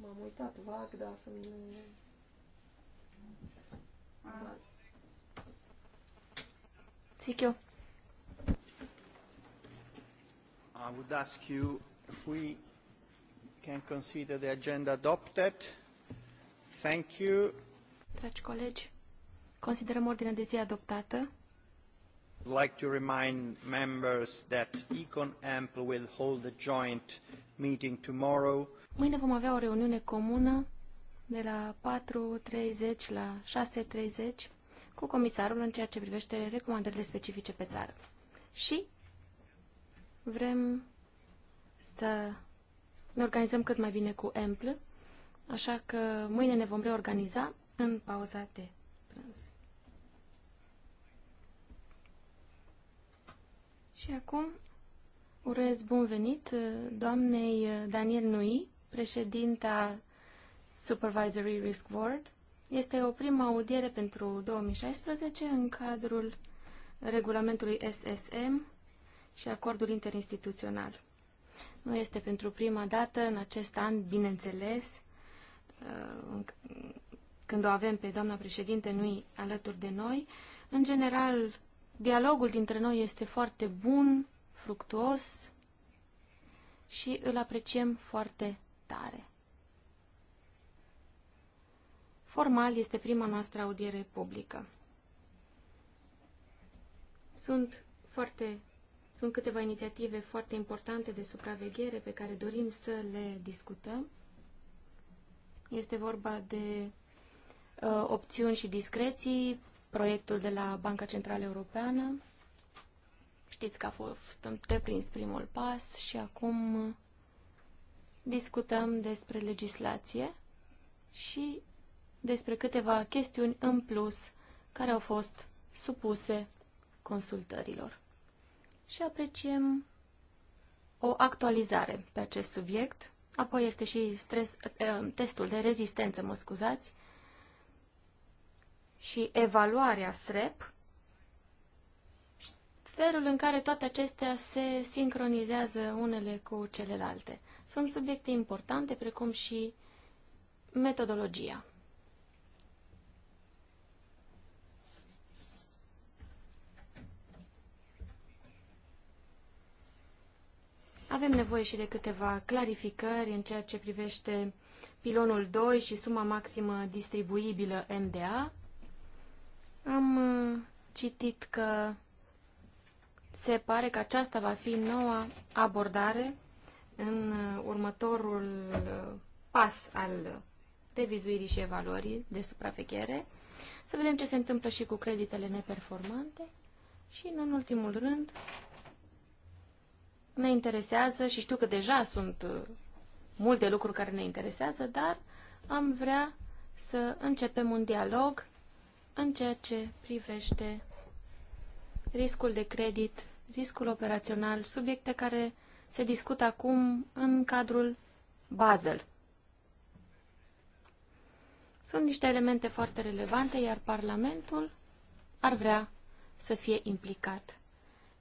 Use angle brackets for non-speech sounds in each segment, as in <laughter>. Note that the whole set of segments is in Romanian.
M-am uitat vag, dar să nu... le... Zic eu. I would ask you if we can consider the agenda adopted. Thank you. Dragi colegi, considerăm ordinea de zi adoptată. I'd like to remind members that Econ Ample will hold a joint meeting tomorrow Mâine vom avea o reuniune comună de la 4.30 la 6.30 cu comisarul în ceea ce privește recomandările specifice pe țară. Și vrem să ne organizăm cât mai bine cu EMPL, așa că mâine ne vom reorganiza în pauza de prânz. Și acum urez bun venit doamnei Daniel Nui, președinta Supervisory Risk Board. Este o primă audiere pentru 2016 în cadrul regulamentului SSM și acordul interinstituțional. Nu este pentru prima dată în acest an, bineînțeles, uh, când o avem pe doamna președinte nu alături de noi. În general, dialogul dintre noi este foarte bun, fructuos și îl apreciem foarte dezvoltare. Formal este prima noastră audiere publică. Sunt foarte sunt câteva inițiative foarte importante de supraveghere pe care dorim să le discutăm. Este vorba de uh, opțiuni și discreții, proiectul de la Banca Centrală Europeană. Știți că a fost întreprins primul pas și acum discutăm despre legislație și despre câteva chestiuni în plus care au fost supuse consultărilor. Și apreciem o actualizare pe acest subiect. Apoi este și stres, eh, testul de rezistență, mă scuzați, și evaluarea SREP, felul în care toate acestea se sincronizează unele cu celelalte sunt subiecte importante, precum și metodologia. Avem nevoie și de câteva clarificări în ceea ce privește pilonul 2 și suma maximă distribuibilă MDA. Am uh, citit că se pare că aceasta va fi noua abordare în uh, următorul uh, pas al revizuirii și evaluării de supraveghere, să vedem ce se întâmplă și cu creditele neperformante și, în ultimul rând, ne interesează și știu că deja sunt uh, multe lucruri care ne interesează, dar am vrea să începem un dialog în ceea ce privește riscul de credit, riscul operațional, subiecte care se discută acum în cadrul Basel. Sunt niște elemente foarte relevante, iar Parlamentul ar vrea să fie implicat.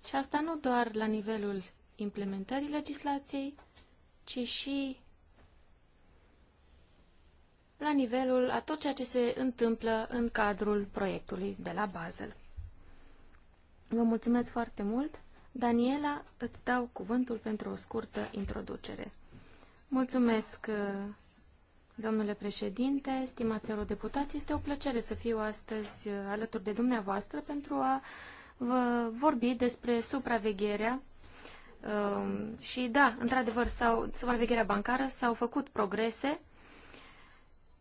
Și asta nu doar la nivelul implementării legislației, ci și la nivelul a tot ceea ce se întâmplă în cadrul proiectului de la Basel. Vă mulțumesc foarte mult! Daniela, îți dau cuvântul pentru o scurtă introducere. Mulțumesc, domnule președinte, stimați eurodeputați. Este o plăcere să fiu astăzi uh, alături de dumneavoastră pentru a vă vorbi despre supravegherea um, și da, într-adevăr, sau supravegherea bancară s-au făcut progrese,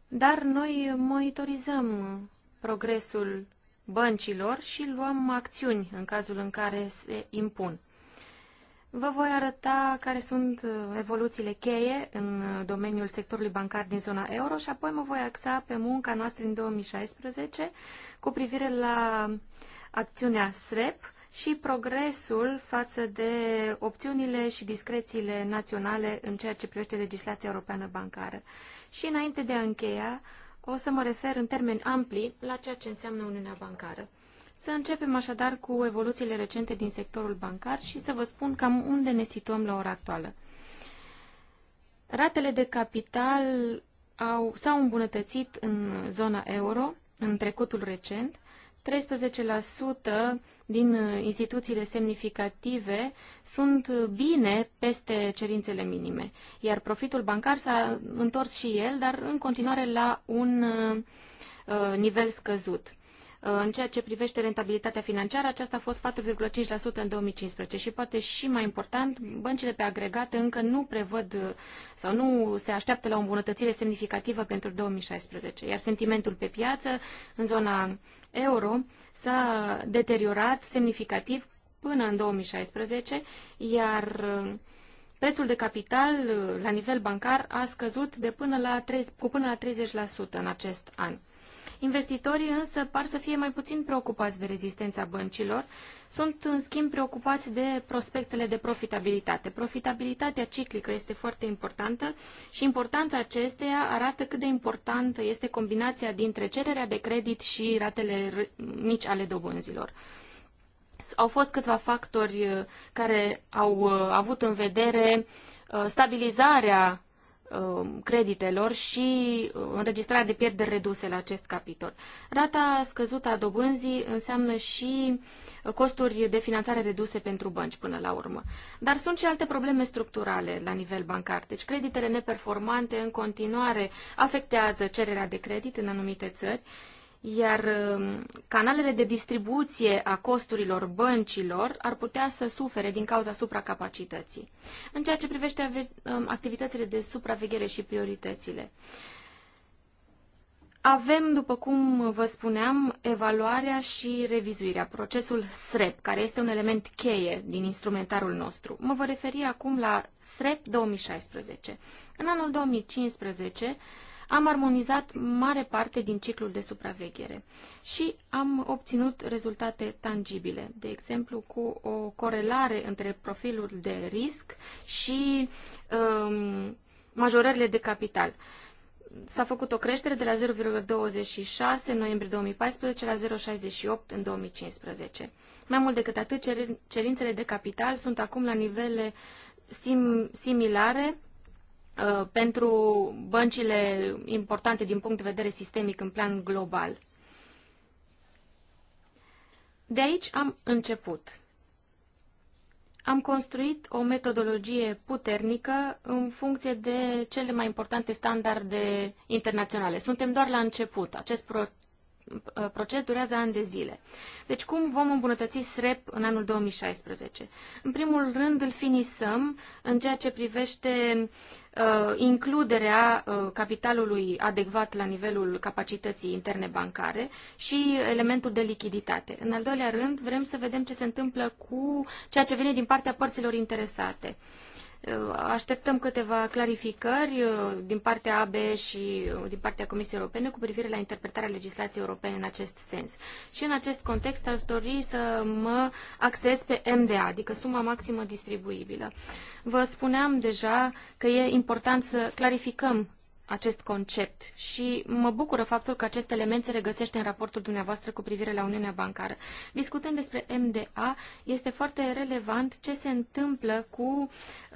dar noi monitorizăm progresul băncilor și luăm acțiuni în cazul în care se impun. Vă voi arăta care sunt uh, evoluțiile cheie în uh, domeniul sectorului bancar din zona euro și apoi mă voi axa pe munca noastră în 2016 cu privire la acțiunea SREP și progresul față de opțiunile și discrețiile naționale în ceea ce privește legislația europeană bancară. Și înainte de a încheia, o să mă refer în termeni ampli la ceea ce înseamnă Uniunea Bancară. Să începem așadar cu evoluțiile recente din sectorul bancar și să vă spun cam unde ne situăm la ora actuală. Ratele de capital au, s-au îmbunătățit în zona euro în trecutul recent 13% din uh, instituțiile semnificative sunt bine peste cerințele minime, iar profitul bancar s-a întors și el, dar în continuare la un uh, nivel scăzut. În ceea ce privește rentabilitatea financiară, aceasta a fost 4,5% în 2015 și poate și mai important, băncile pe agregat încă nu prevăd uh, sau nu se așteaptă la o îmbunătățire semnificativă pentru 2016, iar sentimentul pe piață în zona euro s-a deteriorat semnificativ până în 2016, iar uh, prețul de capital uh, la nivel bancar a scăzut de până la 30, cu până la 30% în acest an. Investitorii însă par să fie mai puțin preocupați de rezistența băncilor, sunt în schimb preocupați de prospectele de profitabilitate. Profitabilitatea ciclică este foarte importantă și importanța acesteia arată cât de importantă este combinația dintre cererea de credit și ratele mici ale dobânzilor au fost câțiva factori uh, care au uh, avut în vedere uh, stabilizarea Um, creditelor și uh, înregistrarea de pierderi reduse la acest capitol. Rata scăzută a dobânzii înseamnă și uh, costuri de finanțare reduse pentru bănci până la urmă. Dar sunt și alte probleme structurale la nivel bancar. Deci creditele neperformante în continuare afectează cererea de credit în anumite țări iar um, canalele de distribuție a costurilor băncilor ar putea să sufere din cauza supracapacității. În ceea ce privește um, activitățile de supraveghere și prioritățile, avem, după cum vă spuneam, evaluarea și revizuirea, procesul SREP, care este un element cheie din instrumentarul nostru. Mă voi referi acum la SREP 2016. În anul 2015, am armonizat mare parte din ciclul de supraveghere și am obținut rezultate tangibile, de exemplu cu o corelare între profilul de risc și um, majorările de capital s-a făcut o creștere de la 0,26 în noiembrie 2014 la 0,68 în 2015. Mai mult decât atât, cerințele de capital sunt acum la nivele sim, similare Uh, pentru băncile importante din punct de vedere sistemic în plan global. De aici am început. Am construit o metodologie puternică în funcție de cele mai importante standarde internaționale. Suntem doar la început. Acest Uh, proces durează ani de zile. Deci cum vom îmbunătăți SREP în anul 2016? În primul rând îl finisăm în ceea ce privește uh, includerea uh, capitalului adecvat la nivelul capacității interne bancare și elementul de lichiditate. În al doilea rând vrem să vedem ce se întâmplă cu ceea ce vine din partea părților interesate. Uh, Așteptăm câteva clarificări uh, din partea ABE și uh, din partea Comisiei Europene cu privire la interpretarea legislației europene în acest sens. Și în acest context aș dori să mă axez pe MDA, adică suma maximă distribuibilă. Vă spuneam deja că e important să clarificăm acest concept și mă bucură faptul că acest element se regăsește în raportul dumneavoastră cu privire la Uniunea Bancară. Discutând despre MDA, este foarte relevant ce se întâmplă cu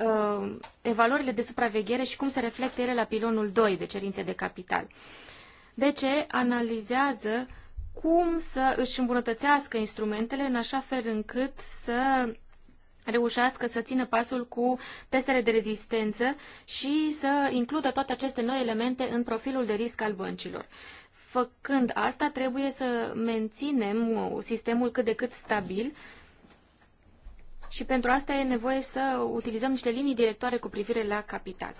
uh, evaluările de supraveghere și cum se reflectă ele la pilonul 2 de cerințe de capital. ce analizează cum să își îmbunătățească instrumentele în așa fel încât să reușească să țină pasul cu testele de rezistență și să includă toate aceste noi elemente în profilul de risc al băncilor. Făcând asta, trebuie să menținem sistemul cât de cât stabil și pentru asta e nevoie să utilizăm niște linii directoare cu privire la capital.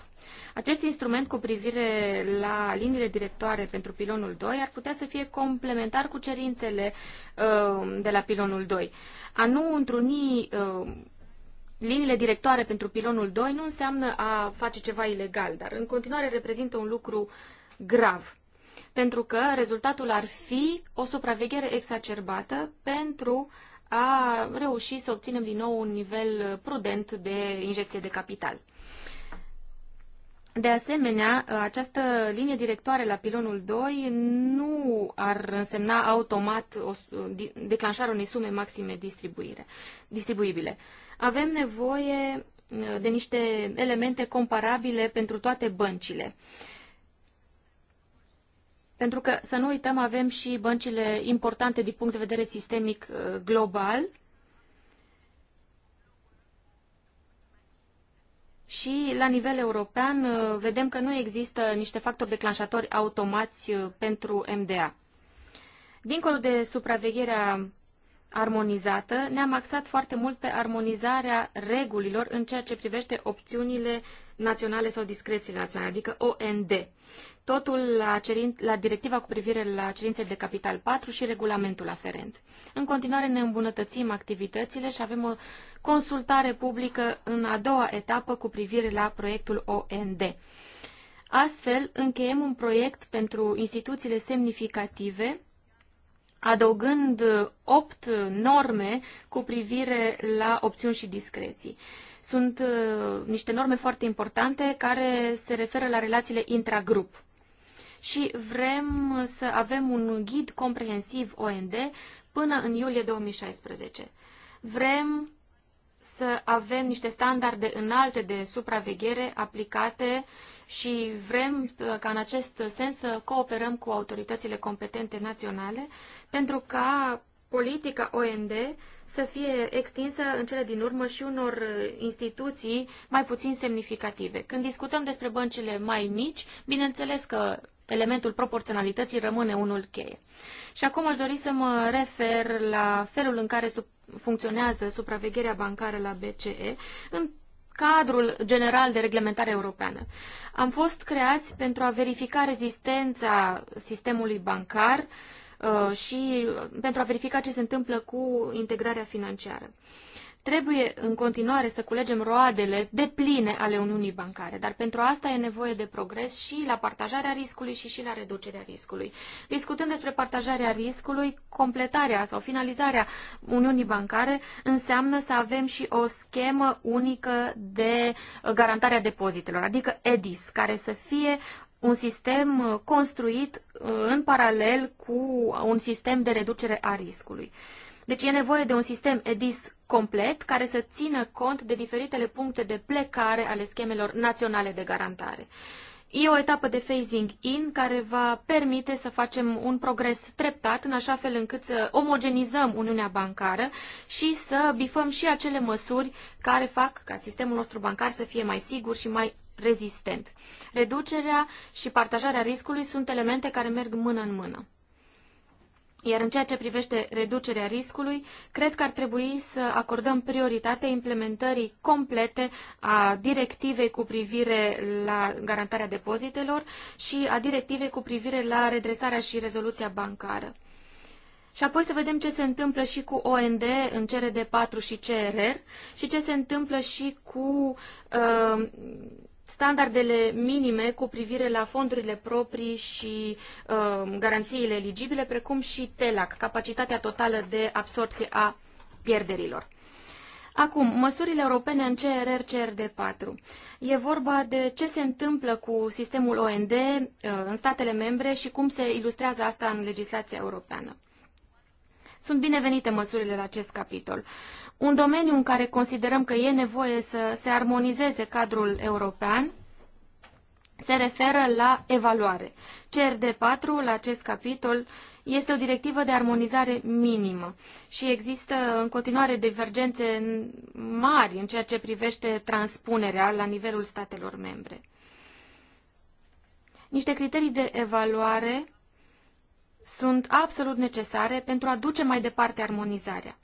Acest instrument cu privire la liniile directoare pentru pilonul 2 ar putea să fie complementar cu cerințele uh, de la pilonul 2. A nu întruni uh, liniile directoare pentru pilonul 2 nu înseamnă a face ceva ilegal, dar în continuare reprezintă un lucru grav. Pentru că rezultatul ar fi o supraveghere exacerbată pentru a reuși să obținem din nou un nivel prudent de injecție de capital. De asemenea, această linie directoare la pilonul 2 nu ar însemna automat o, declanșarea unei sume maxime distribuire, distribuibile. Avem nevoie uh, de niște elemente comparabile pentru toate băncile. Pentru că, să nu uităm, avem și băncile importante din punct de vedere sistemic uh, global, și la nivel european uh, vedem că nu există niște factori declanșatori automați uh, pentru MDA. Dincolo de supravegherea armonizată, ne-am axat foarte mult pe armonizarea regulilor în ceea ce privește opțiunile naționale sau discrețiile naționale, adică OND totul la, cerin, la directiva cu privire la cerințe de capital 4 și regulamentul aferent. În continuare ne îmbunătățim activitățile și avem o consultare publică în a doua etapă cu privire la proiectul OND. Astfel, încheiem un proiect pentru instituțiile semnificative, adăugând opt norme cu privire la opțiuni și discreții sunt uh, niște norme foarte importante care se referă la relațiile intragrup și vrem să avem un ghid comprehensiv OND până în iulie 2016. Vrem să avem niște standarde înalte de supraveghere aplicate și vrem uh, ca în acest sens să cooperăm cu autoritățile competente naționale pentru ca politica OND să fie extinsă în cele din urmă și unor uh, instituții mai puțin semnificative. Când discutăm despre băncile mai mici, bineînțeles că elementul proporționalității rămâne unul cheie. Și acum aș dori să mă refer la felul în care funcționează supravegherea bancară la BCE în cadrul general de reglementare europeană. Am fost creați pentru a verifica rezistența sistemului bancar uh, și pentru a verifica ce se întâmplă cu integrarea financiară. Uh, Trebuie în continuare să culegem roadele de pline ale Uniunii Bancare, dar pentru asta e nevoie de progres și la partajarea riscului și și la reducerea riscului. Discutând despre partajarea riscului, completarea sau finalizarea Uniunii Bancare înseamnă să avem și o schemă unică de garantare a depozitelor, adică EDIS, care să fie un sistem construit în paralel cu un sistem de reducere a riscului. Deci e nevoie de un sistem EDIS complet care să țină cont de diferitele puncte de plecare ale schemelor naționale de garantare. E o etapă de phasing in care va permite să facem un progres treptat în așa fel încât să omogenizăm Uniunea Bancară și să bifăm și acele măsuri care fac ca sistemul nostru bancar să fie mai sigur și mai rezistent. Reducerea și partajarea riscului sunt elemente care merg mână în mână. Iar în ceea ce privește reducerea riscului, cred că ar trebui să acordăm prioritate implementării complete a directivei cu privire la garantarea depozitelor și a directivei cu privire la redresarea și rezoluția bancară. Și apoi să vedem ce se întâmplă și cu OND în CRD4 și CRR și ce se întâmplă și cu uh, standardele minime cu privire la fondurile proprii și uh, garanțiile eligibile, precum și TELAC, capacitatea totală de absorție a pierderilor. Acum, măsurile europene în CRR-CRD4. E vorba de ce se întâmplă cu sistemul OND uh, în statele membre și cum se ilustrează asta în legislația europeană. Sunt binevenite măsurile la acest capitol. Un domeniu în care considerăm că e nevoie să se armonizeze cadrul european se referă la evaluare. CRD4, la acest capitol, este o directivă de armonizare minimă și există în continuare divergențe mari în ceea ce privește transpunerea la nivelul statelor membre. Niște criterii de evaluare sunt absolut necesare pentru a duce mai departe armonizarea.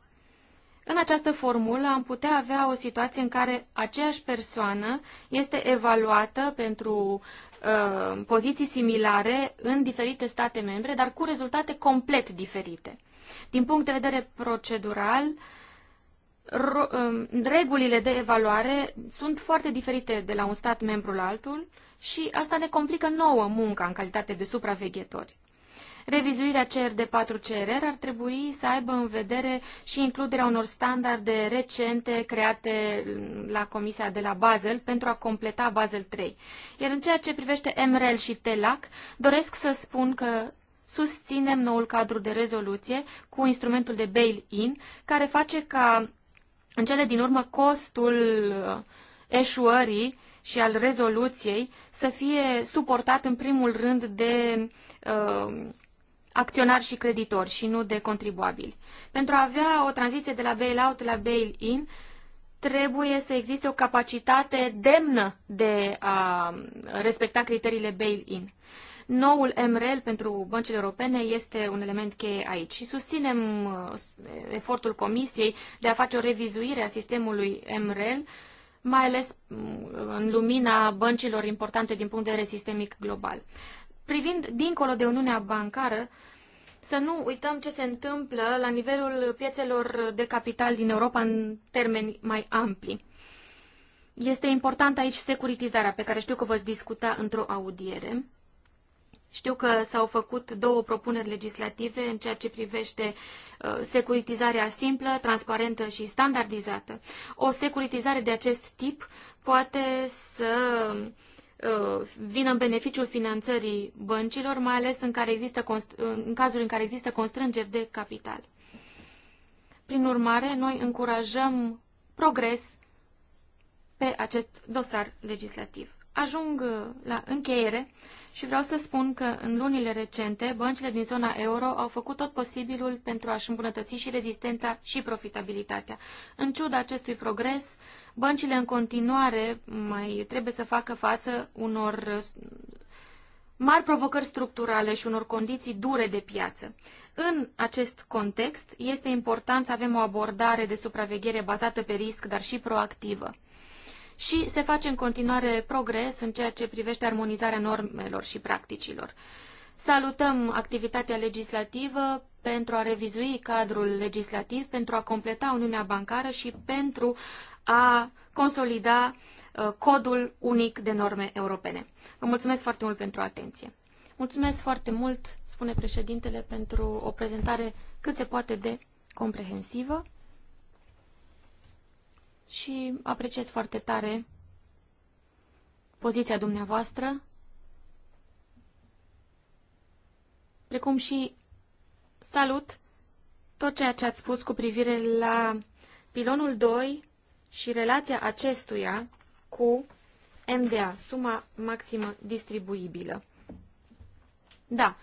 În această formulă am putea avea o situație în care aceeași persoană este evaluată pentru uh, poziții similare în diferite state membre, dar cu rezultate complet diferite. Din punct de vedere procedural, um, regulile de evaluare sunt foarte diferite de la un stat membru la altul și asta ne complică nouă munca în calitate de supraveghetori. Revizuirea CRD 4 CRR ar trebui să aibă în vedere și includerea unor standarde recente create mm, la Comisia de la Basel pentru a completa Basel 3. Iar în ceea ce privește MREL și TELAC, doresc să spun că susținem noul cadru de rezoluție cu instrumentul de bail-in, care face ca în cele din urmă costul uh, eșuării și al rezoluției să fie suportat în primul rând de uh, acționari și creditori și nu de contribuabili. Pentru a avea o tranziție de la bail-out la bail-in, trebuie să existe o capacitate demnă de a um, respecta criteriile bail-in. Noul MREL pentru băncile europene este un element cheie aici și susținem uh, efortul Comisiei de a face o revizuire a sistemului MREL, mai ales mm, în lumina băncilor importante din punct de vedere sistemic global privind dincolo de Uniunea Bancară, să nu uităm ce se întâmplă la nivelul piețelor de capital din Europa în termeni mai ampli. Este important aici securitizarea, pe care știu că o veți discuta într-o audiere. Știu că s-au făcut două propuneri legislative în ceea ce privește uh, securitizarea simplă, transparentă și standardizată. O securitizare de acest tip poate să Uh, vină în beneficiul finanțării băncilor, mai ales în, care există în cazul în care există constrângeri de capital. Prin urmare, noi încurajăm progres pe acest dosar legislativ. Ajung uh, la încheiere și vreau să spun că în lunile recente, băncile din zona euro au făcut tot posibilul pentru a-și îmbunătăți și rezistența și profitabilitatea. În ciuda acestui progres, Băncile în continuare mai trebuie să facă față unor mari provocări structurale și unor condiții dure de piață. În acest context, este important să avem o abordare de supraveghere bazată pe risc, dar și proactivă. Și se face în continuare progres în ceea ce privește armonizarea normelor și practicilor. Salutăm activitatea legislativă pentru a revizui cadrul legislativ, pentru a completa Uniunea Bancară și pentru a consolida uh, codul unic de norme europene. Vă mulțumesc foarte mult pentru atenție. Mulțumesc foarte mult, spune președintele, pentru o prezentare cât se poate de comprehensivă și apreciez foarte tare poziția dumneavoastră, precum și salut tot ceea ce ați spus cu privire la pilonul 2 și relația acestuia cu MDA, suma maximă distribuibilă. Da,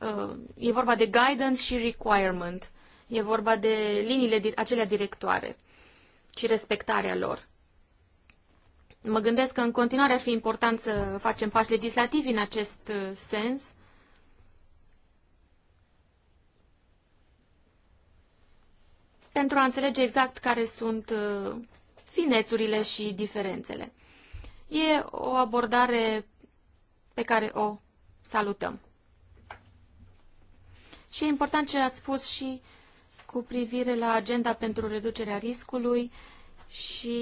uh, e vorba de guidance și requirement. E vorba de liniile acelea directoare și respectarea lor. Mă gândesc că în continuare ar fi important să facem pași legislativi în acest uh, sens. Pentru a înțelege exact care sunt uh, finețurile și diferențele. E o abordare pe care o salutăm. Și e important ce ați spus și cu privire la agenda pentru reducerea riscului și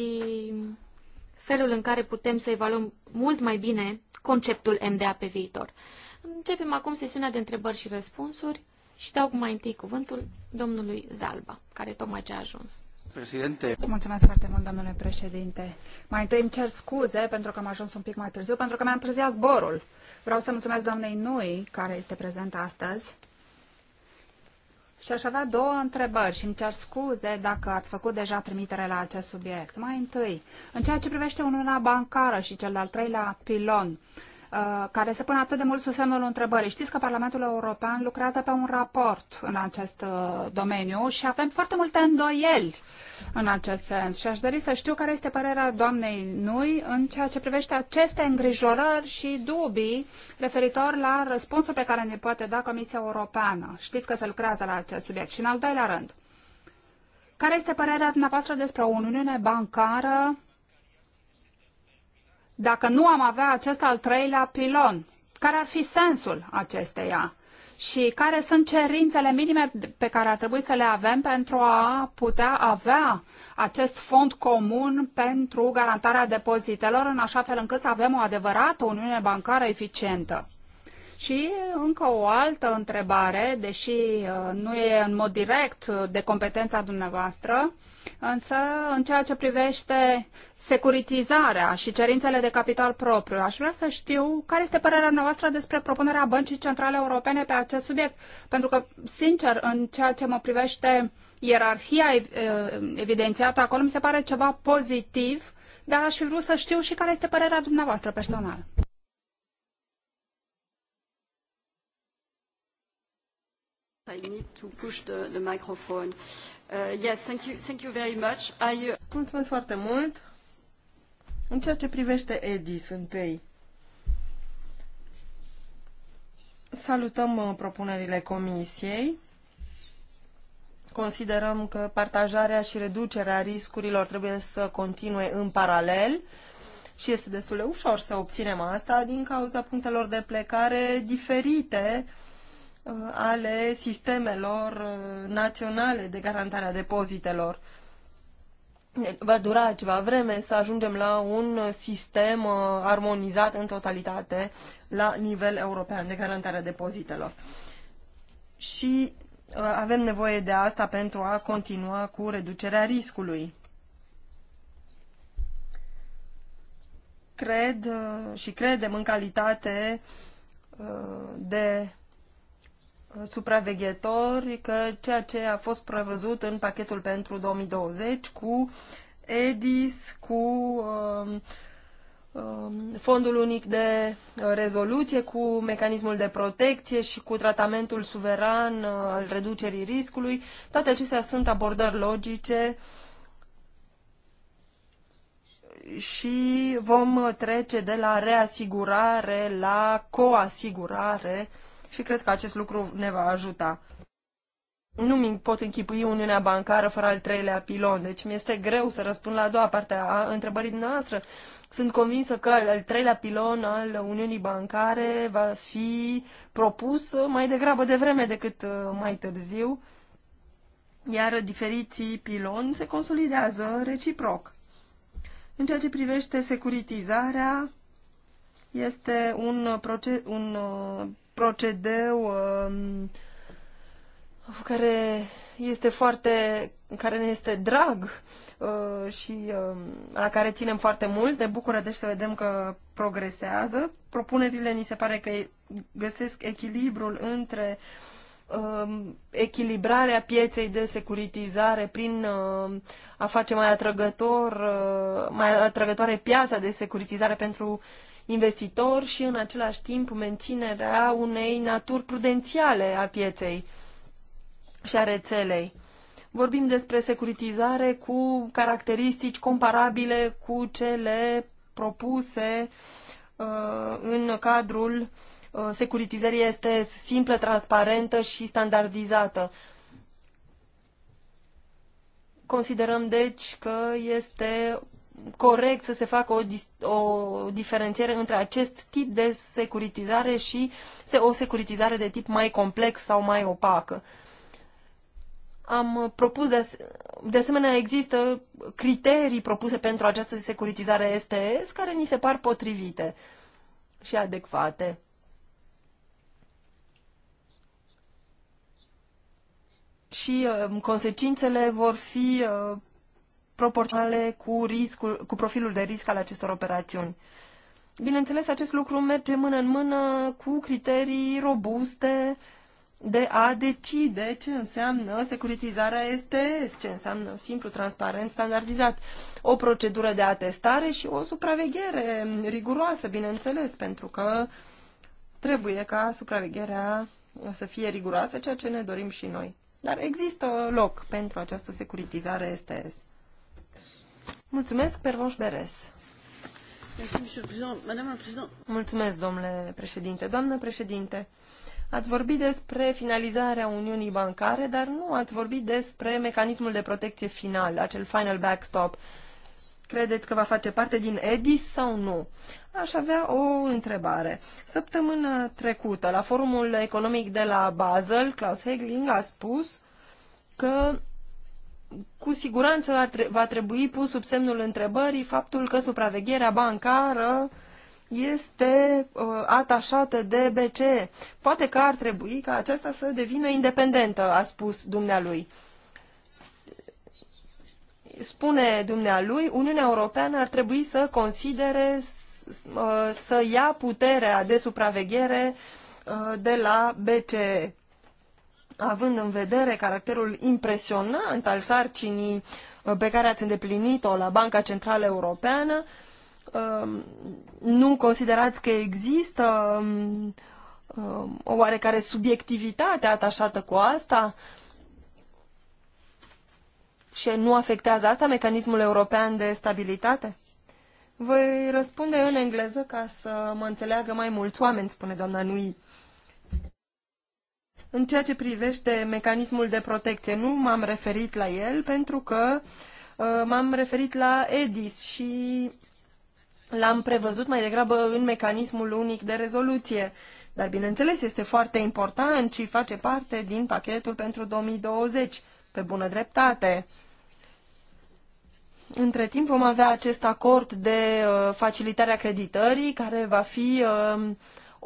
felul în care putem să evaluăm mult mai bine conceptul MDA pe viitor. Începem acum sesiunea de întrebări și răspunsuri și dau mai întâi cuvântul domnului Zalba, care tocmai ce a ajuns președinte. Mulțumesc foarte mult, domnule președinte. Mai întâi îmi cer scuze pentru că am ajuns un pic mai târziu, pentru că mi-a întârziat zborul. Vreau să mulțumesc doamnei Nui, care este prezentă astăzi. Și aș avea două întrebări și îmi cer scuze dacă ați făcut deja trimitere la acest subiect. Mai întâi, în ceea ce privește Uniunea Bancară și cel de-al treilea pilon, Uh, care se pune atât de mult sub semnul întrebării. Știți că Parlamentul European lucrează pe un raport în acest uh, domeniu și avem foarte multe îndoieli în acest sens și aș dori să știu care este părerea doamnei Nui în ceea ce privește aceste îngrijorări și dubii referitor la răspunsul pe care ne poate da Comisia Europeană. Știți că se lucrează la acest subiect. Și în al doilea rând, care este părerea dumneavoastră despre o uniune bancară dacă nu am avea acest al treilea pilon? Care ar fi sensul acesteia? Și care sunt cerințele minime pe care ar trebui să le avem pentru a putea avea acest fond comun pentru garantarea depozitelor, în așa fel încât să avem o adevărată uniune bancară eficientă? Și încă o altă întrebare, deși uh, nu e în mod direct uh, de competența dumneavoastră, însă în ceea ce privește securitizarea și cerințele de capital propriu, aș vrea să știu care este părerea noastră despre propunerea Băncii Centrale Europene pe acest subiect. Pentru că, sincer, în ceea ce mă privește ierarhia uh, evidențiată acolo, mi se pare ceva pozitiv, dar aș fi vrut să știu și care este părerea dumneavoastră personală. I need to push the, the microphone. Uh, yes, thank you, thank you very much. I, uh... Mulțumesc foarte mult. În ceea ce privește sunt ei. salutăm uh, propunerile comisiei. Considerăm că partajarea și reducerea riscurilor trebuie să continue în paralel și este destul de ușor să obținem asta din cauza punctelor de plecare diferite uh, Uh, ale sistemelor uh, naționale de garantare a depozitelor. Va dura ceva vreme să ajungem la un sistem uh, armonizat în totalitate la nivel european de garantare a depozitelor. Și avem nevoie de asta pentru a continua cu reducerea riscului. Cred și credem în calitate de supraveghetori că ceea ce a fost prevăzut în pachetul pentru 2020 cu EDIS, cu um, um, Fondul unic de rezoluție cu mecanismul de protecție și cu tratamentul suveran uh, al reducerii riscului. Toate acestea sunt abordări logice și vom trece de la reasigurare la coasigurare și cred că acest lucru ne va ajuta. Nu mi pot închipui Uniunea Bancară fără al treilea pilon, deci mi-este greu să răspund la a doua parte a întrebării noastre. Sunt convinsă că al treilea pilon al Uniunii Bancare va fi propus mai degrabă de vreme decât uh, mai târziu, iar diferiții piloni se consolidează reciproc. În ceea ce privește securitizarea, este un, proce un uh, procedeu um, care este foarte, care ne este drag uh, și um, la care ținem foarte mult. Ne bucură deci să vedem că progresează. Propunerile ni se pare că găsesc echilibrul între um, echilibrarea pieței de securitizare prin a face mai atrăgător uh, mai atrăgătoare piața de securitizare pentru investitor și în același timp menținerea unei naturi prudențiale a pieței și a rețelei. Vorbim despre securitizare cu caracteristici comparabile cu cele propuse uh, în cadrul uh, securitizării. Este simplă, transparentă și standardizată. Considerăm, deci, că este corect să se facă o, o diferențiere între acest tip de securitizare și o securitizare de tip mai complex sau mai opacă. Am uh, propus, de, de asemenea, există criterii propuse pentru această securitizare STS care ni se par potrivite și adecvate. Și uh, consecințele vor fi uh, proporționale cu, riscul, cu profilul de risc al acestor operațiuni. Bineînțeles, acest lucru merge mână în mână cu criterii robuste de a decide ce înseamnă securitizarea STS, ce înseamnă simplu, transparent, standardizat. O procedură de atestare și o supraveghere riguroasă, bineînțeles, pentru că trebuie ca supravegherea să fie riguroasă, ceea ce ne dorim și noi. Dar există loc pentru această securitizare STS. Mulțumesc, Pervonș Beres. Mulțumesc, domnule președinte. Doamnă președinte, ați vorbit despre finalizarea Uniunii Bancare, dar nu ați vorbit despre mecanismul de protecție final, acel final backstop. Credeți că va face parte din EDIS sau nu? Aș avea o întrebare. Săptămâna trecută, la forumul economic de la Basel, Klaus Hegling a spus că cu siguranță ar tre- va trebui pus sub semnul întrebării faptul că supravegherea bancară este uh, atașată de BCE. Poate că ar trebui ca aceasta să devină independentă, a spus dumnealui. Spune dumnealui, Uniunea Europeană ar trebui să considere uh, să ia puterea de supraveghere uh, de la BCE având în vedere caracterul impresionant al sarcinii uh, pe care ați îndeplinit-o la Banca Centrală Europeană, um, nu considerați că există um, um, o oarecare subiectivitate atașată cu asta? Și nu afectează asta mecanismul european de stabilitate? Voi răspunde în engleză ca să mă înțeleagă mai mulți oameni, spune doamna Nui. În ceea ce privește mecanismul de protecție, nu m-am referit la el pentru că uh, m-am referit la EDIS și l-am prevăzut mai degrabă în mecanismul unic de rezoluție. Dar, bineînțeles, este foarte important și face parte din pachetul pentru 2020, pe bună dreptate. Între timp vom avea acest acord de uh, facilitare a creditării, care va fi uh,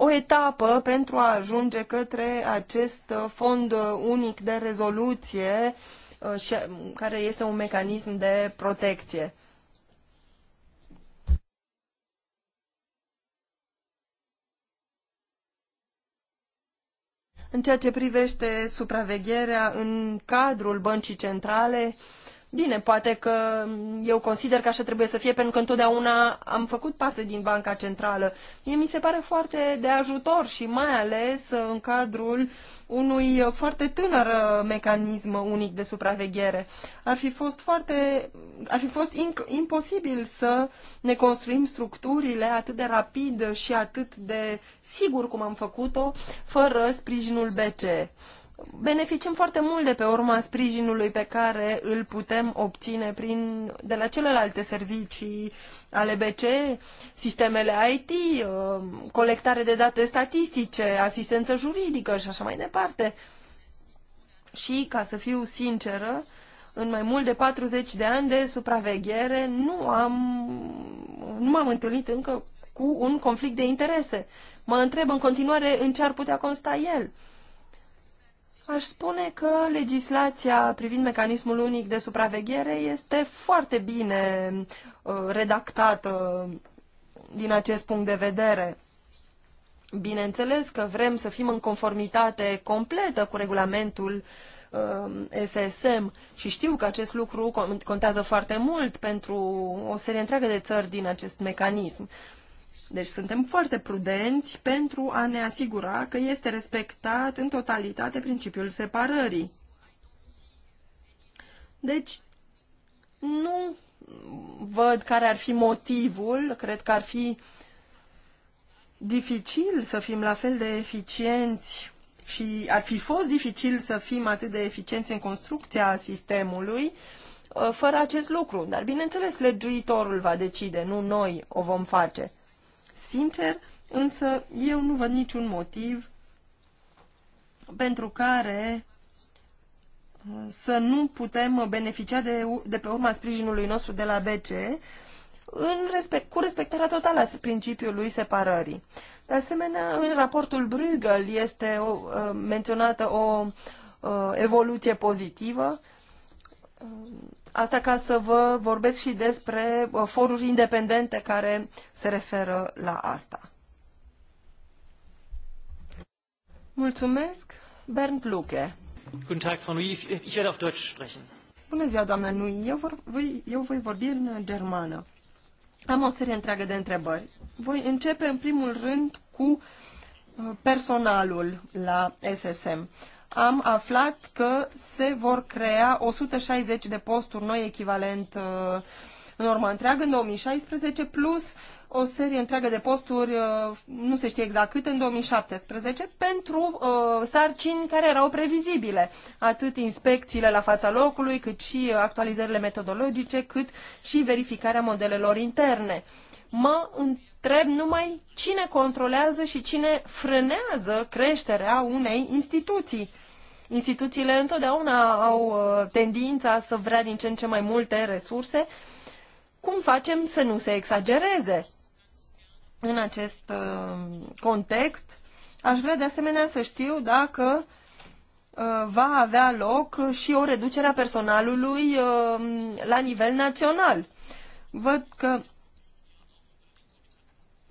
o etapă pentru a ajunge către acest uh, fond uh, unic de rezoluție uh, și, care este un mecanism de protecție. În ceea ce privește supravegherea în cadrul băncii centrale, Bine, poate că eu consider că așa trebuie să fie, pentru că întotdeauna am făcut parte din Banca Centrală. Mie mi se pare foarte de ajutor și mai ales în cadrul unui foarte tânăr mecanism unic de supraveghere. Ar fi fost foarte, ar fi fost imposibil să ne construim structurile atât de rapid și atât de sigur cum am făcut-o, fără sprijinul BCE beneficiem foarte mult de pe urma sprijinului pe care îl putem obține prin, de la celelalte servicii ale BCE, sistemele IT, uh, colectare de date statistice, asistență juridică și așa mai departe. Și, ca să fiu sinceră, în mai mult de 40 de ani de supraveghere nu am nu m-am întâlnit încă cu un conflict de interese. Mă întreb în continuare în ce ar putea consta el. Uh, Aș spune că legislația privind mecanismul unic de supraveghere este foarte bine uh, redactată din acest punct de vedere. Bineînțeles că vrem să fim în conformitate completă cu regulamentul uh, SSM și știu că acest lucru contează foarte mult pentru o serie întreagă de țări din acest mecanism. Deci suntem foarte prudenți pentru a ne asigura că este respectat în totalitate principiul separării. Deci, nu văd care ar fi motivul, cred că ar fi dificil să fim la fel de eficienți și ar fi fost dificil să fim atât de eficienți în construcția sistemului uh, fără acest lucru. Dar, bineînțeles, legiuitorul va decide, nu noi o vom face. Sincer, însă eu nu văd niciun motiv pentru care uh, să nu putem beneficia de, de pe urma sprijinului nostru de la BCE în respect, cu respectarea totală a principiului separării. De asemenea, în raportul Bruegel este o, uh, menționată o uh, evoluție pozitivă Asta ca să vă vorbesc și despre uh, foruri independente care se referă la asta. Mulțumesc, Bernd Luke. Guten Tag, Frau Nui. Ich werde auf Deutsch sprechen. Bună ziua, doamna Nui. Eu, vor, voi, eu voi vorbi în germană. Am o serie întreagă de întrebări. Voi începe în primul rând cu uh, personalul la SSM am aflat că se vor crea 160 de posturi noi echivalent uh, în urma întreagă în 2016, plus o serie întreagă de posturi, uh, nu se știe exact cât, în 2017, pentru uh, sarcini care erau previzibile, atât inspecțiile la fața locului, cât și uh, actualizările metodologice, cât și verificarea modelelor interne. Mă întreb numai cine controlează și cine frânează creșterea unei instituții. Instituțiile întotdeauna au uh, tendința să vrea din ce în ce mai multe resurse. Cum facem să nu se exagereze? În acest uh, context, aș vrea de asemenea să știu dacă uh, va avea loc și o reducere a personalului la nivel național. Văd că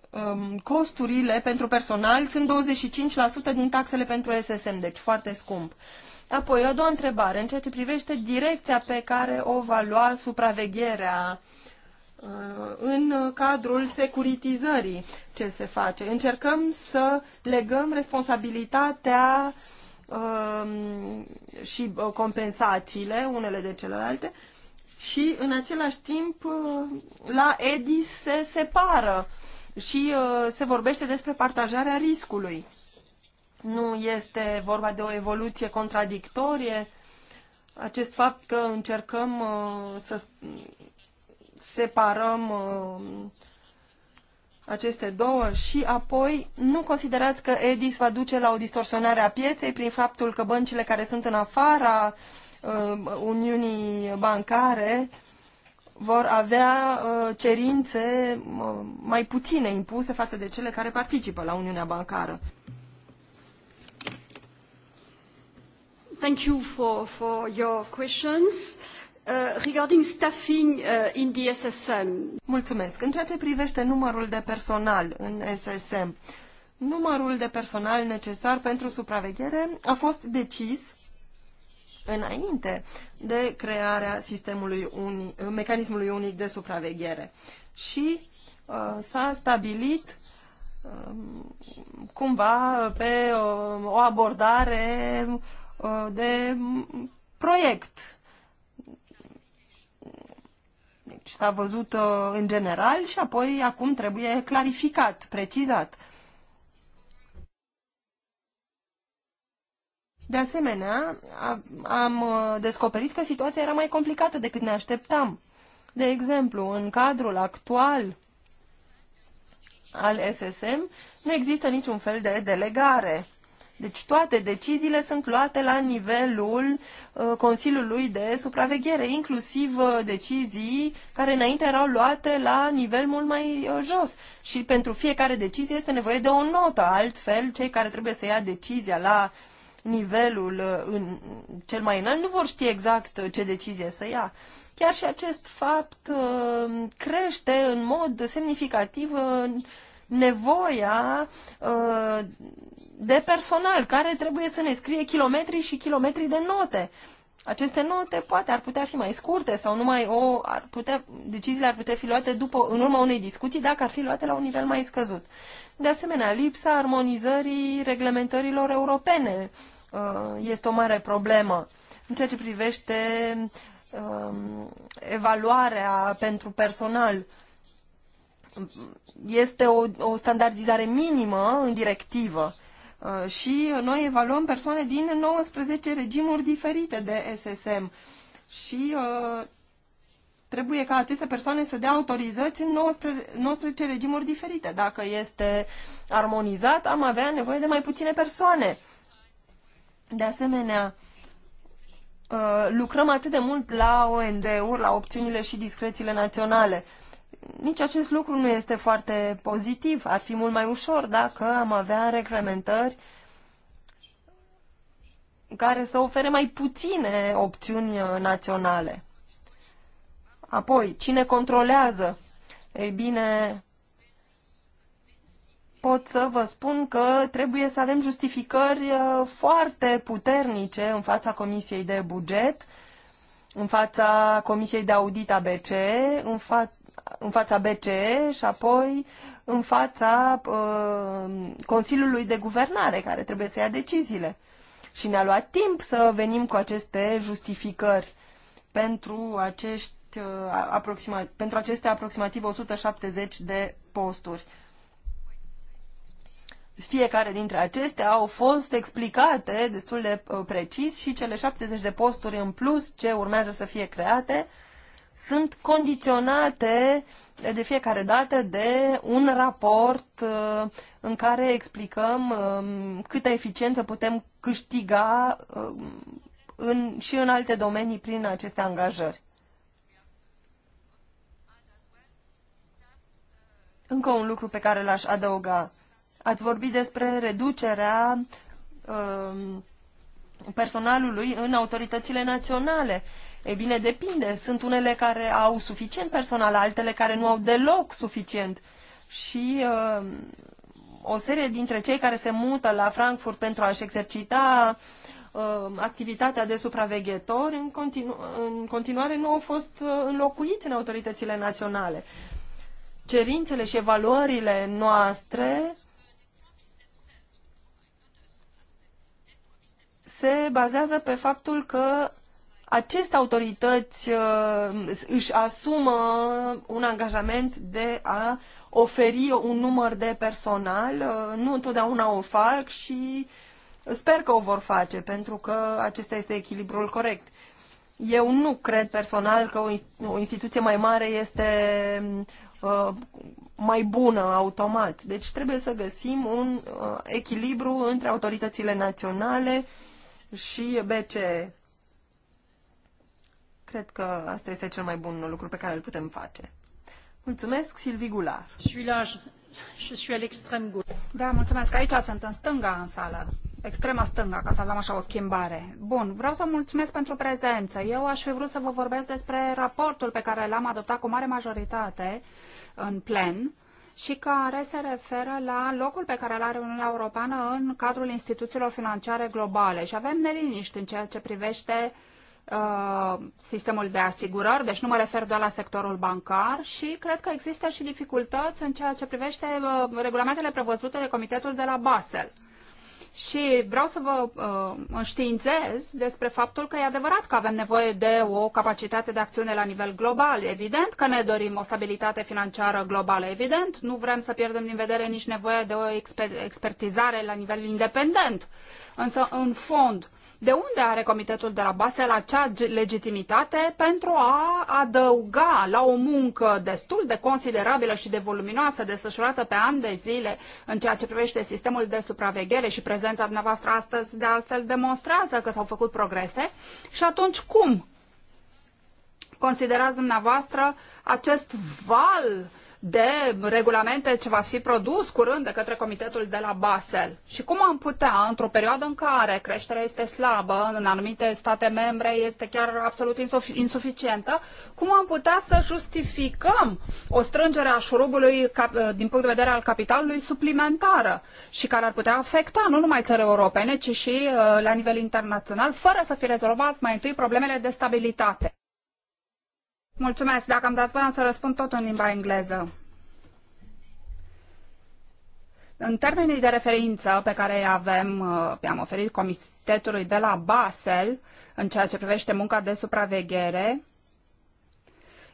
Um, costurile pentru personal sunt 25% din taxele pentru SSM, deci foarte scump. Apoi, o doua întrebare, în ceea ce privește direcția pe care o va lua supravegherea uh, în cadrul securitizării ce se face. Încercăm să legăm responsabilitatea um, și uh, compensațiile unele de celelalte și în același timp uh, la EDIS se separă uh, și uh, se vorbește despre partajarea riscului. Nu este vorba de o evoluție contradictorie. Acest fapt că încercăm uh, să separăm uh, aceste două și apoi nu considerați că EDIS va duce la o distorsionare a pieței prin faptul că băncile care sunt în afara Uniunii Bancare uh, vor avea uh, cerințe uh, mai puține impuse față de cele care participă la Uniunea Bancară. Thank you for, for your questions. Uh, regarding staffing uh, in the SSM. Mulțumesc. În ceea ce privește numărul de personal în SSM, numărul de personal necesar pentru supraveghere a fost decis înainte de crearea sistemului unic, mecanismului unic de supraveghere. Și uh, s-a stabilit uh, cumva pe uh, o abordare uh, de proiect. Deci s-a văzut uh, în general și apoi acum trebuie clarificat, precizat. De asemenea, am uh, descoperit că situația era mai complicată decât ne așteptam. De exemplu, în cadrul actual al SSM nu există niciun fel de delegare. Deci toate deciziile sunt luate la nivelul uh, Consiliului de Supraveghere, inclusiv uh, decizii care înainte erau luate la nivel mult mai jos. Și pentru fiecare decizie este nevoie de o notă. Altfel, cei care trebuie să ia decizia la uh, nivelul uh, în, cel mai înalt nu vor ști exact uh, ce decizie să ia. Chiar și acest fapt uh, crește în mod semnificativ nevoia de personal care trebuie să ne scrie kilometri și kilometri de note. Aceste note poate ar putea fi mai scurte sau numai o ar putea, deciziile ar putea fi luate după, în urma unei discuții dacă ar fi luate la un nivel mai scăzut. De asemenea, lipsa armonizării reglementărilor europene Uh, este o mare problemă. În ceea ce privește um, evaluarea pentru personal, este o, o standardizare minimă în directivă uh, și noi evaluăm persoane din 19 regimuri diferite de SSM și uh, trebuie ca aceste persoane să dea autorizați în 19, 19 regimuri diferite. Dacă este armonizat, am avea nevoie de mai puține persoane. De asemenea, uh, lucrăm atât de mult la OND-uri, la opțiunile și discrețiile naționale. Nici acest lucru nu este foarte pozitiv. Ar fi mult mai ușor dacă am avea reglementări care să ofere mai puține opțiuni uh, naționale. Apoi, cine controlează? Ei bine, pot să vă spun că trebuie să avem justificări uh, foarte puternice în fața Comisiei de Buget, în fața Comisiei de Audit a BCE, în, fa- în fața BCE și apoi în fața uh, Consiliului de Guvernare, care trebuie să ia deciziile. Și ne-a luat timp să venim cu aceste justificări pentru, acești, uh, aproxima- pentru aceste aproximativ 170 de posturi. Fiecare dintre acestea au fost explicate destul de uh, precis și cele 70 de posturi în plus ce urmează să fie create sunt condiționate de fiecare dată de un raport uh, în care explicăm um, câtă eficiență putem câștiga um, în, și în alte domenii prin aceste angajări. Încă un lucru pe care l-aș adăuga. Ați vorbit despre reducerea um, personalului în autoritățile naționale. E bine, depinde. Sunt unele care au suficient personal, altele care nu au deloc suficient. Și uh, o serie dintre cei care se mută la Frankfurt pentru a-și exercita uh, activitatea de supraveghetori, în, continu- în continuare nu au fost uh, înlocuiți în autoritățile naționale. Cerințele și evaluările noastre se bazează pe faptul că aceste autorități uh, își asumă un angajament de a oferi un număr de personal. Uh, nu întotdeauna o fac și sper că o vor face, pentru că acesta este echilibrul corect. Eu nu cred personal că o instituție mai mare este uh, mai bună automat. Deci trebuie să găsim un echilibru între autoritățile naționale și BCE. Cred că asta este cel mai bun lucru pe care îl putem face. Mulțumesc, Silvi Gular. Da, mulțumesc. Aici sunt în stânga în sală. Extrema stânga, ca să avem așa o schimbare. Bun, vreau să mulțumesc pentru prezență. Eu aș fi vrut să vă vorbesc despre raportul pe care l-am adoptat cu mare majoritate în plen și care se referă la locul pe care îl are Uniunea Europeană în cadrul instituțiilor financiare globale. Și avem neliniști în ceea ce privește uh, sistemul de asigurări, deci nu mă refer doar la sectorul bancar și cred că există și dificultăți în ceea ce privește uh, regulamentele prevăzute de Comitetul de la Basel. Și vreau să vă uh, înștiințez despre faptul că e adevărat că avem nevoie de o capacitate de acțiune la nivel global. Evident că ne dorim o stabilitate financiară globală, evident. Nu vrem să pierdem din vedere nici nevoia de o exper- expertizare la nivel independent. Însă, în fond, de unde are Comitetul de la Basel acea legitimitate pentru a adăuga la o muncă destul de considerabilă și de voluminoasă desfășurată pe ani de zile în ceea ce privește sistemul de supraveghere și prezența dumneavoastră astăzi de altfel demonstrează că s-au făcut progrese și atunci cum considerați dumneavoastră acest val de regulamente ce va fi produs curând de către Comitetul de la Basel. Și cum am putea, într-o perioadă în care creșterea este slabă, în anumite state membre este chiar absolut insuficientă, cum am putea să justificăm o strângere a șurubului din punct de vedere al capitalului suplimentară și care ar putea afecta nu numai țări europene, ci și uh, la nivel internațional, fără să fi rezolvat mai întâi problemele de stabilitate. Mulțumesc. Dacă am dați voie, am să răspund tot în limba engleză. În termenii de referință pe care îi avem, uh, i-am oferit comitetului de la Basel, în ceea ce privește munca de supraveghere,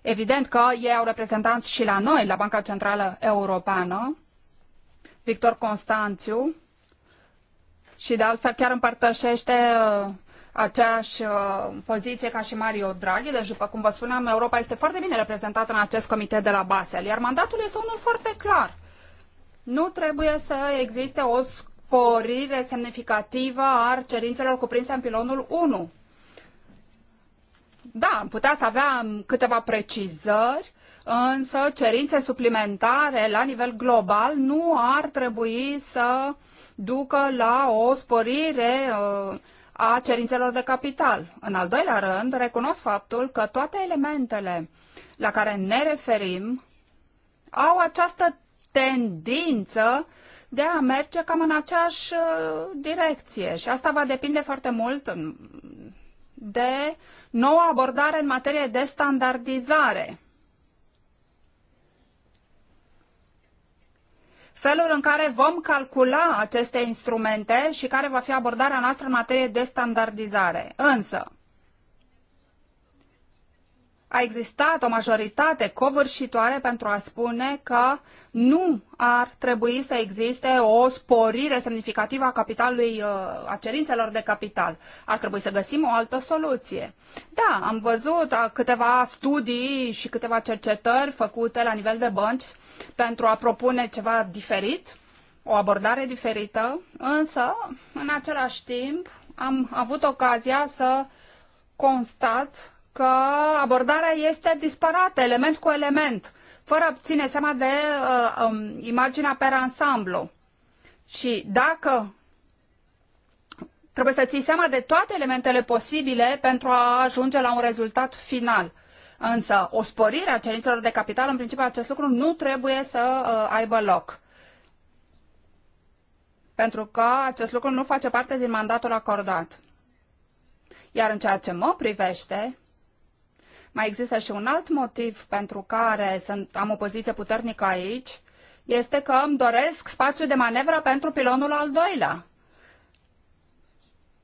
evident că ei au reprezentanți și la noi, la Banca Centrală Europeană, Victor Constanțiu, și de altfel chiar împărtășește uh, aceeași uh, poziție ca și Mario Draghi, deci după cum vă spuneam, Europa este foarte bine reprezentată în acest comitet de la Basel, iar mandatul este unul foarte clar. Nu trebuie să existe o sporire semnificativă a cerințelor cuprinse în pilonul 1. Da, am putea să aveam câteva precizări, însă cerințe suplimentare la nivel global nu ar trebui să ducă la o sporire uh, a cerințelor de capital. În al doilea rând, recunosc faptul că toate elementele la care ne referim au această tendință de a merge cam în aceeași uh, direcție și asta va depinde foarte mult mm, de noua abordare în materie de standardizare felul în care vom calcula aceste instrumente și care va fi abordarea noastră în materie de standardizare. Însă, a existat o majoritate covârșitoare pentru a spune că nu ar trebui să existe o sporire semnificativă a capitalului, uh, a cerințelor de capital. Ar trebui să găsim o altă soluție. Da, am văzut uh, câteva studii și câteva cercetări făcute la nivel de bănci pentru a propune ceva diferit, o abordare diferită, însă, în același timp, am avut ocazia să constat că abordarea este disparată, element cu element, fără a ține seama de uh, um, imaginea per ansamblu. Și dacă trebuie să ții seama de toate elementele posibile pentru a ajunge la un rezultat final. Însă o sporire a cerințelor de capital, în principiu acest lucru nu trebuie să uh, aibă loc pentru că acest lucru nu face parte din mandatul acordat. Iar în ceea ce mă privește, mai există și un alt motiv pentru care sunt, am o poziție puternică aici, este că îmi doresc spațiu de manevră pentru pilonul al doilea.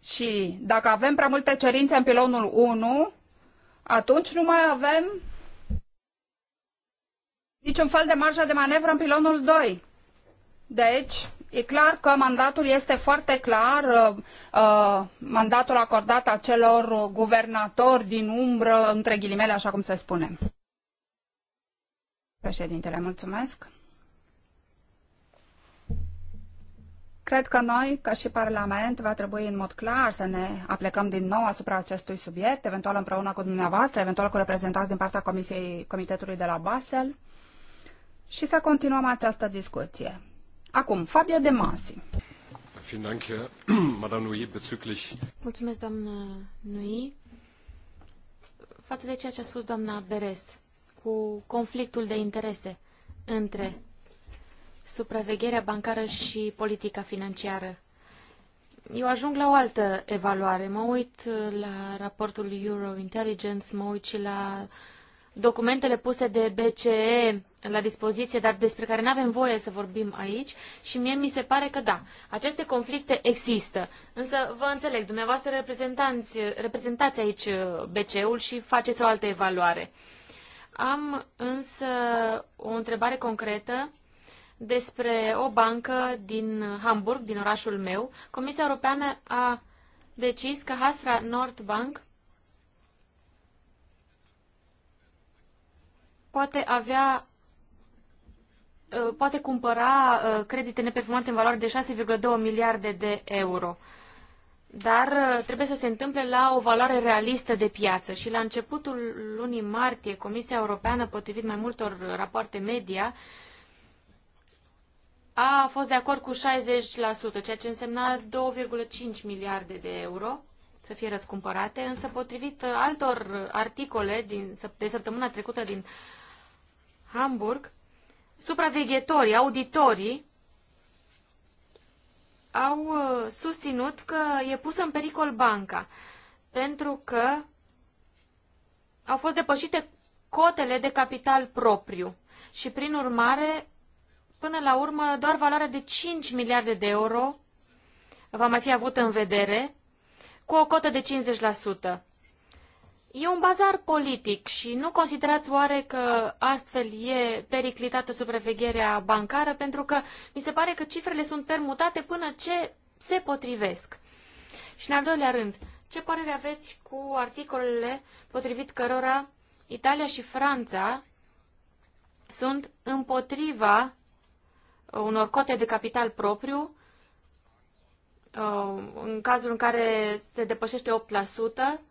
Și dacă avem prea multe cerințe în pilonul 1, atunci nu mai avem niciun fel de marjă de manevră în pilonul 2. Deci, e clar că mandatul este foarte clar, uh, uh, mandatul acordat acelor guvernatori din umbră, între ghilimele, așa cum se spune. Președintele, mulțumesc. Cred că noi, ca și Parlament, va trebui în mod clar să ne aplicăm din nou asupra acestui subiect, eventual împreună cu dumneavoastră, eventual cu reprezentanți din partea Comisiei Comitetului de la Basel și să continuăm această discuție. Acum, Fabio De Masi. <clears throat> Mulțumesc, doamnă Nui. Față de ceea ce a spus doamna Beres cu conflictul de interese între supravegherea bancară și politica financiară. Eu ajung la o altă evaluare. Mă uit uh, la raportul Euro Intelligence, mă uit și la documentele puse de BCE la dispoziție, dar despre care nu avem voie să vorbim aici și mie mi se pare că da, aceste conflicte există. Însă vă înțeleg, dumneavoastră reprezentanți, reprezentați aici uh, BCE-ul și faceți o altă evaluare. Am însă o întrebare concretă despre o bancă din Hamburg, din orașul meu. Comisia Europeană a decis că Hasra Bank poate avea uh, poate cumpăra uh, credite neperformante în valoare de 6,2 miliarde de euro. Dar uh, trebuie să se întâmple la o valoare realistă de piață și la începutul lunii martie Comisia Europeană, potrivit mai multor rapoarte media, a fost de acord cu 60%, ceea ce însemna 2,5 miliarde de euro să fie răscumpărate, însă potrivit altor articole din, de săptămâna trecută din Hamburg, supraveghetorii, auditorii, au uh, susținut că e pusă în pericol banca, pentru că au fost depășite cotele de capital propriu și, prin urmare, Până la urmă, doar valoarea de 5 miliarde de euro va mai fi avută în vedere, cu o cotă de 50%. E un bazar politic și nu considerați oare că astfel e periclitată supravegherea bancară, pentru că mi se pare că cifrele sunt permutate până ce se potrivesc. Și în al doilea rând, ce părere aveți cu articolele potrivit cărora Italia și Franța sunt împotriva unor cote de capital propriu uh, în cazul în care se depășește 8%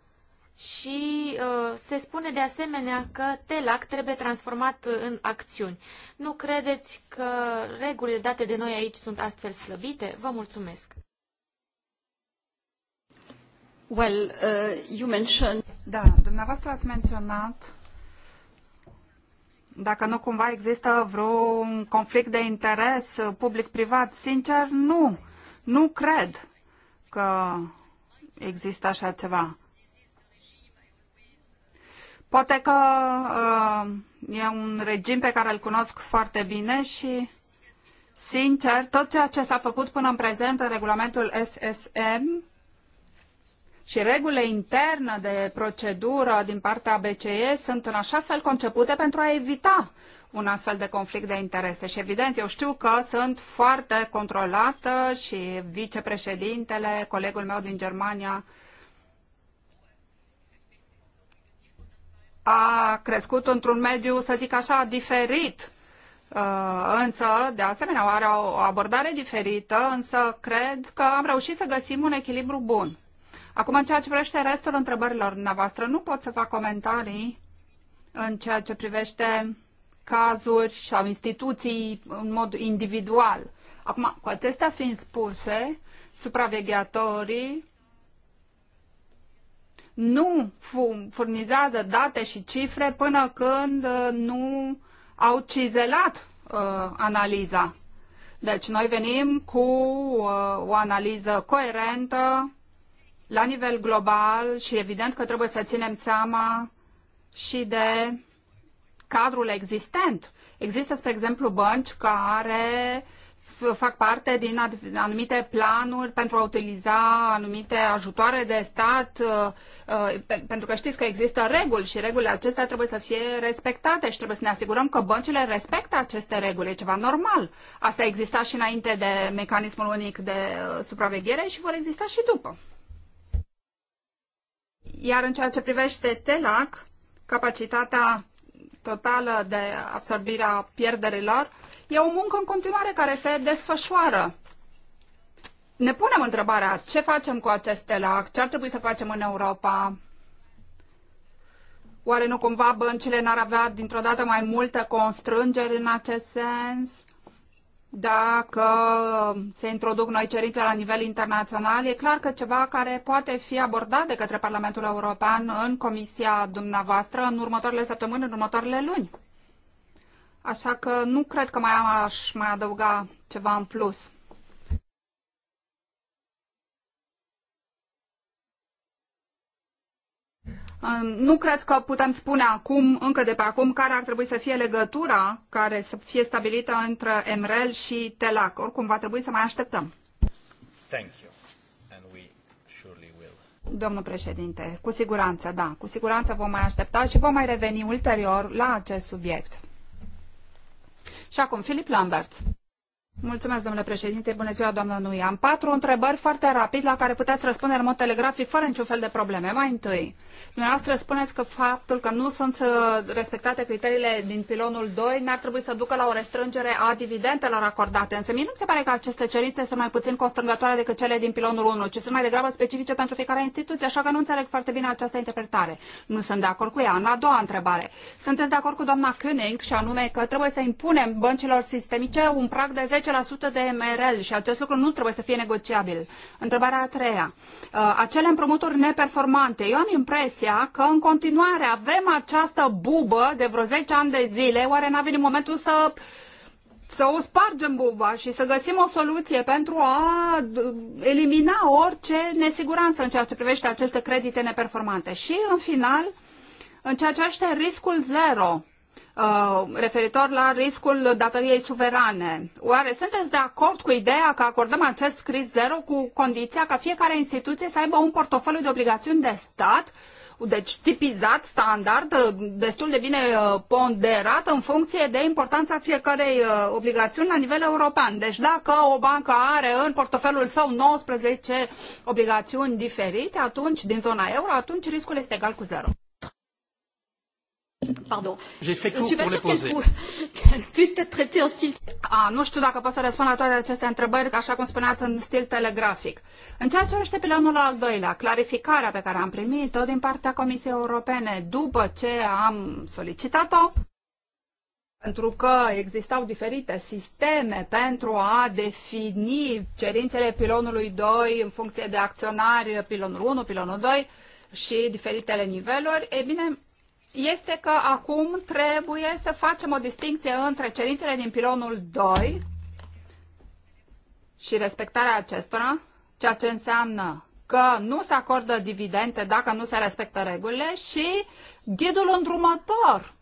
și uh, se spune de asemenea că TELAC trebuie transformat în acțiuni. Nu credeți că regulile date de noi aici sunt astfel slăbite? Vă mulțumesc! Well, uh, you mentioned... Da, dumneavoastră ați menționat dacă nu cumva există vreun conflict de interes public-privat. Sincer, nu. Nu cred că există așa ceva. Poate că uh, e un regim pe care îl cunosc foarte bine și, sincer, tot ceea ce s-a făcut până în prezent în regulamentul SSM și regulile interne de procedură din partea BCE sunt în așa fel concepute pentru a evita un astfel de conflict de interese. Și evident, eu știu că sunt foarte controlată și vicepreședintele, colegul meu din Germania, a crescut într-un mediu, să zic așa, diferit. Uh, însă, de asemenea, are o abordare diferită, însă cred că am reușit să găsim un echilibru bun. Acum, în ceea ce privește restul întrebărilor dumneavoastră, nu pot să fac comentarii în ceea ce privește cazuri sau instituții în mod individual. Acum, cu acestea fiind spuse, supraveghetorii nu furnizează date și cifre până când uh, nu au cizelat uh, analiza. Deci noi venim cu uh, o analiză coerentă, la nivel global și evident că trebuie să ținem seama și de cadrul existent. Există, spre exemplu, bănci care fac parte din anumite planuri pentru a utiliza anumite ajutoare de stat, uh, uh, pentru că știți că există reguli și regulile acestea trebuie să fie respectate și trebuie să ne asigurăm că băncile respectă aceste reguli, e ceva normal. Asta exista și înainte de mecanismul unic de uh, supraveghere și vor exista și după. Iar în ceea ce privește TELAC, capacitatea totală de absorbire a pierderilor, e o muncă în continuare care se desfășoară. Ne punem întrebarea ce facem cu acest TELAC, ce ar trebui să facem în Europa, Oare nu cumva băncile n-ar avea dintr-o dată mai multe constrângeri în acest sens? dacă se introduc noi cerințe la nivel internațional, e clar că ceva care poate fi abordat de către Parlamentul European în comisia dumneavoastră în următoarele săptămâni, în următoarele luni. Așa că nu cred că mai am, aș mai adăuga ceva în plus. Nu cred că putem spune acum, încă de pe acum, care ar trebui să fie legătura care să fie stabilită între MREL și TELAC. Oricum, va trebui să mai așteptăm. Thank you. And we surely will. Domnul președinte, cu siguranță, da, cu siguranță vom mai aștepta și vom mai reveni ulterior la acest subiect. Și acum, Filip Lambert. Mulțumesc, domnule președinte. Bună ziua, doamnă Nui. Am patru întrebări foarte rapid la care puteți răspunde în mod telegrafic fără niciun fel de probleme. Mai întâi, dumneavoastră spuneți că faptul că nu sunt uh, respectate criteriile din pilonul 2 n-ar trebui să ducă la o restrângere a dividendelor acordate. Însă mie nu mi se pare că aceste cerințe sunt mai puțin constrângătoare decât cele din pilonul 1, ci sunt mai degrabă specifice pentru fiecare instituție, așa că nu înțeleg foarte bine această interpretare. Nu sunt de acord cu ea. În a doua întrebare, sunteți de acord cu doamna König și anume că trebuie să impunem băncilor sistemice un prag de 10 de MRL și acest lucru nu trebuie să fie negociabil. Întrebarea a treia. Uh, acele împrumuturi neperformante. Eu am impresia că în continuare avem această bubă de vreo 10 ani de zile. Oare n-a venit momentul să să o spargem buba și să găsim o soluție pentru a elimina orice nesiguranță în ceea ce privește aceste credite neperformante. Și, în final, în ceea ce privește riscul zero, Uh, referitor la riscul datoriei suverane. Oare sunteți de acord cu ideea că acordăm acest risc zero cu condiția ca fiecare instituție să aibă un portofoliu de obligațiuni de stat deci tipizat, standard, destul de bine uh, ponderat în funcție de importanța fiecarei uh, obligațiuni la nivel european. Deci dacă o bancă are în portofelul său 19 obligațiuni diferite, atunci din zona euro, atunci riscul este egal cu zero. Pardon. J'ai fait court pour les poser. Ah, <laughs> nu știu dacă pot să răspund la toate aceste întrebări, așa cum spuneați, în stil telegrafic. În ceea ce privește pilonul al doilea, clarificarea pe care am primit-o din partea Comisiei Europene după ce am solicitat-o, pentru că existau diferite sisteme pentru a defini cerințele pilonului 2 în funcție de acționari, pilonul 1, pilonul 2 și diferitele niveluri, e bine, este că acum trebuie să facem o distinție între cerințele din pilonul 2 și respectarea acestora, ceea ce înseamnă că nu se acordă dividende dacă nu se respectă regulile și ghidul îndrumător.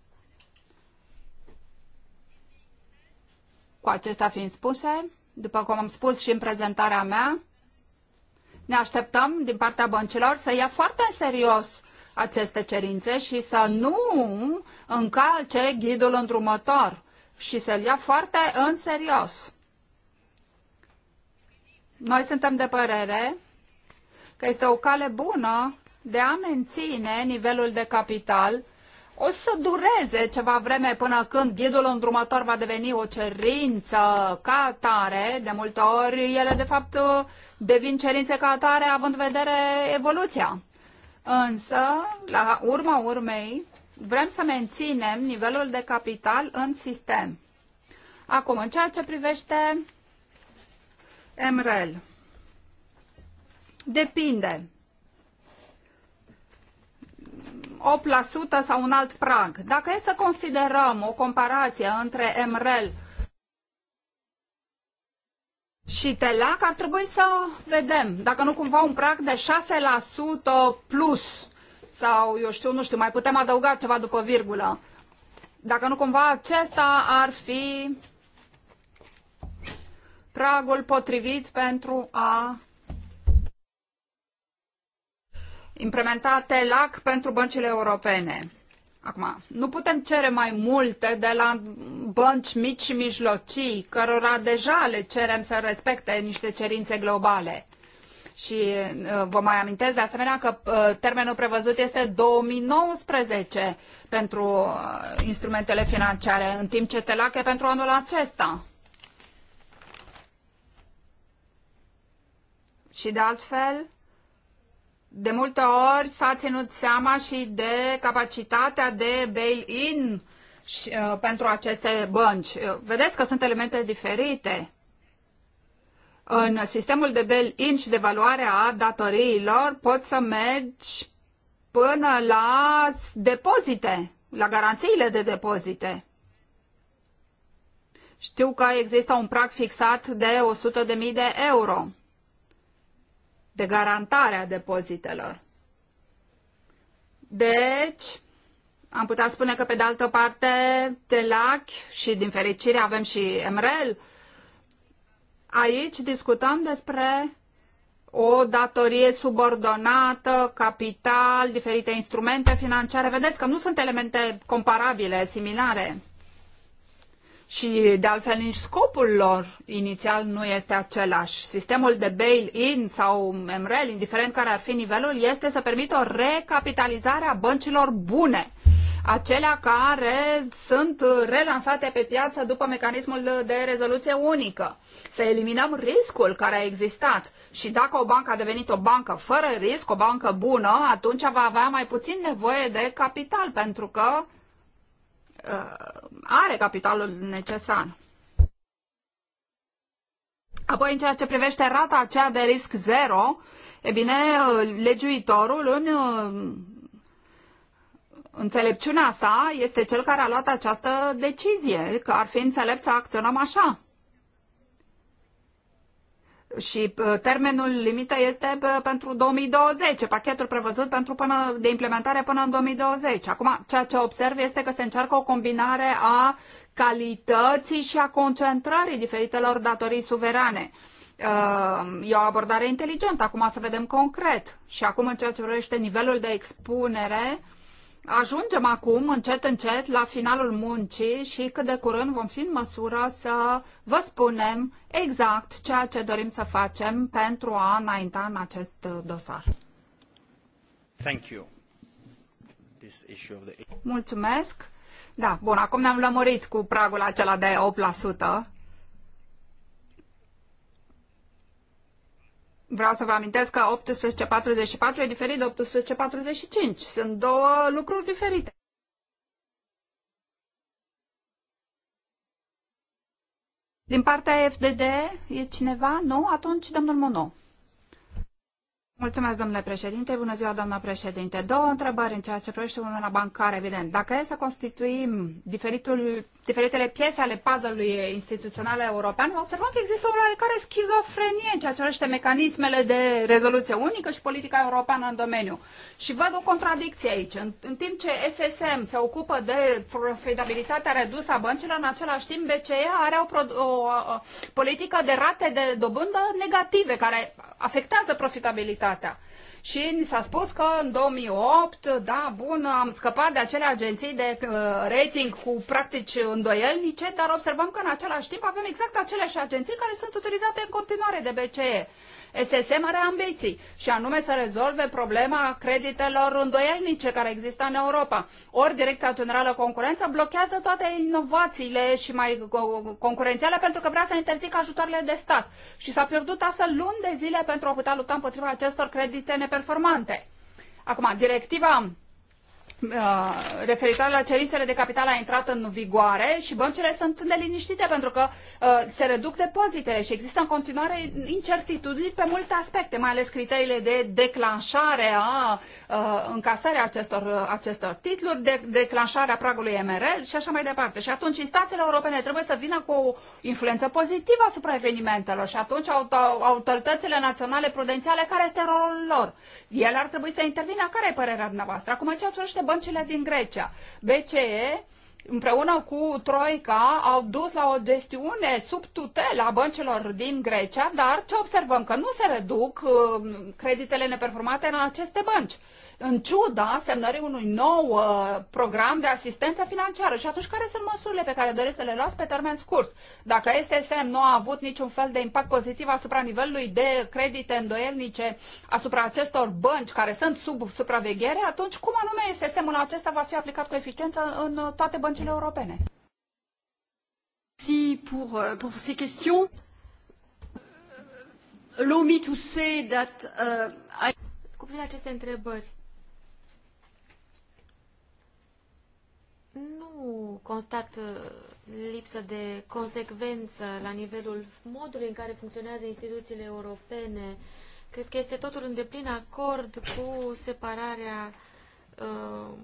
Cu acestea fiind spuse, după cum am spus și în prezentarea mea, ne așteptăm din partea băncilor să ia foarte în serios aceste cerințe și să nu încalce ghidul îndrumător și să-l ia foarte în serios. Noi suntem de părere că este o cale bună de a menține nivelul de capital. O să dureze ceva vreme până când ghidul îndrumător va deveni o cerință ca atare. De multe ori ele, de fapt, devin cerințe ca atare având în vedere evoluția. Însă, la urma urmei, vrem să menținem nivelul de capital în sistem. Acum, în ceea ce privește MREL, depinde 8% sau un alt prag. Dacă e să considerăm o comparație între MREL și TELAC ar trebui să vedem dacă nu cumva un prag de 6% plus sau eu știu, nu știu, mai putem adăuga ceva după virgulă. Dacă nu cumva acesta ar fi pragul potrivit pentru a implementa TELAC pentru băncile europene. Acum, nu putem cere mai multe de la bănci mici și mijlocii, cărora deja le cerem să respecte niște cerințe globale. Și uh, vă mai amintesc de asemenea că uh, termenul prevăzut este 2019 pentru uh, instrumentele financiare, în timp ce TELAC e pentru anul acesta. Și de altfel, de multe ori s-a ținut seama și de capacitatea de bail-in uh, pentru aceste bănci. Uh, vedeți că sunt elemente diferite. În sistemul de bail-in și de valoare a datoriilor poți să mergi până la depozite, la garanțiile de depozite. Știu că există un prag fixat de 100.000 de euro de garantare a depozitelor. Deci, am putea spune că, pe de altă parte, TELAC și, din fericire, avem și MREL. Aici discutăm despre o datorie subordonată, capital, diferite instrumente financiare. Vedeți că nu sunt elemente comparabile, similare și de altfel nici scopul lor inițial nu este același. Sistemul de bail-in sau MREL, indiferent care ar fi nivelul, este să permită o recapitalizare a băncilor bune, acelea care sunt relansate pe piață după mecanismul de rezoluție unică. Să eliminăm riscul care a existat și dacă o bancă a devenit o bancă fără risc, o bancă bună, atunci va avea mai puțin nevoie de capital pentru că Uh, are capitalul necesar. Apoi, în ceea ce privește rata aceea de risc zero, e bine, uh, legiuitorul în uh, înțelepciunea sa este cel care a luat această decizie, că ar fi înțelept să acționăm așa și uh, termenul limită este uh, pentru 2020, pachetul prevăzut pentru până, de implementare până în 2020. Acum, ceea ce observ este că se încearcă o combinare a calității și a concentrării diferitelor datorii suverane. Uh, e o abordare inteligentă, acum să vedem concret. Și acum, în ceea ce privește nivelul de expunere, ajungem acum încet, încet la finalul muncii și cât de curând vom fi în măsură să vă spunem exact ceea ce dorim să facem pentru a înainta în acest uh, dosar. Thank you. This issue of the... Mulțumesc. Da, bun, acum ne-am lămurit cu pragul acela de Vreau să vă amintesc că 1844 e diferit de 1845. Sunt două lucruri diferite. Din partea FDD e cineva? Nu? Atunci domnul Mono. Mulțumesc, domnule președinte. Bună ziua, doamna președinte. Două întrebări în ceea ce privește uniunea bancară, evident. Dacă e să constituim diferitul diferitele piese ale puzzle-ului instituțional european, observăm că există o oarecare schizofrenie în ceea ce privește mecanismele de rezoluție unică și politica europeană în domeniu. Și văd o contradicție aici. În, în timp ce SSM se ocupă de profitabilitatea redusă a băncilor, în același timp BCE are o, o, o, o politică de rate de dobândă negative care afectează profitabilitatea și ni s-a spus că în 2008, da, bun, am scăpat de acele agenții de uh, rating cu practici îndoielnice, dar observăm că în același timp avem exact aceleași agenții care sunt utilizate în continuare de BCE. SSM are ambiții și anume să rezolve problema creditelor îndoielnice care există în Europa. Ori Direcția Generală Concurență blochează toate inovațiile și mai concurențiale pentru că vrea să interzică ajutoarele de stat. Și s-a pierdut astfel luni de zile pentru a putea lupta împotriva acestor credite neperformante. Acum, directiva Uh, referitoare la cerințele de capital a intrat în vigoare și băncile sunt neliniștite pentru că uh, se reduc depozitele și există în continuare incertitudini pe multe aspecte, mai ales criteriile de declanșare a uh, încasării încasarea acestor, acestor titluri, de declanșarea pragului MRL și așa mai departe. Și atunci instanțele europene trebuie să vină cu o influență pozitivă asupra evenimentelor și atunci autoritățile naționale prudențiale, care este rolul lor? Ele ar trebui să intervină. Care e părerea dumneavoastră? Acum ce privește băncile din Grecia. BCE împreună cu Troica au dus la o gestiune sub tutela a băncilor din Grecia, dar ce observăm? Că nu se reduc uh, creditele neperformate în aceste bănci în ciuda semnării unui nou uh, program de asistență financiară. Și atunci, care sunt măsurile pe care doresc să le las pe termen scurt? Dacă SSM nu a avut niciun fel de impact pozitiv asupra nivelului de credite îndoielnice asupra acestor bănci care sunt sub supraveghere, atunci cum anume SSM-ul acesta va fi aplicat cu eficiență în uh, toate băncile europene? Si pour, euh, pour ces questions. that uh, I... Cu privire aceste întrebări, constat uh, lipsă de consecvență la nivelul modului în care funcționează instituțiile europene. Cred că este totul în deplin acord cu separarea uh,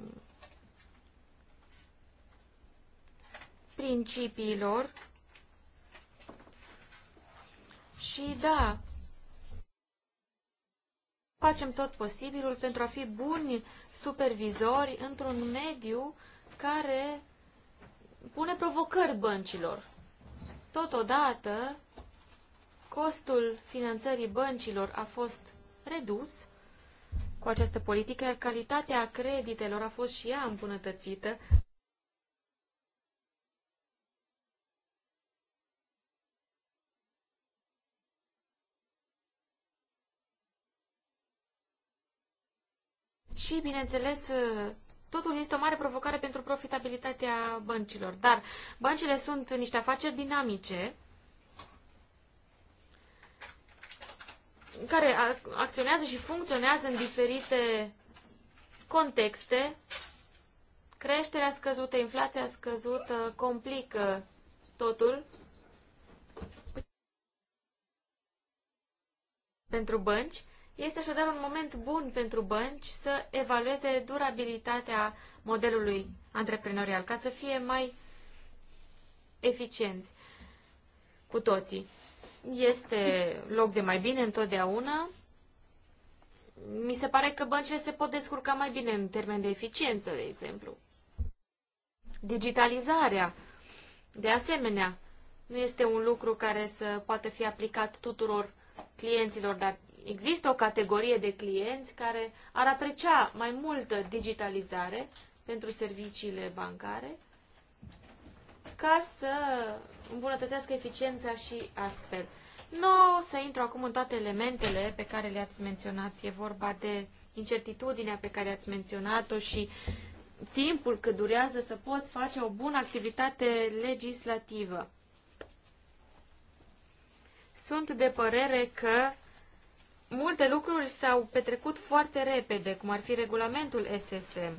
principiilor. Și da, facem tot posibilul pentru a fi buni supervizori într-un mediu uh, care pune provocări băncilor. Totodată, costul finanțării băncilor a fost redus cu această politică, iar calitatea creditelor a fost și ea îmbunătățită. Și, bineînțeles, totul este o mare provocare pentru profitabilitatea băncilor. Dar băncile sunt niște afaceri dinamice care acționează și funcționează în diferite contexte. Creșterea scăzută, inflația scăzută complică totul pentru bănci este așadar un moment bun pentru bănci să evalueze durabilitatea modelului antreprenorial ca să fie mai eficienți cu toții. Este loc de mai bine întotdeauna. Mi se pare că băncile se pot descurca mai bine în termen de eficiență, de exemplu. Digitalizarea, de asemenea, nu este un lucru care să poată fi aplicat tuturor clienților, dar există o categorie de clienți care ar aprecia mai multă digitalizare pentru serviciile bancare ca să îmbunătățească eficiența și astfel. Nu o să intru acum în toate elementele pe care le-ați menționat. E vorba de incertitudinea pe care ați menționat-o și timpul cât durează să poți face o bună activitate legislativă. Sunt de părere că multe lucruri s-au petrecut foarte repede, cum ar fi regulamentul SSM,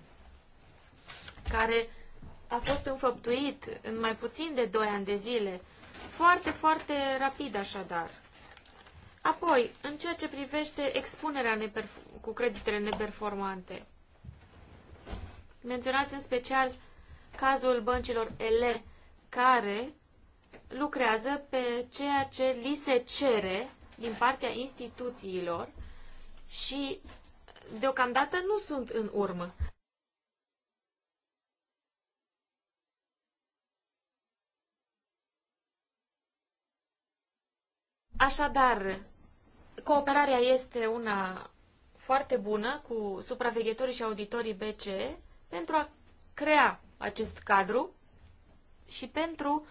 care a fost înfăptuit în mai puțin de 2 ani de zile, foarte, foarte rapid așadar. Apoi, în ceea ce privește expunerea cu creditele neperformante, menționați în special cazul băncilor ele care lucrează pe ceea ce li se cere din partea instituțiilor și deocamdată nu sunt în urmă. Așadar, cooperarea este una foarte bună cu supraveghetorii și auditorii BCE pentru a crea acest cadru și pentru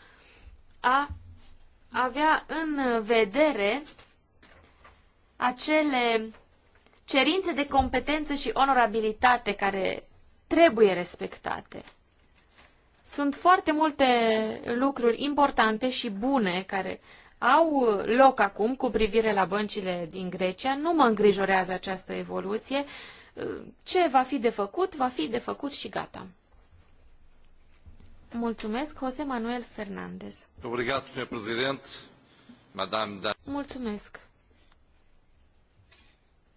a avea în vedere acele cerințe de competență și onorabilitate care trebuie respectate. Sunt foarte multe lucruri importante și bune care au loc acum cu privire la băncile din Grecia. Nu mă îngrijorează această evoluție. Ce va fi de făcut, va fi de făcut și gata. Mulțumesc, José Manuel Fernandez. Obrigat, Mulțumesc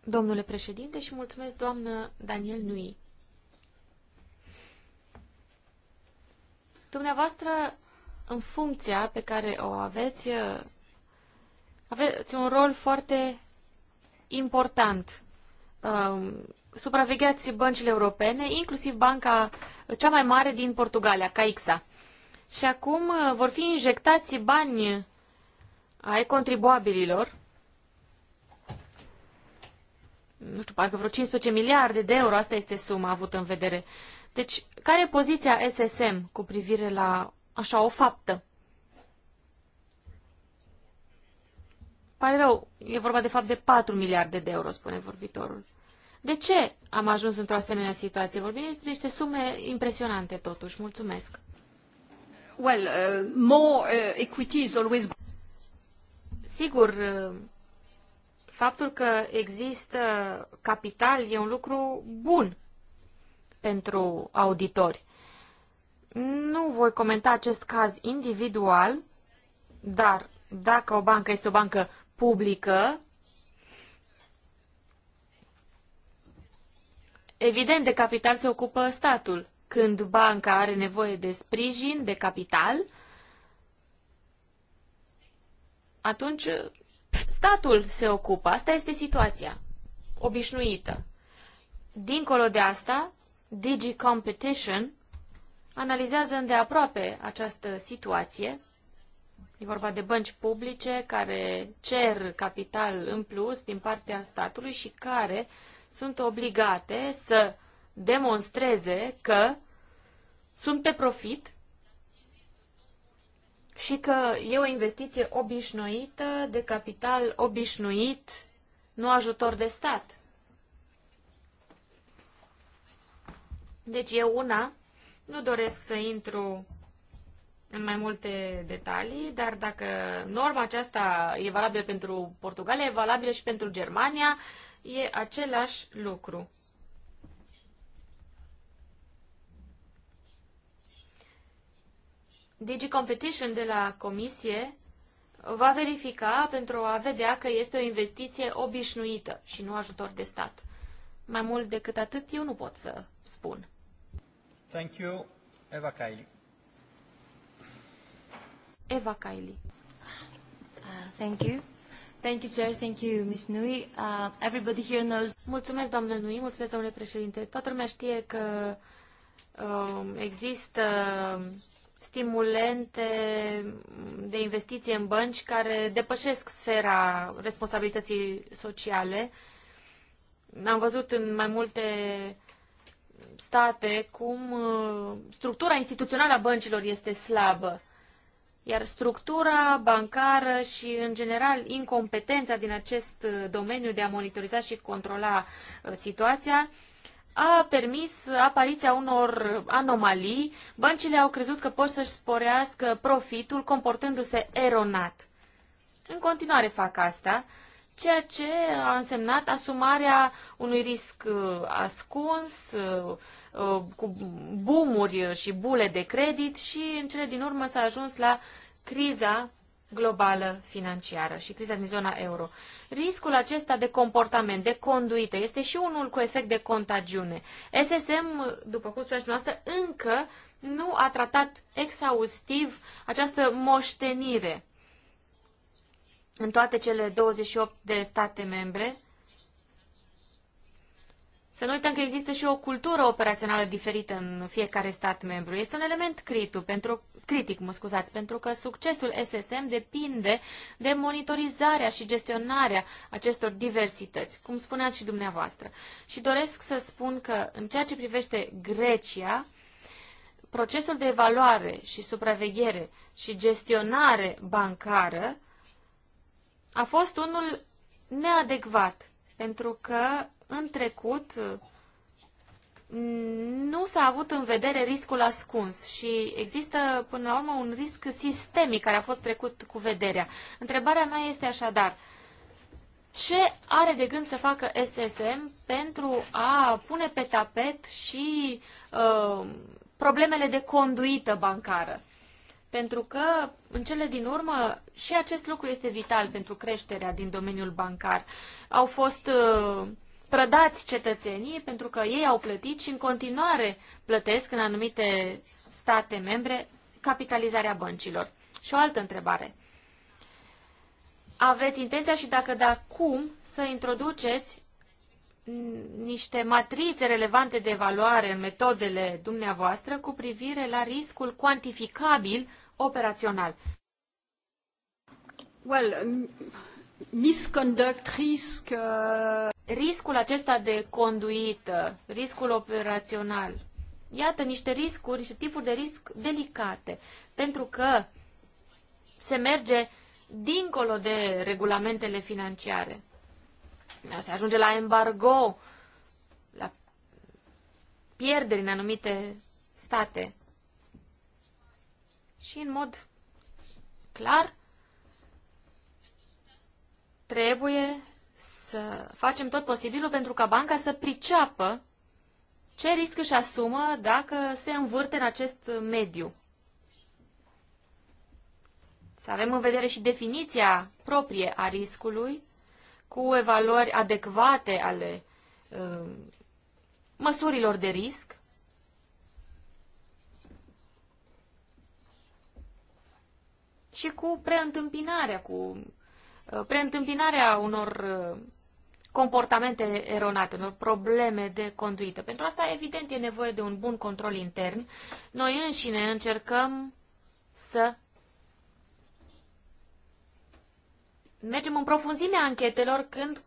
domnule președinte, și mulțumesc, doamnă Daniel Nui. Dumneavoastră, în funcția pe care o aveți, aveți un rol foarte important. Um, supravegheați băncile europene, inclusiv banca cea mai mare din Portugalia, Caixa. Și acum uh, vor fi injectați bani ai contribuabililor nu știu, parcă vreo 15 miliarde de euro, asta este suma avută în vedere. Deci, care e poziția SSM cu privire la așa o faptă? Pare rău, e vorba de fapt de 4 miliarde de euro, spune vorbitorul. De ce am ajuns într-o asemenea situație? Vorbim despre niște sume impresionante, totuși. Mulțumesc. Well, uh, more uh, equity is always... Sigur, uh, Faptul că există capital e un lucru bun pentru auditori. Nu voi comenta acest caz individual, dar dacă o bancă este o bancă publică, evident de capital se ocupă statul. Când banca are nevoie de sprijin, de capital, atunci statul se ocupă. Asta este situația obișnuită. Dincolo de asta, Digi Competition analizează îndeaproape această situație. E vorba de bănci publice care cer capital în plus din partea statului și care sunt obligate să demonstreze că sunt pe profit și că e o investiție obișnuită, de capital obișnuit, nu ajutor de stat. Deci eu una, nu doresc să intru în mai multe detalii, dar dacă norma aceasta e valabilă pentru Portugalia, e valabilă și pentru Germania, e același lucru. DG Competition de la Comisie va verifica pentru a vedea că este o investiție obișnuită și nu ajutor de stat. Mai mult decât atât, eu nu pot să spun. Thank you, Eva Kaili. Eva Kaili. Uh, thank you. Thank you, Chair. Thank you, Ms. Nui. Uh, everybody here knows... Mulțumesc, doamnă Nui. Mulțumesc, domnule președinte. Toată lumea știe că uh, există uh, stimulente de investiție în bănci care depășesc sfera responsabilității sociale. Am văzut în mai multe state cum uh, structura instituțională a băncilor este slabă, iar structura bancară și, în general, incompetența din acest uh, domeniu de a monitoriza și controla uh, situația a permis apariția unor anomalii. Băncile au crezut că pot să-și sporească profitul comportându-se eronat. În continuare fac asta, ceea ce a însemnat asumarea unui risc uh, ascuns, uh, uh, cu bumuri și bule de credit și în cele din urmă s-a ajuns la criza globală financiară și criza din zona euro. Riscul acesta de comportament, de conduită, este și unul cu efect de contagiune. SSM, după cum spuneați noastră, încă nu a tratat exhaustiv această moștenire în toate cele 28 de state membre. Să nu uităm că există și o cultură operațională diferită în fiecare stat membru. Este un element critic pentru, critic, mă scuzați, pentru că succesul SSM depinde de monitorizarea și gestionarea acestor diversități, cum spuneați și dumneavoastră. Și doresc să spun că în ceea ce privește Grecia, procesul de evaluare și supraveghere și gestionare bancară a fost unul neadecvat, pentru că în trecut nu s-a avut în vedere riscul ascuns și există până la urmă un risc sistemic care a fost trecut cu vederea. Întrebarea mea este așadar, ce are de gând să facă SSM pentru a pune pe tapet și uh, problemele de conduită bancară? Pentru că, în cele din urmă, și acest lucru este vital pentru creșterea din domeniul bancar. Au fost uh, trădați cetățenii pentru că ei au plătit și în continuare plătesc în anumite state membre capitalizarea băncilor. Și o altă întrebare. Aveți intenția și dacă da, cum să introduceți niște matrițe relevante de evaluare în metodele dumneavoastră cu privire la riscul cuantificabil operațional? Well, um, misconduct, risc... Uh riscul acesta de conduită, riscul operațional, iată niște riscuri, niște tipuri de risc delicate, pentru că se merge dincolo de regulamentele financiare. Se ajunge la embargo, la pierderi în anumite state. Și în mod clar, trebuie să facem tot posibilul pentru ca banca să priceapă ce risc își asumă dacă se învârte în acest mediu. Să avem în vedere și definiția proprie a riscului cu evaluări adecvate ale uh, măsurilor de risc. Și cu preîntâmpinarea, cu uh, preîntâmpinarea unor uh, comportamente eronate, unor probleme de conduită. Pentru asta, evident, e nevoie de un bun control intern. Noi înșine încercăm să mergem în profunzimea anchetelor când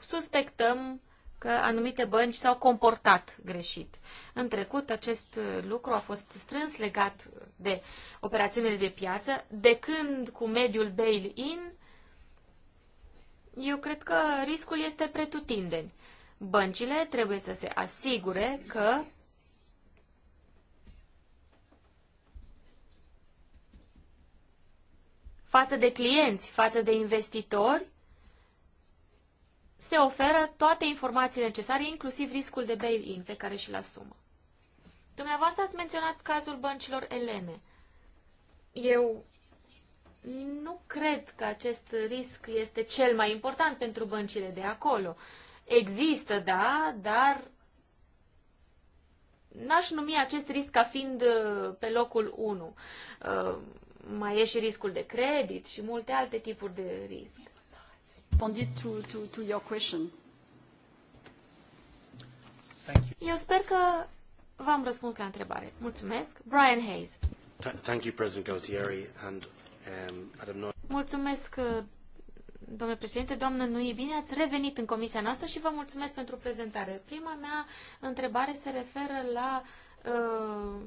suspectăm că anumite bănci s-au comportat greșit. În trecut, acest lucru a fost strâns legat de operațiunile de piață, de când cu mediul bail-in eu cred că riscul este pretutindeni. Băncile trebuie să se asigure că față de clienți, față de investitori, se oferă toate informațiile necesare, inclusiv riscul de bail-in pe care și-l asumă. Dumneavoastră ați menționat cazul băncilor elene. Eu nu cred că acest risc este cel mai important pentru băncile de acolo. Există, da, dar n-aș numi acest risc ca fiind uh, pe locul 1. Uh, mai e și riscul de credit și multe alte tipuri de risc. To, to, to your question. Thank you. Eu sper că v-am răspuns la întrebare. Mulțumesc. Brian Hayes. Thank you, President Galtieri, and Um, mulțumesc, uh, domnule președinte. Doamnă Nui, bine ați revenit în comisia noastră și vă mulțumesc pentru prezentare. Prima mea întrebare se referă la uh,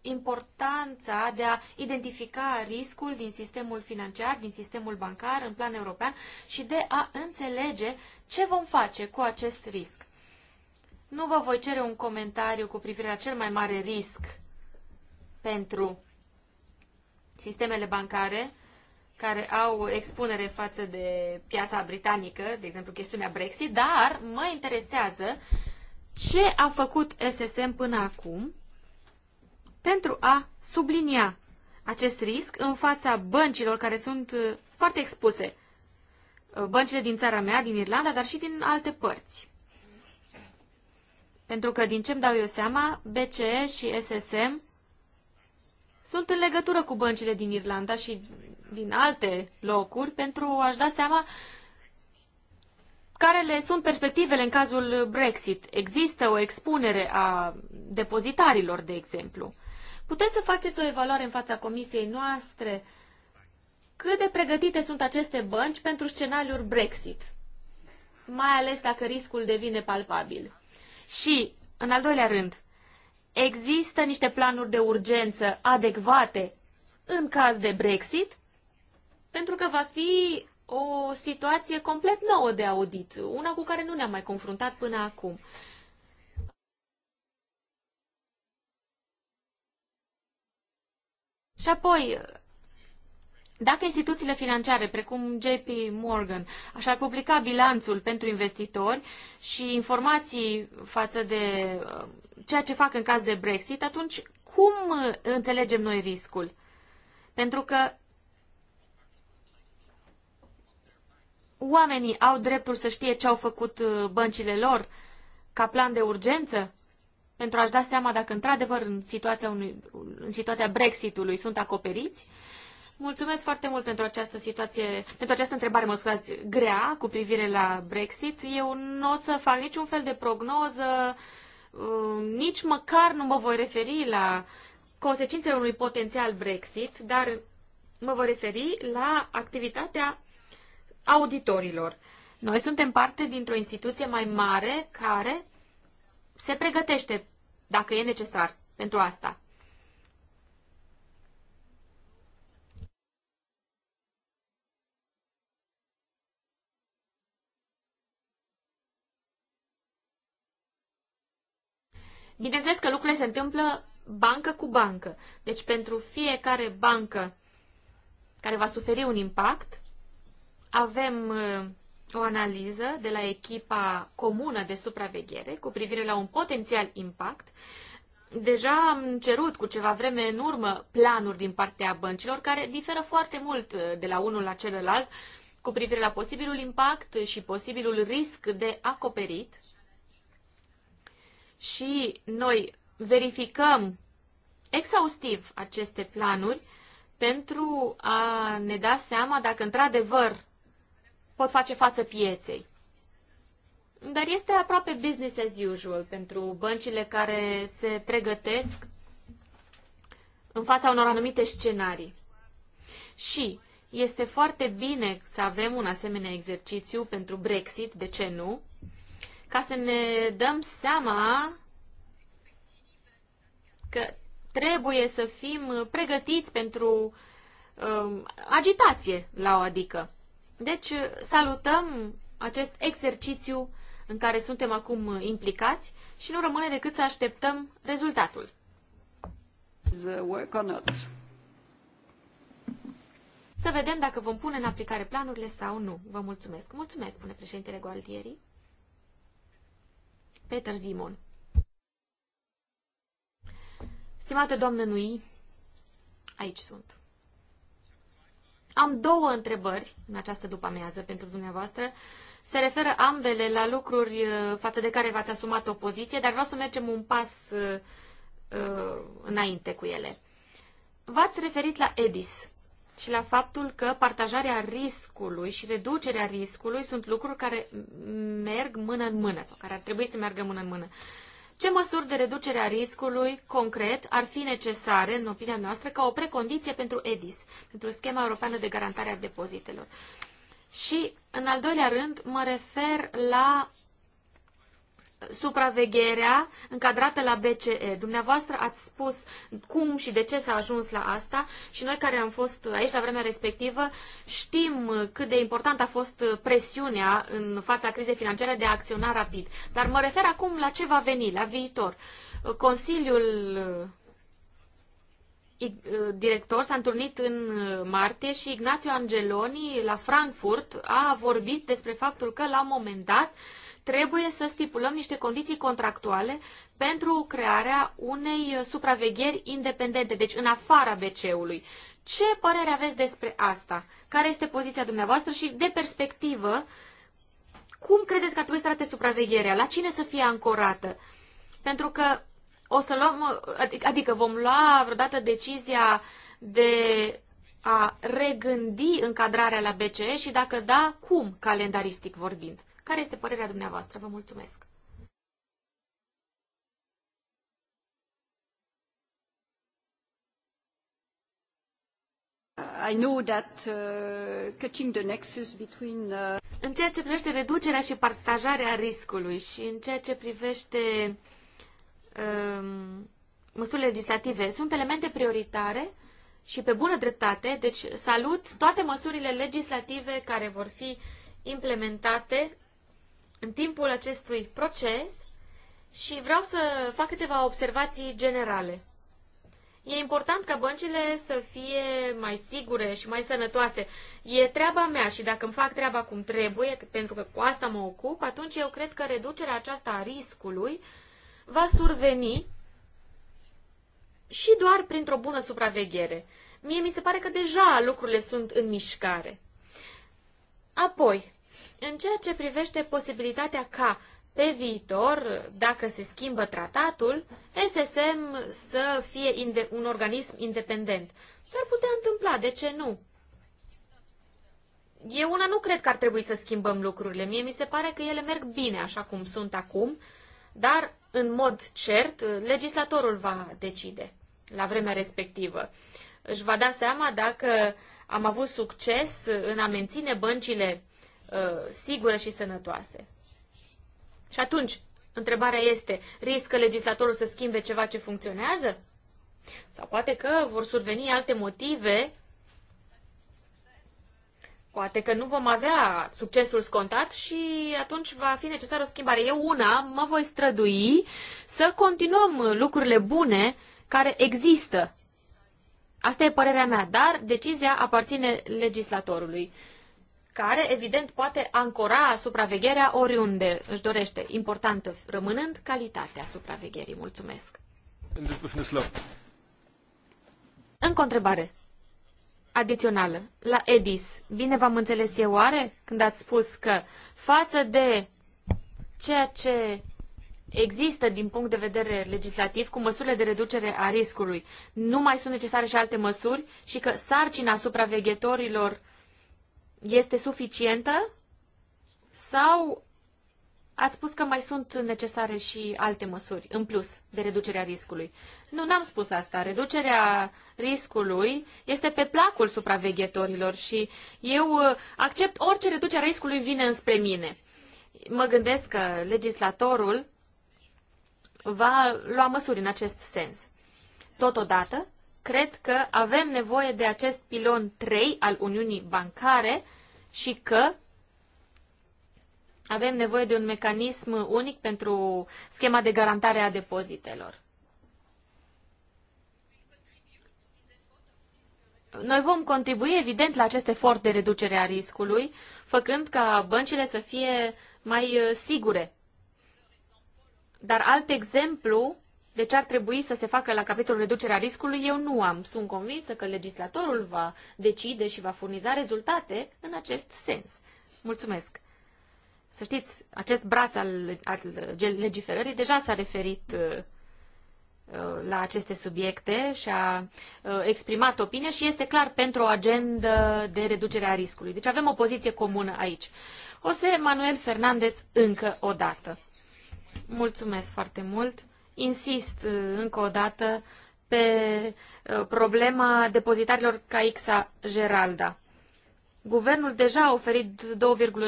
importanța de a identifica riscul din sistemul financiar, din sistemul bancar, în plan european și de a înțelege ce vom face cu acest risc. Nu vă voi cere un comentariu cu privire la cel mai mare risc pentru sistemele bancare care au expunere față de piața britanică, de exemplu chestiunea Brexit, dar mă interesează ce a făcut SSM până acum pentru a sublinia acest risc în fața băncilor care sunt uh, foarte expuse. Uh, băncile din țara mea, din Irlanda, dar și din alte părți. Pentru că, din ce îmi dau eu seama, BCE și SSM sunt în legătură cu băncile din Irlanda și din alte locuri pentru a-și da seama care le sunt perspectivele în cazul Brexit. Există o expunere a depozitarilor, de exemplu. Puteți să faceți o evaluare în fața comisiei noastre cât de pregătite sunt aceste bănci pentru scenariul Brexit, mai ales dacă riscul devine palpabil. Și, în al doilea rând, Există niște planuri de urgență adecvate în caz de Brexit, pentru că va fi o situație complet nouă de audit, una cu care nu ne-am mai confruntat până acum. Și apoi, dacă instituțiile financiare, precum JP Morgan, și-ar publica bilanțul pentru investitori și informații față de uh, ceea ce fac în caz de Brexit, atunci cum uh, înțelegem noi riscul? Pentru că oamenii au dreptul să știe ce au făcut uh, băncile lor ca plan de urgență pentru a-și da seama dacă într-adevăr în situația, unui, în situația Brexitului sunt acoperiți? Mulțumesc foarte mult pentru această situație, pentru această întrebare, mă scuzați, grea cu privire la Brexit. Eu nu o să fac niciun fel de prognoză, um, nici măcar nu mă voi referi la consecințele unui potențial Brexit, dar mă voi referi la activitatea auditorilor. Noi suntem parte dintr-o instituție mai mare care se pregătește, dacă e necesar, pentru asta. Bineînțeles că lucrurile se întâmplă bancă cu bancă. Deci pentru fiecare bancă care va suferi un impact, avem uh, o analiză de la echipa comună de supraveghere cu privire la un potențial impact. Deja am cerut cu ceva vreme în urmă planuri din partea băncilor care diferă foarte mult uh, de la unul la celălalt cu privire la posibilul impact și posibilul risc de acoperit și noi verificăm exhaustiv aceste planuri pentru a ne da seama dacă într-adevăr pot face față pieței. Dar este aproape business as usual pentru băncile care se pregătesc în fața unor anumite scenarii. Și este foarte bine să avem un asemenea exercițiu pentru Brexit, de ce nu? ca să ne dăm seama că trebuie să fim pregătiți pentru um, agitație la o adică. Deci salutăm acest exercițiu în care suntem acum implicați și nu rămâne decât să așteptăm rezultatul. Să vedem dacă vom pune în aplicare planurile sau nu. Vă mulțumesc. Mulțumesc, spune președintele Gualtieri. Peter Zimon. Stimate doamnă Nui, aici sunt. Am două întrebări în această după-amiază pentru dumneavoastră. Se referă ambele la lucruri uh, față de care v-ați asumat o poziție, dar vreau să mergem un pas uh, uh, înainte cu ele. V-ați referit la EDIS, și la faptul că partajarea riscului și reducerea riscului sunt lucruri care merg mână în mână sau care ar trebui să meargă mână în mână. Ce măsuri de reducere a riscului concret ar fi necesare, în opinia noastră, ca o precondiție pentru EDIS, pentru Schema Europeană de Garantare a Depozitelor? Și, în al doilea rând, mă refer la supravegherea încadrată la BCE. Dumneavoastră ați spus cum și de ce s-a ajuns la asta și noi care am fost aici la vremea respectivă știm cât de important a fost presiunea în fața crizei financiare de a acționa rapid. Dar mă refer acum la ce va veni, la viitor. Consiliul eh, director s-a întâlnit în martie și Ignațiu Angeloni la Frankfurt a vorbit despre faptul că la un moment dat trebuie să stipulăm niște condiții contractuale pentru crearea unei supravegheri independente, deci în afara BC-ului. Ce părere aveți despre asta? Care este poziția dumneavoastră și de perspectivă, cum credeți că ar trebui să arate supravegherea? La cine să fie ancorată? Pentru că o să luăm, adică vom lua vreodată decizia de a regândi încadrarea la BCE și dacă da, cum calendaristic vorbind? Care este părerea dumneavoastră? Vă mulțumesc! I know that uh, cutting the nexus between uh... În ceea ce privește reducerea și partajarea riscului și în ceea ce privește um, măsurile legislative, sunt elemente prioritare și pe bună dreptate, deci salut toate măsurile legislative care vor fi implementate în timpul acestui proces și vreau să fac câteva observații generale. E important ca băncile să fie mai sigure și mai sănătoase. E treaba mea și dacă îmi fac treaba cum trebuie, pentru că cu asta mă ocup, atunci eu cred că reducerea aceasta a riscului va surveni și doar printr-o bună supraveghere. Mie mi se pare că deja lucrurile sunt în mișcare. Apoi, în ceea ce privește posibilitatea ca pe viitor, dacă se schimbă tratatul, SSM să fie un organism independent. S-ar putea întâmpla, de ce nu? Eu una nu cred că ar trebui să schimbăm lucrurile. Mie mi se pare că ele merg bine așa cum sunt acum, dar în mod cert, legislatorul va decide la vremea respectivă. Își va da seama dacă am avut succes în a menține băncile uh, sigure și sănătoase. Și atunci, întrebarea este, riscă legislatorul să schimbe ceva ce funcționează? Sau poate că vor surveni alte motive, poate că nu vom avea succesul scontat și atunci va fi necesară o schimbare. Eu una mă voi strădui să continuăm lucrurile bune care există. Asta e părerea mea, dar decizia aparține legislatorului care, evident, poate ancora supravegherea oriunde își dorește, importantă rămânând calitatea supravegherii. Mulțumesc! Încă o întrebare adițională la EDIS. Bine v-am înțeles eu oare când ați spus că față de ceea ce există din punct de vedere legislativ cu măsurile de reducere a riscului, nu mai sunt necesare și alte măsuri și că sarcina supraveghetorilor este suficientă sau ați spus că mai sunt necesare și alte măsuri în plus de reducerea riscului? Nu, n-am spus asta. Reducerea riscului este pe placul supraveghetorilor și eu uh, accept orice reducere a riscului vine înspre mine. Mă gândesc că legislatorul va lua măsuri în acest sens. Totodată, cred că avem nevoie de acest pilon 3 al Uniunii Bancare și că avem nevoie de un mecanism unic pentru schema de garantare a depozitelor. Noi vom contribui, evident, la acest efort de reducere a riscului, făcând ca băncile să fie mai uh, sigure. Dar alt exemplu de ce ar trebui să se facă la capitolul reducerea riscului, eu nu am. Sunt convinsă că legislatorul va decide și va furniza rezultate în acest sens. Mulțumesc! Să știți, acest braț al, al legiferării deja s-a referit uh, uh, la aceste subiecte și a uh, exprimat opinia și este clar pentru o agendă de reducere a riscului. Deci avem o poziție comună aici. Jose Manuel Fernandez încă o dată. Mulțumesc foarte mult! insist uh, încă o dată pe uh, problema depozitarilor Caixa Geralda. Guvernul deja a oferit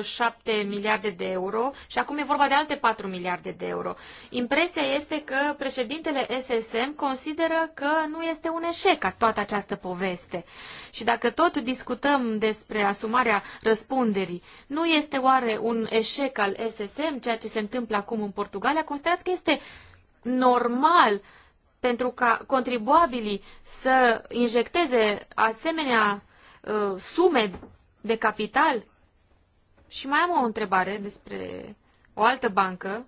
2,7 miliarde de euro și acum e vorba de alte 4 miliarde de euro. Impresia este că președintele SSM consideră că nu este un eșec toată această poveste. Și dacă tot discutăm despre asumarea răspunderii, nu este oare un eșec al SSM ceea ce se întâmplă acum în Portugalia? Considerați că este normal pentru ca contribuabilii să injecteze asemenea uh, sume de capital? Și mai am o întrebare despre o altă bancă.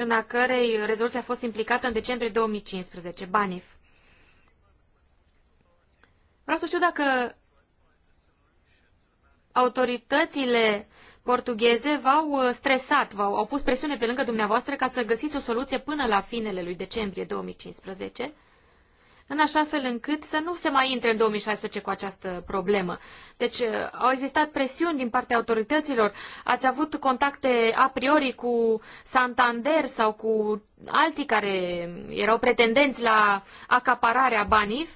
în a cărei rezoluție a fost implicată în decembrie 2015, BANIF. Vreau să știu dacă autoritățile portugheze v-au uh, stresat, v-au au pus presiune pe lângă dumneavoastră ca să găsiți o soluție până la finele lui decembrie 2015, în așa fel încât să nu se mai intre în 2016 cu această problemă. Deci uh, au existat presiuni din partea autorităților, ați avut contacte a priori cu Santander sau cu alții care erau pretendenți la acapararea Banif.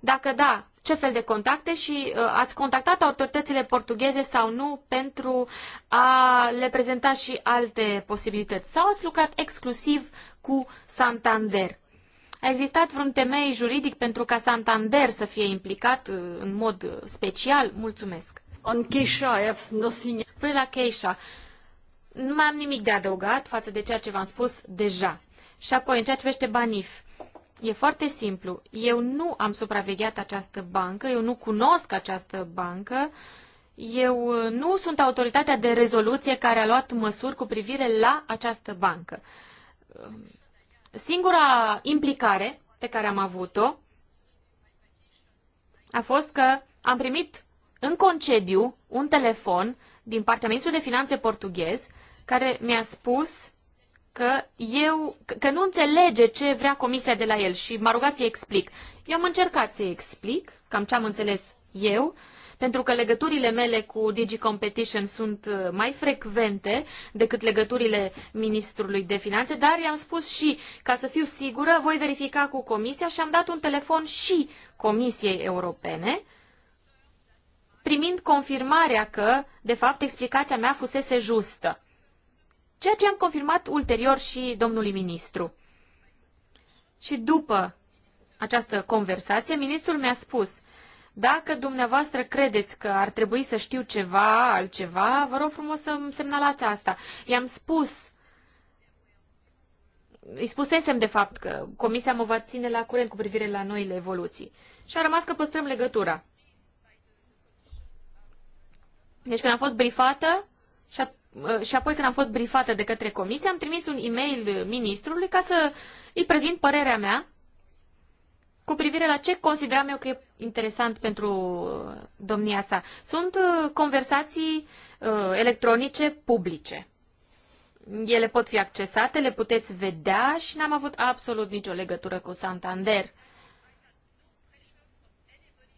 Dacă da, ce fel de contacte și uh, ați contactat autoritățile portugheze sau nu pentru a le prezenta și alte posibilități? Sau ați lucrat exclusiv cu Santander? A existat vreun temei juridic pentru ca Santander să fie implicat uh, în mod special? Mulțumesc. În Keisha, I păi la Keisha. Nu mai am nimic de adăugat față de ceea ce v-am spus deja. Și apoi, în ceea ce vește Banif, E foarte simplu. Eu nu am supravegheat această bancă, eu nu cunosc această bancă, eu uh, nu sunt autoritatea de rezoluție care a luat măsuri cu privire la această bancă. Um, singura implicare pe care am avut-o a fost că am primit în concediu un telefon din partea Ministrului de Finanțe portughez care mi-a spus că eu, că nu înțelege ce vrea comisia de la el și m-a rugat să-i explic. Eu am încercat să-i explic cam ce am înțeles eu, pentru că legăturile mele cu Digi Competition sunt uh, mai frecvente decât legăturile Ministrului de Finanțe, dar i-am spus și, ca să fiu sigură, voi verifica cu Comisia și am dat un telefon și Comisiei Europene, primind confirmarea că, de fapt, explicația mea fusese justă ceea ce am confirmat ulterior și domnului ministru. Și după această conversație, ministrul mi-a spus, dacă dumneavoastră credeți că ar trebui să știu ceva, altceva, vă rog frumos să îmi semnalați asta. I-am spus, îi spusesem de fapt că comisia mă va ține la curent cu privire la noile evoluții. Și a rămas că păstrăm legătura. Deci când am fost brifată și a Uh, și apoi când am fost brifată de către comisie, am trimis un e-mail ministrului ca să îi prezint părerea mea cu privire la ce consideram eu că e interesant pentru uh, domnia sa. Sunt uh, conversații electronice publice. Ele pot fi accesate, le puteți vedea și n-am avut absolut nicio legătură cu Santander.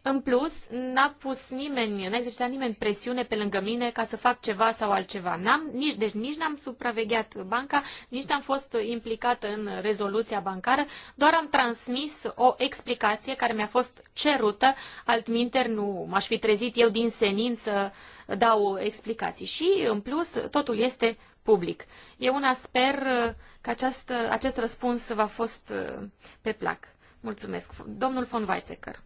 În plus, n-a pus nimeni, n-a exercitat nimeni presiune pe lângă mine ca să fac ceva sau altceva. N-am, nici, deci nici n-am supravegheat banca, nici n-am fost implicată în rezoluția bancară, doar am transmis o explicație care mi-a fost cerută, altminter nu m-aș fi trezit eu din senin să dau explicații. Și, în plus, totul este public. Eu una sper că acest acest răspuns v-a fost pe plac. Mulțumesc. Domnul von Weizsäcker.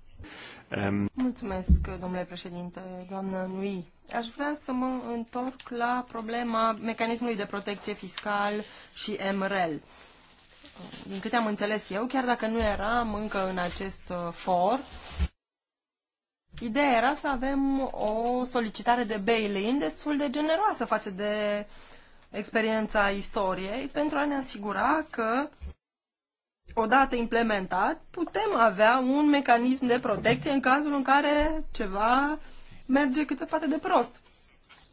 Um... Mulțumesc, domnule președinte, doamnă Nui. Aș vrea să mă întorc la problema mecanismului de protecție fiscal și MREL. Din câte am înțeles eu, chiar dacă nu eram încă în acest uh, for, ideea era să avem o solicitare de bail-in destul de generoasă față de experiența istoriei pentru a ne asigura că odată implementat, putem avea un mecanism de protecție în cazul în care ceva merge cât se poate de prost.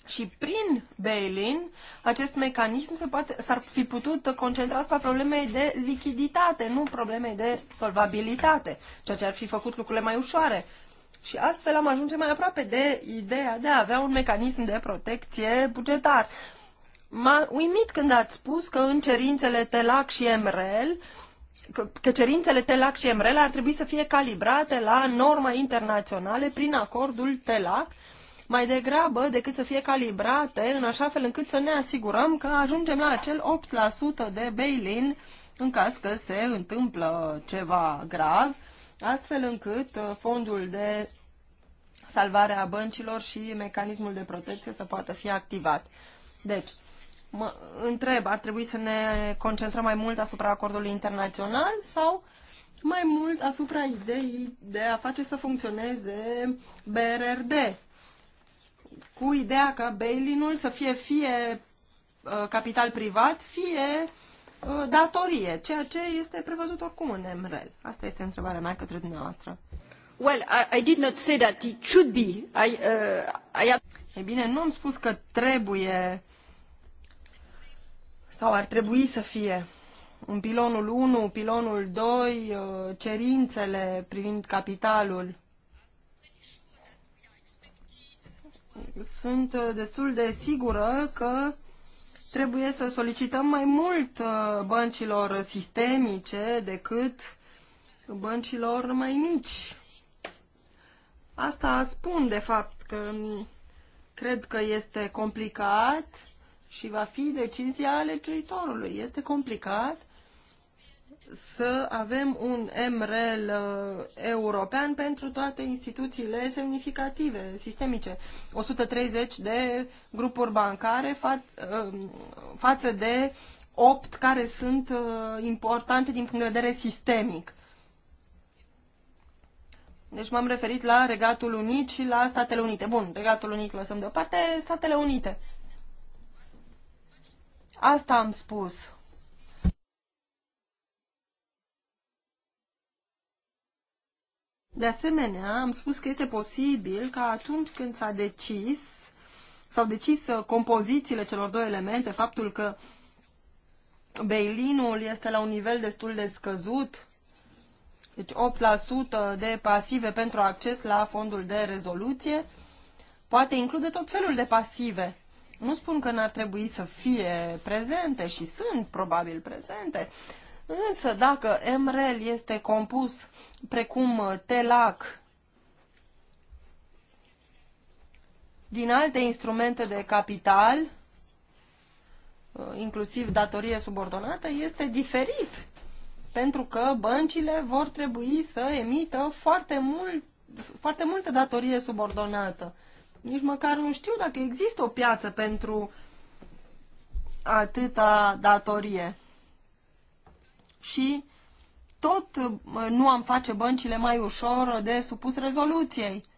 Și prin bail-in, acest mecanism se poate, s-ar fi putut concentra asupra problemei de lichiditate, nu problemei de solvabilitate, ceea ce ar fi făcut lucrurile mai ușoare. Și astfel am ajunge mai aproape de ideea de a avea un mecanism de protecție bugetar. M-a uimit când ați spus că în cerințele TELAC și MREL că cerințele TELAC și MREL ar trebui să fie calibrate la norme internaționale prin acordul TELAC, mai degrabă decât să fie calibrate în așa fel încât să ne asigurăm că ajungem la acel 8% de bail-in în caz că se întâmplă ceva grav, astfel încât uh, fondul de salvare a băncilor și mecanismul de protecție să poată fi activat. Deci, mă întreb, ar trebui să ne concentrăm mai mult asupra acordului internațional sau mai mult asupra ideii de a face să funcționeze BRRD, cu ideea ca bail-in-ul să fie fie uh, capital privat, fie uh, datorie, ceea ce este prevăzut oricum în MREL. Asta este întrebarea mea către dumneavoastră. Well, I, I did not say that it should be. I, uh, I... Ei bine, nu am spus că trebuie sau ar trebui să fie în pilonul 1, pilonul 2, uh, cerințele privind capitalul. Sunt uh, destul de sigură că trebuie să solicităm mai mult uh, băncilor sistemice decât băncilor mai mici. Asta spun, de fapt, că mm, cred că este complicat și va fi decizia legiuitorului. Este complicat să avem un MREL uh, european pentru toate instituțiile semnificative, sistemice. 130 de grupuri bancare fa- uh, față de 8 care sunt uh, importante din punct de vedere sistemic. Deci m-am referit la Regatul Unit și la Statele Unite. Bun, Regatul Unit lăsăm deoparte, Statele Unite. Asta am spus. De asemenea, am spus că este posibil ca atunci când s-a decis, s-au decis uh, compozițiile celor două elemente, faptul că beilinul este la un nivel destul de scăzut, deci 8% de pasive pentru acces la fondul de rezoluție, poate include tot felul de pasive. Nu spun că n-ar trebui să fie prezente și sunt probabil prezente, însă dacă MREL este compus precum uh, TELAC din alte instrumente de capital, uh, inclusiv datorie subordonată, este diferit pentru că băncile vor trebui să emită foarte, mult, foarte multă datorie subordonată nici măcar nu știu dacă există o piață pentru atâta datorie. Și tot nu am face băncile mai ușor de supus rezoluției.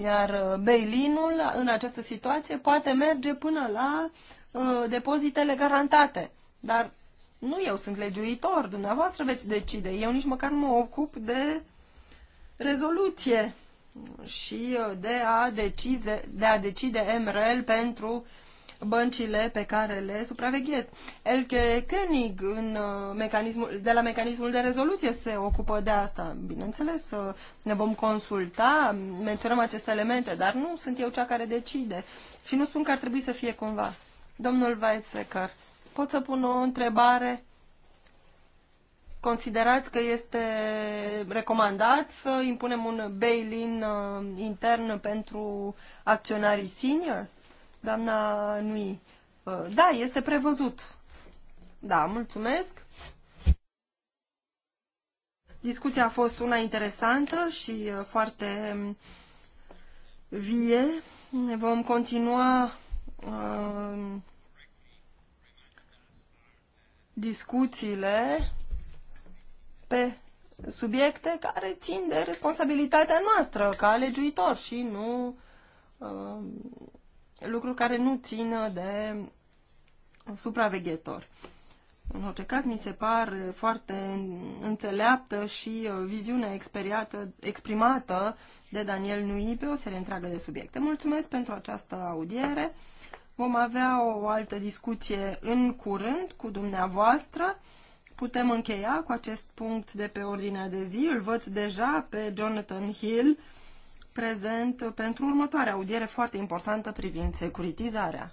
Iar uh, bailinul în această situație poate merge până la uh, depozitele garantate. Dar nu eu sunt legiuitor, dumneavoastră veți decide. Eu nici măcar nu mă ocup de rezoluție și uh, de a, decide de a decide MRL pentru băncile pe care le supraveghez. Elke König în uh, mecanismul, de la mecanismul de rezoluție se ocupă de asta. Bineînțeles, uh, ne vom consulta, menționăm aceste elemente, dar nu sunt eu cea care decide. Și nu spun că ar trebui să fie cumva. Domnul Weizsäcker, pot să pun o întrebare considerați că este recomandat să impunem un bail-in uh, intern pentru acționarii senior? Doamna Nui, uh, da, este prevăzut. Da, mulțumesc. Discuția a fost una interesantă și uh, foarte um, vie. Ne vom continua uh, discuțiile pe subiecte care țin de responsabilitatea noastră ca legiuitor și nu uh, lucruri care nu țin de supraveghetor. În orice caz, mi se par foarte înțeleaptă și uh, viziunea exprimată de Daniel Nui pe o serie întreagă de subiecte. Mulțumesc pentru această audiere. Vom avea o altă discuție în curând cu dumneavoastră Putem încheia cu acest punct de pe ordinea de zi. Îl văd deja pe Jonathan Hill prezent pentru următoarea audiere foarte importantă privind securitizarea.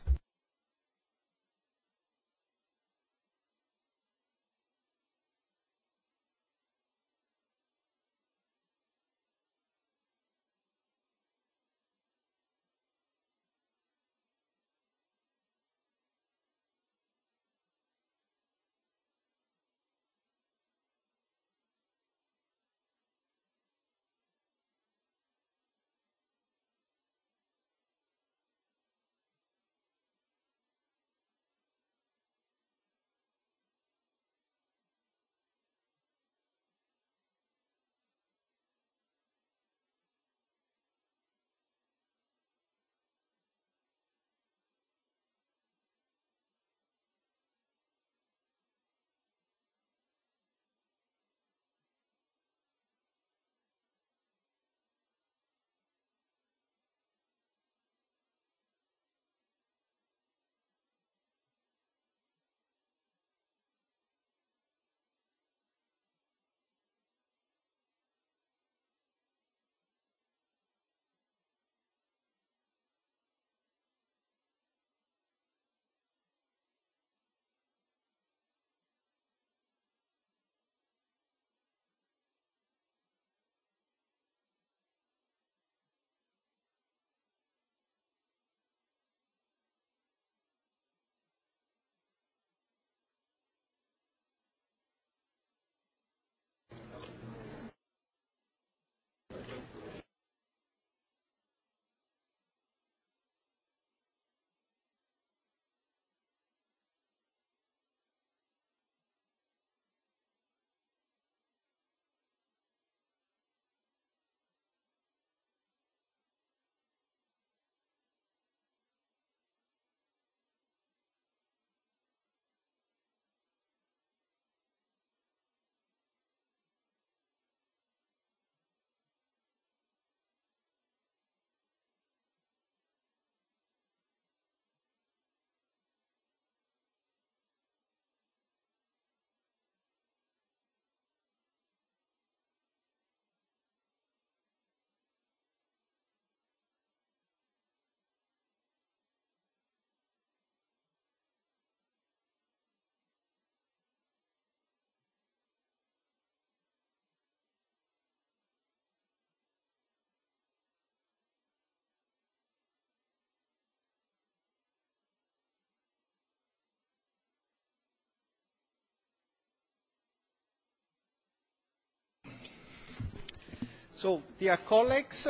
So, dear colleagues,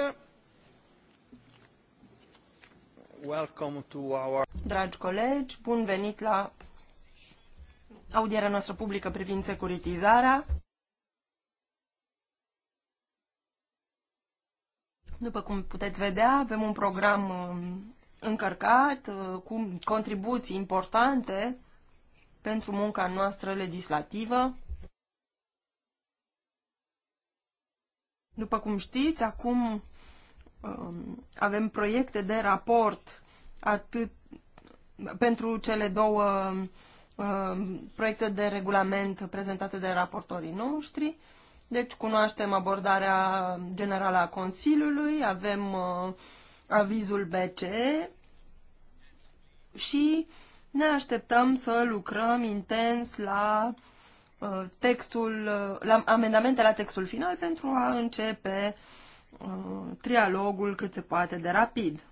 welcome to our... Dragi colegi, bun venit la audierea noastră publică privind securitizarea. După cum puteți vedea, avem un program um, încărcat uh, cu contribuții importante pentru munca noastră legislativă. După cum știți, acum um, avem proiecte de raport atât pentru cele două um, proiecte de regulament prezentate de raportorii noștri. Deci cunoaștem abordarea generală a Consiliului, avem uh, avizul BCE și ne așteptăm să lucrăm intens la Uh, textul, uh, la amendamente la textul final pentru a începe uh, trialogul cât se poate de rapid.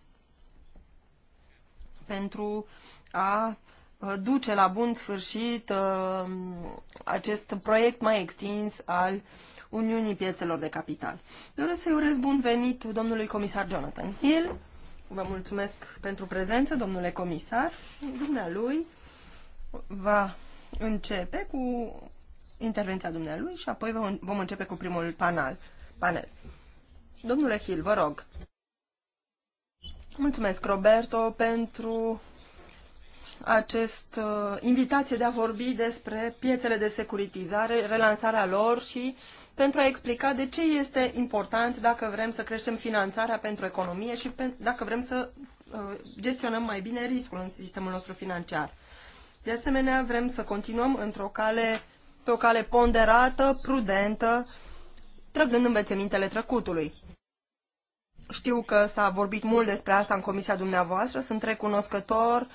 Pentru a duce la bun sfârșit acest proiect mai extins al Uniunii Piețelor de Capital. Doresc să-i urez bun venit domnului comisar Jonathan Hill. Vă mulțumesc pentru prezență, domnule comisar. Dumnealui va începe cu intervenția dumnealui și apoi vom începe cu primul panel. panel. Domnule Hill, vă rog. Mulțumesc, Roberto, pentru acest uh, invitație de a vorbi despre piețele de securitizare, relansarea lor și pentru a explica de ce este important dacă vrem să creștem finanțarea pentru economie și pe, dacă vrem să uh, gestionăm mai bine riscul în sistemul nostru financiar. De asemenea, vrem să continuăm într-o cale pe o cale ponderată, prudentă, trăgând învețămintele trecutului. Știu că s-a vorbit mult despre asta în comisia dumneavoastră, sunt recunoscător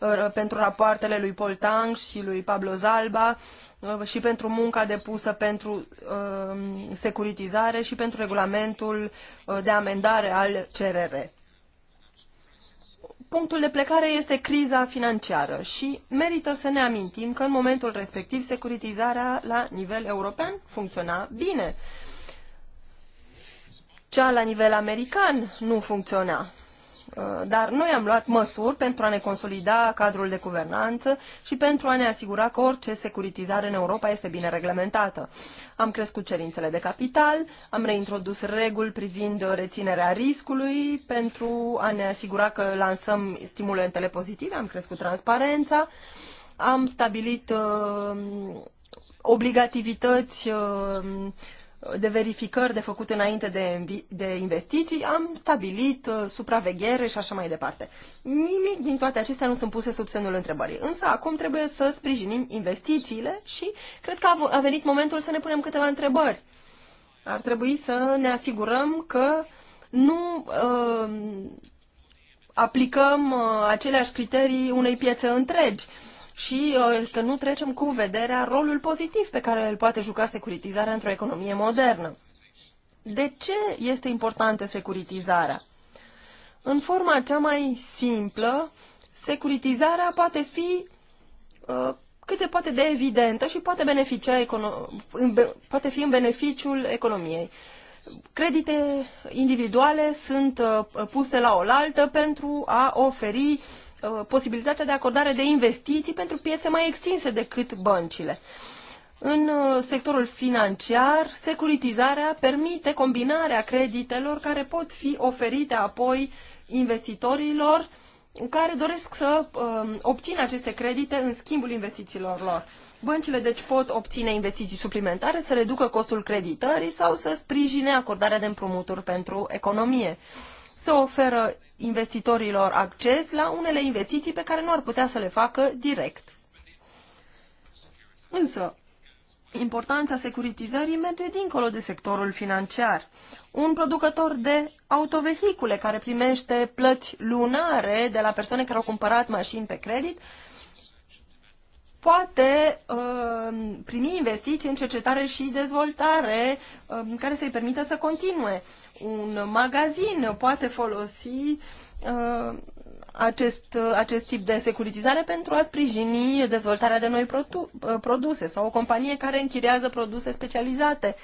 uh, pentru rapoartele lui Poltang și lui Pablo Zalba uh, și pentru munca depusă pentru uh, securitizare și pentru regulamentul de amendare al CRR punctul de plecare este criza financiară și merită să ne amintim că în momentul respectiv securitizarea la nivel european funcționa bine. Cea la nivel american nu funcționa. Uh, dar noi am luat măsuri pentru a ne consolida cadrul de guvernanță și pentru a ne asigura că orice securitizare în Europa este bine reglementată. Am crescut cerințele de capital, am reintrodus reguli privind reținerea riscului pentru a ne asigura că lansăm stimulentele pozitive, am crescut transparența, am stabilit uh, obligativități uh, de verificări de făcut înainte de, de investiții, am stabilit uh, supraveghere și așa mai departe. Nimic din toate acestea nu sunt puse sub semnul întrebării. Însă acum trebuie să sprijinim investițiile și cred că a, a venit momentul să ne punem câteva întrebări. Ar trebui să ne asigurăm că nu uh, aplicăm uh, aceleași criterii unei piețe întregi. Uh, și uh, că nu trecem cu vederea rolul pozitiv pe care îl poate juca securitizarea într-o economie modernă. De ce este importantă securitizarea? În forma cea mai simplă, securitizarea poate fi uh, cât se poate de evidentă și poate, beneficia poate fi în beneficiul economiei. Credite individuale sunt uh, puse la oaltă pentru a oferi Uh, posibilitatea de acordare de investiții pentru piețe mai extinse decât băncile. În uh, sectorul financiar, securitizarea permite combinarea creditelor care pot fi oferite apoi investitorilor care doresc să um, obțină aceste credite în schimbul investițiilor lor. Băncile deci pot obține investiții suplimentare, să reducă costul creditării sau să sprijine acordarea de împrumuturi pentru economie. Se oferă investitorilor acces la unele investiții pe care nu ar putea să le facă direct. Însă, importanța securitizării merge dincolo de sectorul financiar. Un producător de autovehicule care primește plăți lunare de la persoane care au cumpărat mașini pe credit poate uh, primi investiții în cercetare și dezvoltare uh, care să-i permită să continue. Un magazin poate folosi uh, acest, uh, acest tip de securitizare pentru a sprijini dezvoltarea de noi uh, produse sau o companie care închiriază produse specializate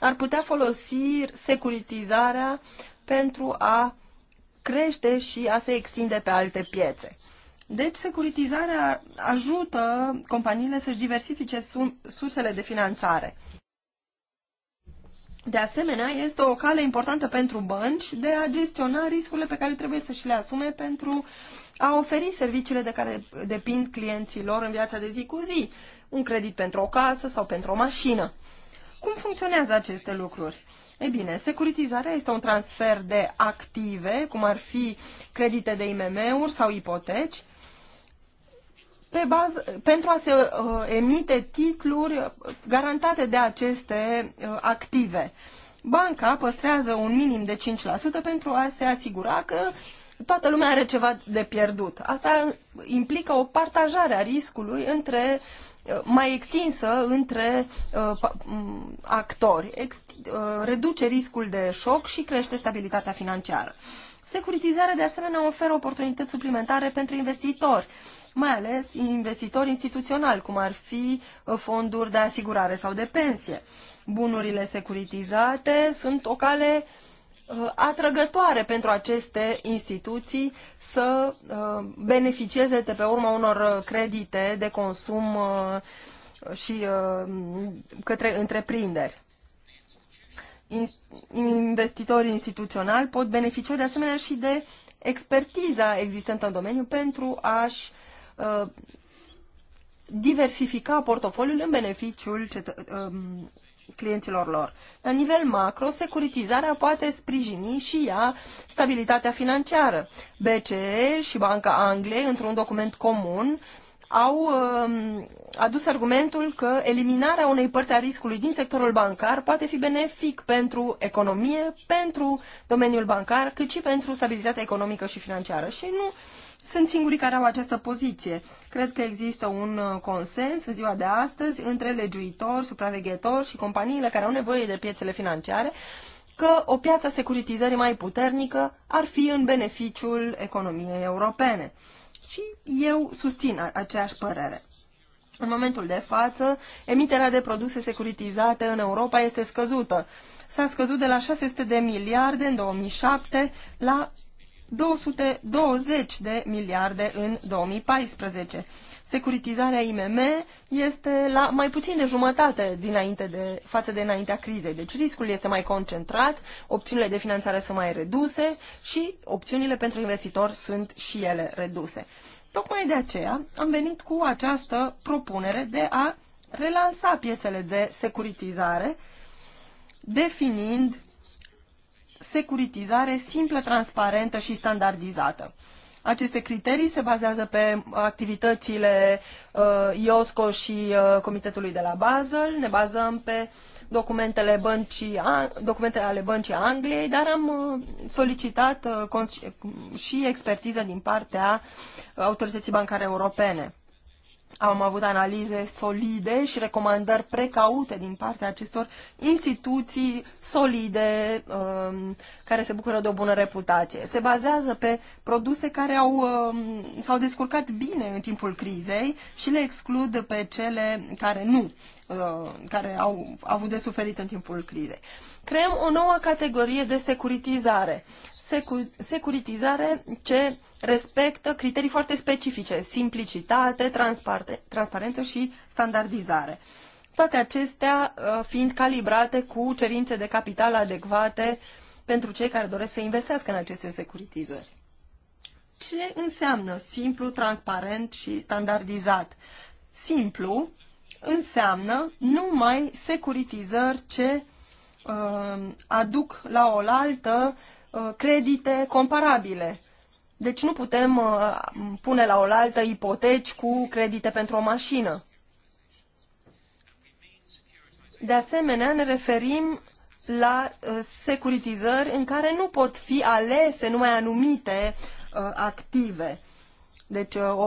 ar putea folosi securitizarea pentru a crește și a se extinde pe alte piețe. Deci, securitizarea ajută companiile să-și diversifice sursele de finanțare. De asemenea, este o cale importantă pentru bănci de a gestiona riscurile pe care trebuie să și le asume pentru a oferi serviciile de care depind clienții lor în viața de zi cu zi, un credit pentru o casă sau pentru o mașină. Cum funcționează aceste lucruri? Ei bine, securitizarea este un transfer de active, cum ar fi credite de IMM-uri sau ipoteci, pe bază, pentru a se uh, emite titluri garantate de aceste uh, active. Banca păstrează un minim de 5% pentru a se asigura că toată lumea are ceva de pierdut. Asta implică o partajare a riscului între uh, mai extinsă între uh, mm, actori, Ex, uh, reduce riscul de șoc și crește stabilitatea financiară. Securitizarea, de asemenea, oferă oportunități suplimentare pentru investitori. Uh, mai ales investitori instituționali, cum ar fi uh, fonduri de asigurare sau de pensie. Bunurile securitizate sunt o cale uh, atrăgătoare pentru aceste instituții să uh, beneficieze de pe urma unor credite de consum și către întreprinderi investitorii instituționali pot beneficia de asemenea și de expertiza existentă în domeniu pentru a-și Uh, diversifica portofoliul în beneficiul um, clienților lor. La nivel macro, securitizarea poate sprijini și ea stabilitatea financiară. BCE și Banca Angliei, într-un document comun, au um, adus argumentul că eliminarea unei părți a riscului din sectorul bancar poate fi benefic pentru economie, pentru domeniul bancar, cât și pentru stabilitatea economică și financiară. Și nu sunt singurii care au această poziție. Cred că există un uh, consens în ziua de astăzi între legiuitori, supraveghetori și companiile care au nevoie de piețele financiare că o piață securitizării mai puternică ar fi în beneficiul economiei europene. Și eu susțin aceeași părere. În momentul de față, emiterea de produse securitizate în Europa este scăzută. S-a scăzut de la 600 de miliarde în 2007 la 220 de miliarde în 2014. Securitizarea IMM este la mai puțin de jumătate dinainte de, față de înaintea crizei, deci riscul este mai concentrat, opțiunile de finanțare sunt mai reduse și opțiunile pentru investitori sunt și ele reduse. Tocmai de aceea am venit cu această propunere de a relansa piețele de securitizare, definind securitizare simplă, transparentă și standardizată. Aceste criterii se bazează pe activitățile uh, IOSCO și uh, Comitetului de la Basel, ne bazăm pe documentele, băncii, documentele ale Băncii Angliei, dar am uh, solicitat uh, și expertiză din partea Autorității Bancare Europene. Am avut analize solide și recomandări precaute din partea acestor instituții solide um, care se bucură de o bună reputație. Se bazează pe produse care au, um, s-au descurcat bine în timpul crizei și le exclud pe cele care nu, uh, care au, au avut de suferit în timpul crizei. Creăm o nouă categorie de securitizare securitizare ce respectă criterii foarte specifice, simplicitate, transparență și standardizare. Toate acestea uh, fiind calibrate cu cerințe de capital adecvate pentru cei care doresc să investească în aceste securitizări. Ce înseamnă simplu, transparent și standardizat? Simplu înseamnă numai securitizări ce uh, aduc la oaltă Uh, credite comparabile. Deci nu putem uh, pune la oaltă ipoteci cu credite pentru o mașină. De asemenea, ne referim la uh, securitizări în care nu pot fi alese numai anumite active. Deci, o,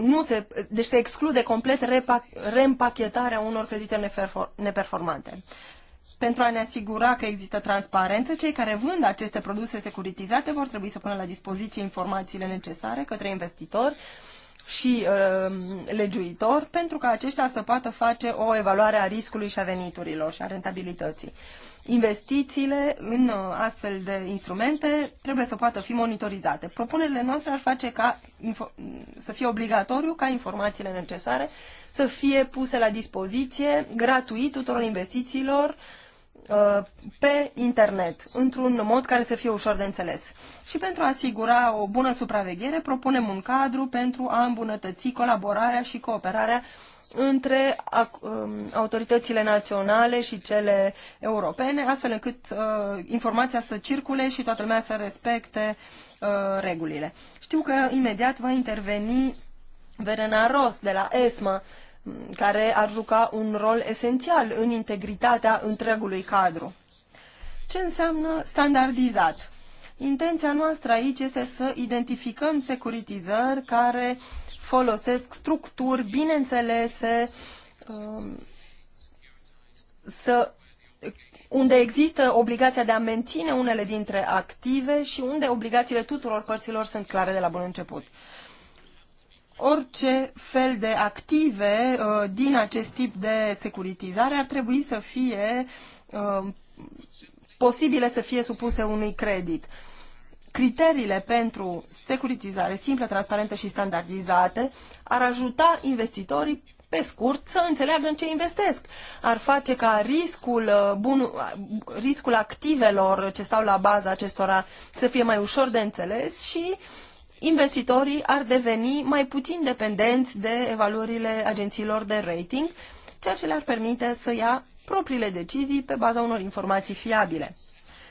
nu se, deci se exclude complet repa, reîmpachetarea unor credite neperformante. Pentru a ne asigura că există transparență, cei care vând aceste produse securitizate vor trebui să pună la dispoziție informațiile necesare către investitori și uh, legiuitor pentru ca aceștia să poată face o evaluare a riscului și a veniturilor și a rentabilității. Investițiile în uh, astfel de instrumente trebuie să poată fi monitorizate. Propunerile noastre ar face ca să fie obligatoriu ca informațiile necesare să fie puse la dispoziție gratuit tuturor investițiilor uh, Uh, pe internet, într-un mod care să fie ușor de înțeles. Și pentru a asigura o bună supraveghere, propunem un cadru pentru a îmbunătăți colaborarea și cooperarea între um, autoritățile naționale și cele europene, astfel încât uh, informația să circule și toată lumea să respecte uh, regulile. Știu că imediat va interveni Verena Ros de la ESMA, care ar juca un rol esențial în integritatea întregului cadru. Ce înseamnă standardizat? Intenția noastră aici este să identificăm securitizări care folosesc structuri bineînțelese, um, să, unde există obligația de a menține unele dintre active și unde obligațiile tuturor părților sunt clare de la bun început orice fel de active uh, din acest tip de securitizare ar trebui să fie uh, posibile să fie supuse unui credit. Criteriile pentru securitizare simplă, transparentă și standardizate ar ajuta investitorii pe scurt, să înțeleagă în ce investesc. Ar face ca riscul, uh, bun, riscul activelor ce stau la baza acestora să fie mai ușor de înțeles și uh, investitorii ar deveni mai puțin dependenți de evaluările agențiilor de rating, ceea ce le-ar permite să ia propriile decizii pe baza unor informații fiabile.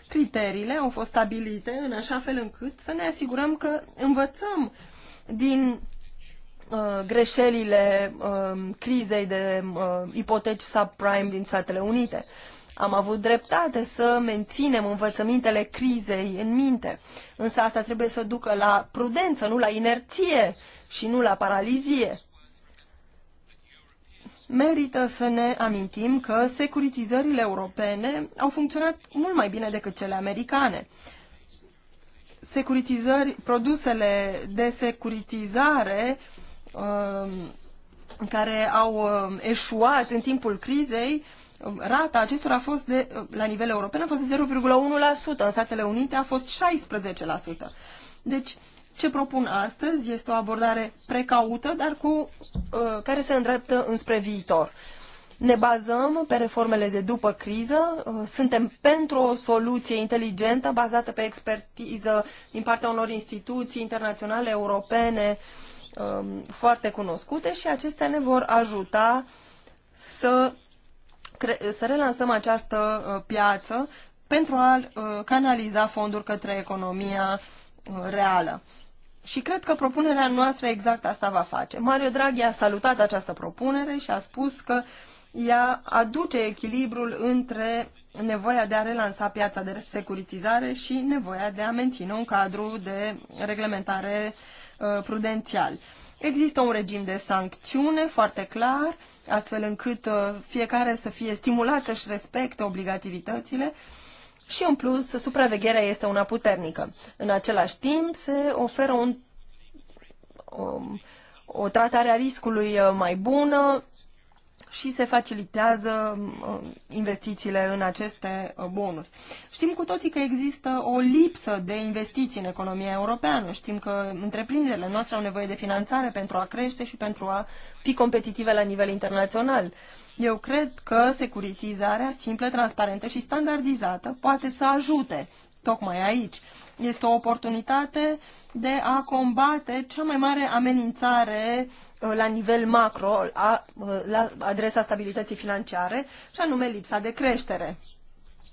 Criteriile au fost stabilite în așa fel încât să ne asigurăm că învățăm din uh, greșelile uh, crizei de uh, ipoteci subprime din Statele Unite. Uh, am avut dreptate să menținem învățămintele crizei în minte, însă asta trebuie să ducă la prudență, nu la inerție și nu la paralizie. Merită să ne amintim că securitizările europene au funcționat mult mai bine decât cele americane securitizări, produsele de securitizare uh, care au uh, eșuat în timpul crizei rata acestora a fost de, la nivel european a fost de 0,1%, în Statele Unite a fost 16%. Deci, ce propun astăzi este o abordare precaută, dar cu, uh, care se îndreaptă înspre viitor. Ne bazăm pe reformele de după criză, uh, suntem pentru o soluție inteligentă bazată pe expertiză din partea unor instituții internaționale, europene, um, foarte cunoscute și acestea ne vor ajuta să să relansăm această uh, piață pentru a uh, canaliza fonduri către economia uh, reală. Și cred că propunerea noastră exact asta va face. Mario Draghi a salutat această propunere și a spus că ea aduce echilibrul între nevoia de a relansa piața de securitizare și nevoia de a menține un cadru de reglementare prudențial. Există un regim de sancțiune foarte clar, astfel încât uh, fiecare să fie stimulat să-și respecte obligativitățile și, în plus, supravegherea este una puternică. În același timp, se oferă un, o, um, o tratare a riscului uh, mai bună, și se facilitează uh, investițiile în aceste uh, bonuri. Știm cu toții că există o lipsă de investiții în economia europeană. Știm că întreprinderile noastre au nevoie de finanțare pentru a crește și pentru a fi competitive la nivel internațional. Eu cred că securitizarea simplă, transparentă și standardizată poate să ajute tocmai aici. Este o oportunitate uh, de a combate cea mai mare amenințare uh, la nivel macro a, uh, la adresa stabilității financiare, și anume lipsa de creștere.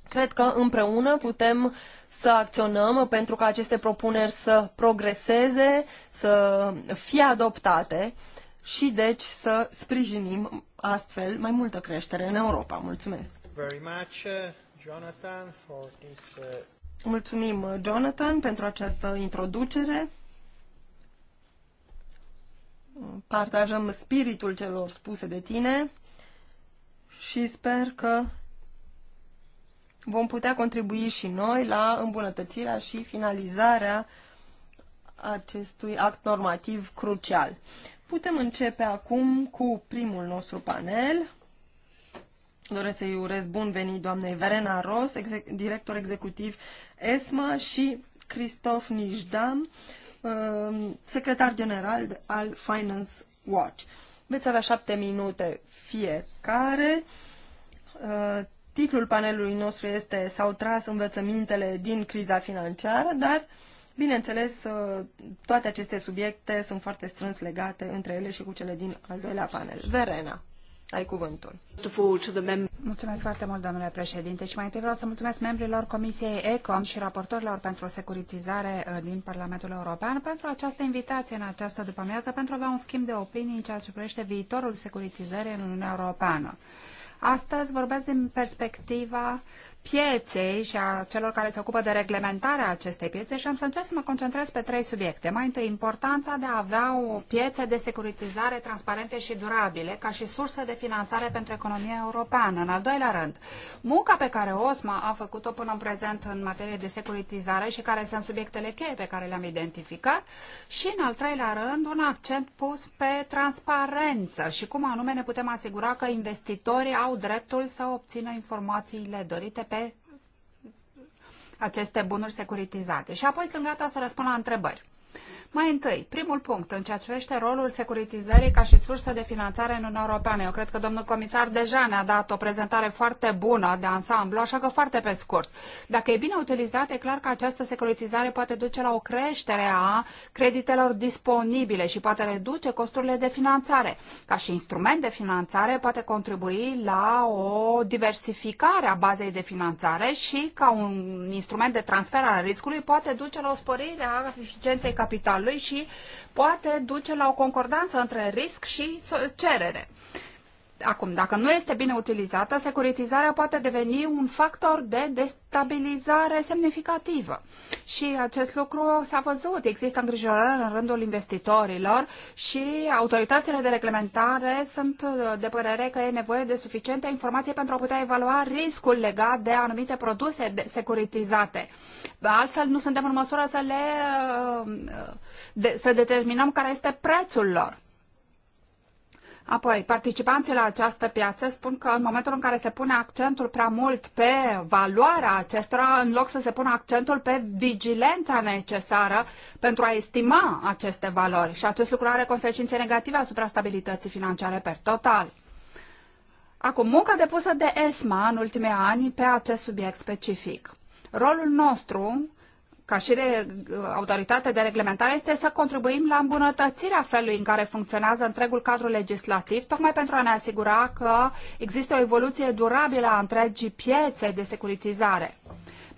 Cred că împreună putem să acționăm pentru ca aceste propuneri să progreseze, să fie adoptate și deci să sprijinim astfel mai multă creștere în Europa. Mulțumesc! Very much, uh, Jonathan, for this, uh... Mulțumim, uh, Jonathan, pentru această introducere. Partajăm spiritul celor spuse de tine și sper că vom putea contribui și noi la îmbunătățirea și finalizarea acestui act normativ crucial. Putem începe acum cu primul nostru panel. Doresc să-i urez bun venit doamnei Verena Ros, exec director executiv ESMA și Christoph Nijdam, um, secretar general al Finance Watch. Veți avea șapte minute fiecare. Uh, titlul panelului nostru este S-au tras învățămintele din criza financiară, dar, bineînțeles, uh, toate aceste subiecte sunt foarte strâns legate între ele și cu cele din al doilea panel. Verena. Ai cuvântul. Mulțumesc foarte mult, domnule președinte, și mai întâi vreau să mulțumesc membrilor Comisiei ECOM și raportorilor pentru securitizare uh, din Parlamentul European pentru această invitație în această după-amiază pentru a avea un schimb de opinii în ceea ce privește viitorul securitizării în Uniunea Europeană. Astăzi vorbesc din perspectiva pieței și a celor care se ocupă de reglementarea acestei piețe și am să încerc să mă concentrez pe trei subiecte. Mai întâi, importanța de a avea o piețe de securitizare transparente și durabile ca și sursă de finanțare pentru economia europeană. În al doilea rând, munca pe care OSMA a făcut-o până în prezent în materie de securitizare și care sunt subiectele cheie pe care le-am identificat și, în al treilea rând, un accent pus pe transparență și cum anume ne putem asigura că investitorii au dreptul să obțină informațiile dorite pe aceste, aceste bunuri securitizate. Și apoi sunt gata să răspund la întrebări. Mai întâi, primul punct, în ceea ce privește rolul securitizării ca și sursă de finanțare în Uniunea Europeană. Eu cred că domnul comisar deja ne-a dat o prezentare foarte bună de ansamblu, așa că foarte pe scurt. Dacă e bine utilizată, e clar că această securitizare poate duce la o creștere a creditelor disponibile și poate reduce costurile de finanțare. Ca și instrument de finanțare, poate contribui la o diversificare a bazei de finanțare și ca un instrument de transfer al riscului poate duce la o sporire a eficienței capitalului lui și poate duce la o concordanță între risc și cerere. Acum, dacă nu este bine utilizată, securitizarea poate deveni un factor de destabilizare semnificativă. Și acest lucru s-a văzut. Există îngrijorări în rândul investitorilor și autoritățile de reglementare sunt uh, de părere că e nevoie de suficiente informații pentru a putea evalua riscul legat de anumite produse securitizate. Altfel, nu suntem în măsură să le uh, uh, să determinăm care este prețul lor. Apoi, participanții la această piață spun că în momentul în care se pune accentul prea mult pe valoarea acestora, în loc să se pună accentul pe vigilența necesară pentru a estima aceste valori. Și acest lucru are consecințe negative asupra stabilității financiare per total. Acum, munca depusă de ESMA în ultimii ani pe acest subiect specific. Rolul nostru ca și autoritate de reglementare este să contribuim la îmbunătățirea felului în care funcționează întregul cadru legislativ, tocmai pentru a ne asigura că există o evoluție durabilă a întregii piețe de securitizare.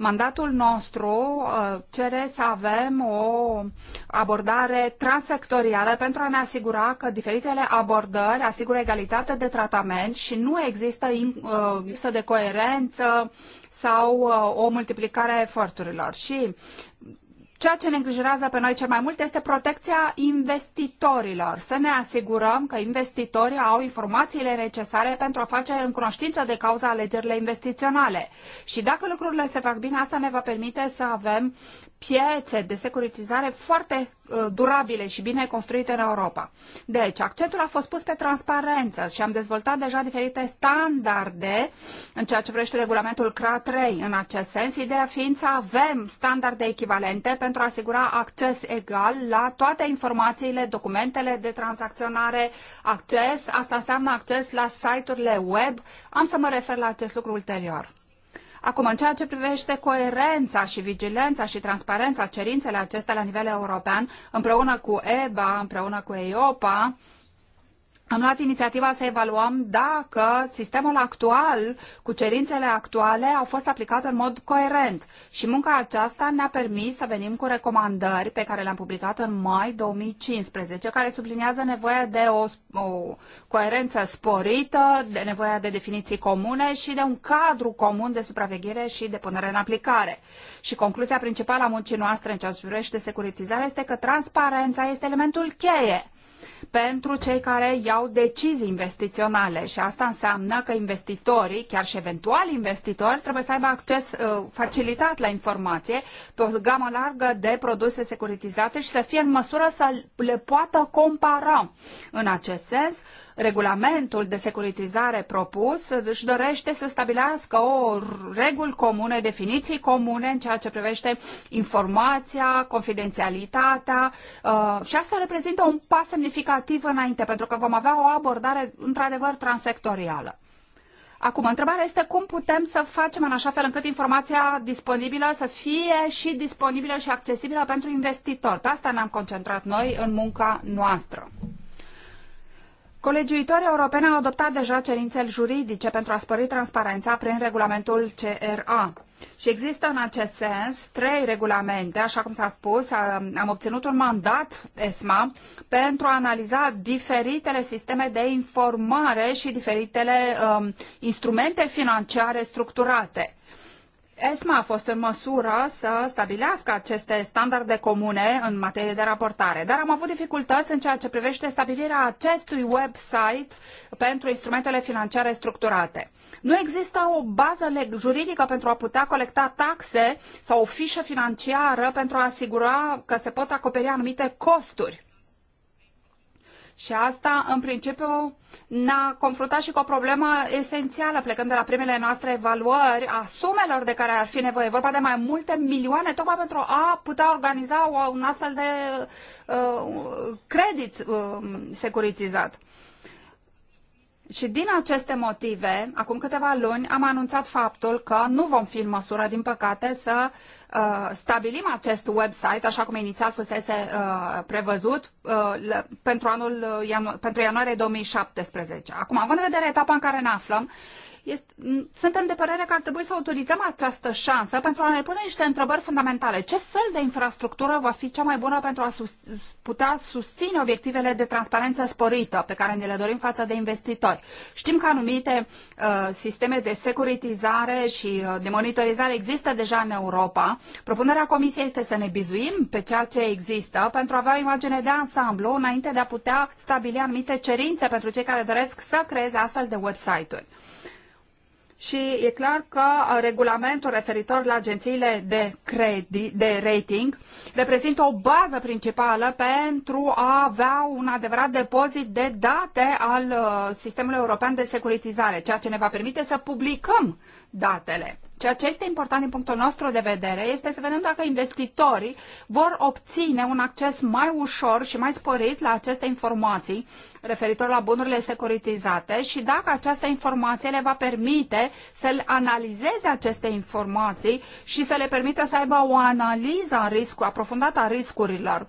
Mandatul nostru uh, cere să avem o abordare transectorială pentru a ne asigura că diferitele abordări asigură egalitate de tratament și nu există uh, lipsă de coerență sau uh, o multiplicare a eforturilor. Și Ceea ce ne îngrijorează pe noi cel mai mult este protecția investitorilor. Să ne asigurăm că investitorii au informațiile necesare pentru a face în cunoștință de cauza alegerile investiționale. Și dacă lucrurile se fac bine, asta ne va permite să avem piețe de securitizare foarte uh, durabile și bine construite în Europa. Deci, accentul a fost pus pe transparență și am dezvoltat deja diferite standarde în ceea ce privește regulamentul CRA 3 în acest sens, ideea fiind să avem standarde echivalente pentru a asigura acces egal la toate informațiile, documentele de tranzacționare, acces, asta înseamnă acces la site-urile web, am să mă refer la acest lucru ulterior. Acum, în ceea ce privește coerența și vigilența și transparența cerințele acestea la nivel european, împreună cu EBA, împreună cu EIOPA, am luat inițiativa să evaluăm dacă sistemul actual, cu cerințele actuale, au fost aplicate în mod coerent. Și munca aceasta ne-a permis să venim cu recomandări pe care le-am publicat în mai 2015, care subliniază nevoia de o, o coerență sporită, de nevoia de definiții comune și de un cadru comun de supraveghere și de punere în aplicare. Și concluzia principală a muncii noastre în ceea ce privește securitizarea este că transparența este elementul cheie pentru cei care iau decizii investiționale și asta înseamnă că investitorii, chiar și eventuali investitori, trebuie să aibă acces uh, facilitat la informație pe o gamă largă de produse securitizate și să fie în măsură să le poată compara. În acest sens, Regulamentul de securitizare propus își dorește să stabilească o reguli comune, definiții comune în ceea ce privește informația, confidențialitatea uh, și asta reprezintă un pas semnificativ înainte, pentru că vom avea o abordare într-adevăr transsectorială. Acum, întrebarea este cum putem să facem în așa fel încât informația disponibilă să fie și disponibilă și accesibilă pentru investitori. Pe asta ne-am concentrat noi în munca noastră. Colegiuitorii europeni au adoptat deja cerințe juridice pentru a spări transparența prin regulamentul CRA. Și există în acest sens trei regulamente, așa cum s-a spus, am obținut un mandat ESMA pentru a analiza diferitele sisteme de informare și diferitele um, instrumente financiare structurate. ESMA a fost în măsură să stabilească aceste standarde comune în materie de raportare, dar am avut dificultăți în ceea ce privește stabilirea acestui website pentru instrumentele financiare structurate. Nu există o bază juridică pentru a putea colecta taxe sau o fișă financiară pentru a asigura că se pot acoperi anumite costuri. Și asta, în principiu, ne-a confruntat și cu o problemă esențială, plecând de la primele noastre evaluări a sumelor de care ar fi nevoie. E vorba de mai multe milioane, tocmai pentru a putea organiza un astfel de uh, credit uh, securitizat. Uh, și din aceste motive, acum câteva luni, am anunțat faptul că nu vom fi în măsură, din păcate, să uh, stabilim acest website, așa cum inițial fusese uh, prevăzut, uh, pentru, anul, uh, pentru ianuarie 2017. Acum, având în vedere etapa în care ne aflăm, uh, este, suntem de părere că ar trebui să autorizăm această șansă pentru a ne pune niște întrebări fundamentale. Ce fel de infrastructură va fi cea mai bună pentru a sus, putea susține obiectivele de transparență sporită pe care ne le dorim față de investitori? Știm că anumite uh, sisteme de securitizare și uh, de monitorizare există deja în Europa. Propunerea Comisiei este să ne bizuim pe ceea ce există pentru a avea o imagine de ansamblu înainte de a putea stabili anumite cerințe pentru cei care doresc să creeze astfel de website-uri și e clar că uh, regulamentul referitor la agențiile de, credit, de rating reprezintă o bază principală pentru a avea un adevărat depozit de date al uh, sistemului european de securitizare, ceea ce ne va permite să publicăm uh, datele. Ceea ce este important din punctul nostru de vedere este să vedem dacă investitorii vor obține un acces mai ușor și mai sporit la aceste informații referitor la bunurile securitizate și dacă această informație le va permite să analizeze aceste informații și să le permită să aibă o analiză a riscului, aprofundată a riscurilor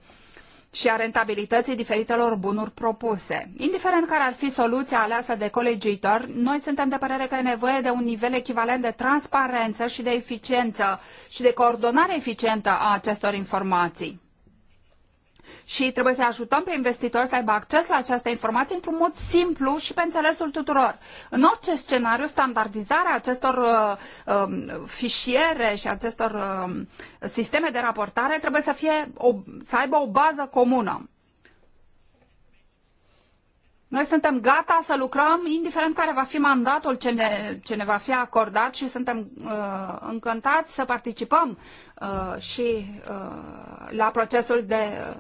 și a rentabilității diferitelor bunuri propuse. Indiferent care ar fi soluția aleasă de colegiuitor, noi suntem de părere că e nevoie de un nivel echivalent de transparență și de eficiență și de coordonare eficientă a acestor informații și trebuie să ajutăm pe investitori să aibă acces la această informație într-un mod simplu și pe înțelesul tuturor. În orice scenariu, standardizarea acestor uh, uh, fișiere și acestor uh, sisteme de raportare trebuie să, fie o, să aibă o bază comună. Noi suntem gata să lucrăm, indiferent care va fi mandatul ce ne, ce ne va fi acordat și suntem uh, încântați să participăm Uh, și uh, la procesul de uh,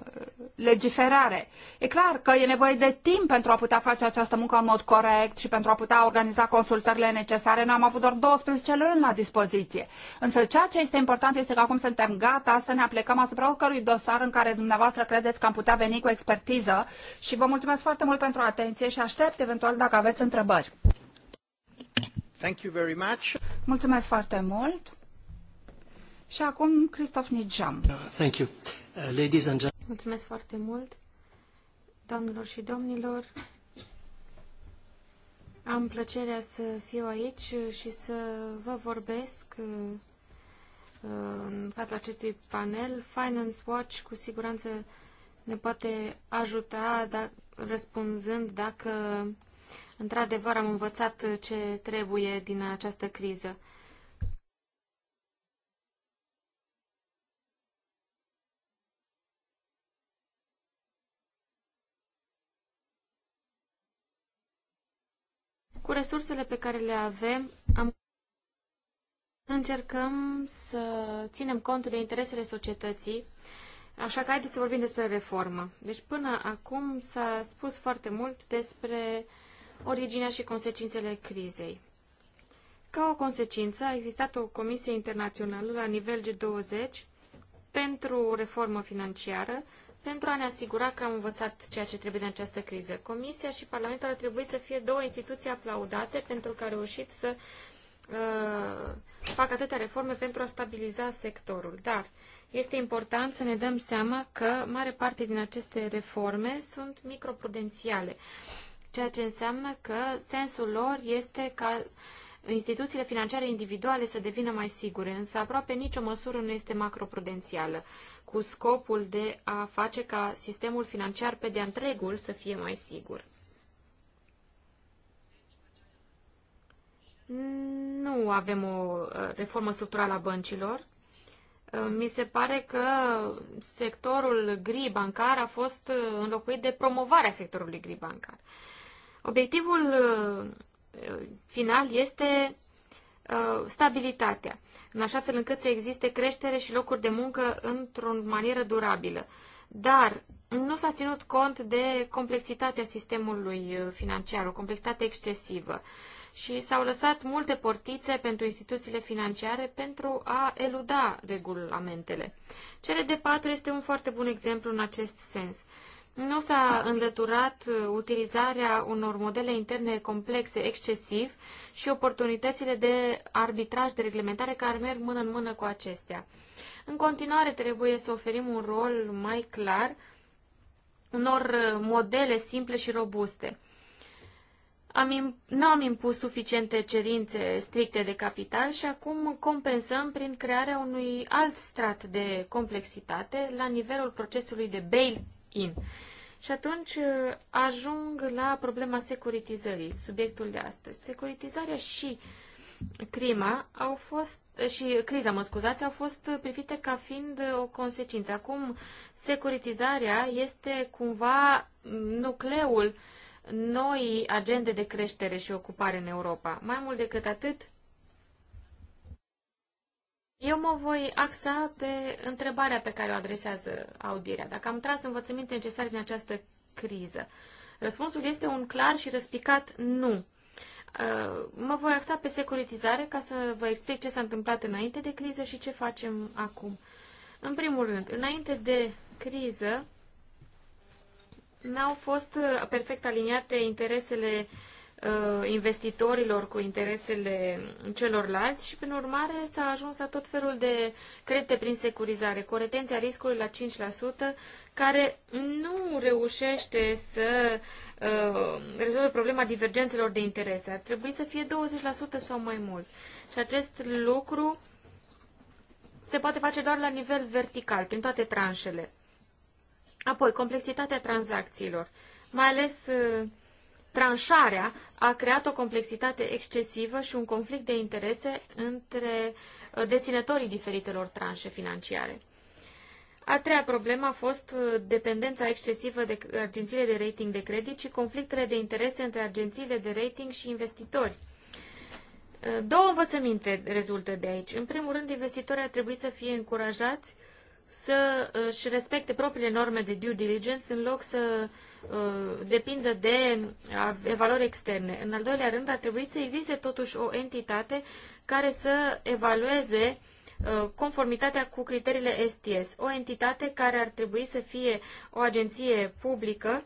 legiferare. E clar că e nevoie de timp pentru a putea face această muncă în mod corect și pentru a putea organiza consultările necesare. Noi am avut doar 12 luni la dispoziție. Însă ceea ce este important este că acum suntem gata să ne aplicăm asupra oricărui dosar în care dumneavoastră credeți că am putea veni cu expertiză și vă mulțumesc foarte mult pentru atenție și aștept eventual dacă aveți întrebări. Mulțumesc foarte mult. Și acum Cristof Nijam. Thank you. Uh, ladies and gentlemen. Mulțumesc foarte mult, doamnelor și domnilor. Am plăcerea să fiu aici și să vă vorbesc uh, în cadrul acestui panel. Finance Watch cu siguranță ne poate ajuta da, răspunzând dacă într-adevăr am învățat ce trebuie din această criză. Cu resursele pe care le avem, am încercăm să ținem cont de interesele societății, așa că haideți să vorbim despre reformă. Deci până acum s-a spus foarte mult despre originea și consecințele crizei. Ca o consecință, a existat o comisie internațională la nivel G20 pentru reformă financiară, pentru a ne asigura că am învățat ceea ce trebuie din această criză. Comisia și Parlamentul ar trebui să fie două instituții aplaudate pentru că au reușit să uh, facă atâtea reforme pentru a stabiliza sectorul. Dar este important să ne dăm seama că mare parte din aceste reforme sunt microprudențiale, ceea ce înseamnă că sensul lor este ca instituțiile financiare individuale să devină mai sigure, însă aproape nicio măsură nu este macroprudențială cu scopul de a face ca sistemul financiar pe de-a întregul să fie mai sigur. Nu avem o uh, reformă structurală a băncilor. Uh, mi se pare că sectorul gri bancar a fost uh, înlocuit de promovarea sectorului gri bancar. Obiectivul final este Uh, stabilitatea, în așa fel încât să existe creștere și locuri de muncă într-o manieră durabilă. Dar nu s-a ținut cont de complexitatea sistemului uh, financiar, o complexitate excesivă. Și s-au lăsat multe portițe pentru instituțiile financiare pentru a eluda regulamentele. Cele de patru este un foarte bun exemplu în acest sens. Nu s-a înlăturat uh, utilizarea unor modele interne complexe excesiv și oportunitățile de arbitraj de reglementare care merg mână în mână cu acestea. În continuare trebuie să oferim un rol mai clar unor uh, modele simple și robuste. Am, nu am impus suficiente cerințe stricte de capital și acum compensăm prin crearea unui alt strat de complexitate la nivelul procesului de bail in. Și atunci uh, ajung la problema securitizării, subiectul de astăzi. Securitizarea și crima au fost, uh, și criza, mă scuzați, au fost privite ca fiind o consecință. Acum, securitizarea este cumva nucleul noi agende de creștere și ocupare în Europa. Mai mult decât atât, eu mă voi axa pe întrebarea pe care o adresează audierea. Dacă am tras învățăminte necesare din această criză, răspunsul este un clar și răspicat nu. Uh, mă voi axa pe securitizare ca să vă explic ce s-a întâmplat înainte de criză și ce facem acum. În primul rând, înainte de criză, n-au fost uh, perfect aliniate interesele uh, Uh, investitorilor cu interesele celorlalți și, prin urmare, s-a ajuns la tot felul de credite prin securizare, cu retenția riscului la 5%, care nu reușește să uh, rezolve problema divergențelor de interese. Ar trebui să fie 20% sau mai mult. Și acest lucru se poate face doar la nivel vertical, prin toate tranșele. Apoi, complexitatea tranzacțiilor, mai ales uh, tranșarea a creat o complexitate excesivă și un conflict de interese între uh, deținătorii diferitelor tranșe financiare. A treia problemă a fost uh, dependența excesivă de agențiile de rating de credit și conflictele de interese între agențiile de rating și investitori. Uh, două învățăminte rezultă de aici. În primul rând, investitorii ar trebui să fie încurajați să își respecte propriile norme de due diligence în loc să Uh, depindă de uh, evaluări externe. În al doilea rând, ar trebui să existe totuși o entitate care să evalueze uh, conformitatea cu criteriile STS. O entitate care ar trebui să fie o agenție publică,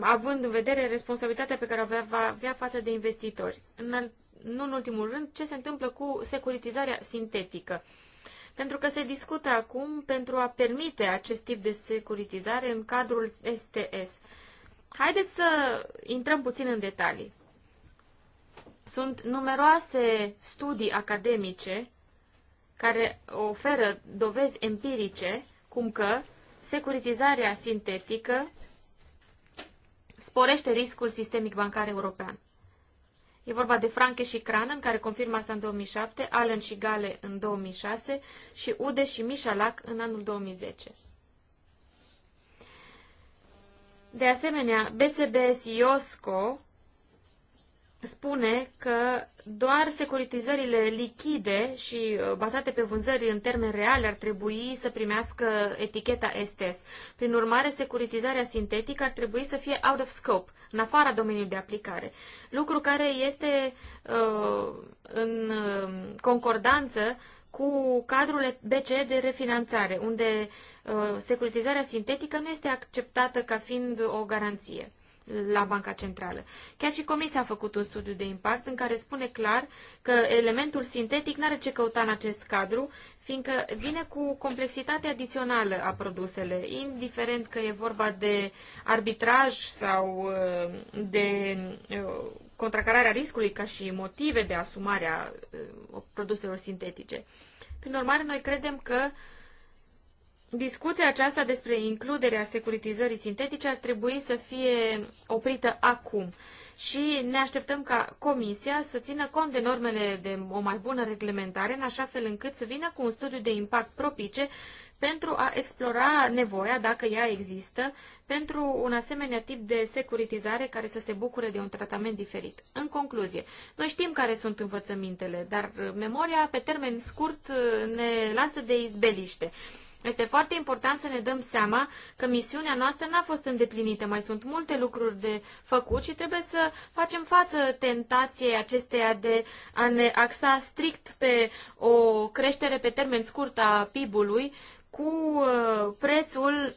având în vedere responsabilitatea pe care o va avea față de investitori. În al, nu în ultimul rând, ce se întâmplă cu securitizarea sintetică? Uh, pentru că se discută acum pentru a permite acest tip de securitizare în cadrul STS. Haideți să intrăm puțin în detalii. Sunt numeroase studii academice care oferă dovezi empirice cum că securitizarea sintetică sporește riscul sistemic bancar european. E vorba de Franke și Cranen, care confirmă asta în 2007, Allen și Gale în 2006 și Ude și Mișalac în anul 2010. De asemenea, BSB Siosco spune că doar securitizările lichide și uh, bazate pe vânzări în termeni reale ar trebui să primească eticheta STS. Prin urmare, securitizarea sintetică ar trebui să fie out of scope în afara domeniului de aplicare, lucru care este uh, în uh, concordanță cu cadrul BCE de refinanțare, unde uh, securitizarea sintetică nu este acceptată ca fiind o garanție la Banca Centrală. Chiar și Comisia a făcut un studiu de impact în care spune clar că elementul sintetic nu are ce căuta în acest cadru, fiindcă vine cu complexitate adițională a produsele, indiferent că e vorba de arbitraj sau uh, de uh, contracararea riscului ca și motive de asumare a uh, produselor sintetice. Prin urmare, noi credem că uh, Discuția aceasta despre includerea securitizării sintetice ar trebui să fie oprită acum și ne așteptăm ca Comisia să țină cont de normele de o mai bună reglementare, în așa fel încât să vină cu un studiu de impact propice pentru a explora nevoia, dacă ea există, pentru un asemenea tip de securitizare care să se bucure de un tratament diferit. În concluzie, noi știm care sunt învățămintele, dar memoria pe termen scurt ne lasă de izbeliște. Este foarte important să ne dăm seama că misiunea noastră n-a fost îndeplinită. Mai sunt multe lucruri de făcut și trebuie să facem față tentației acesteia de a ne axa strict pe o creștere pe termen scurt a PIB-ului cu uh, prețul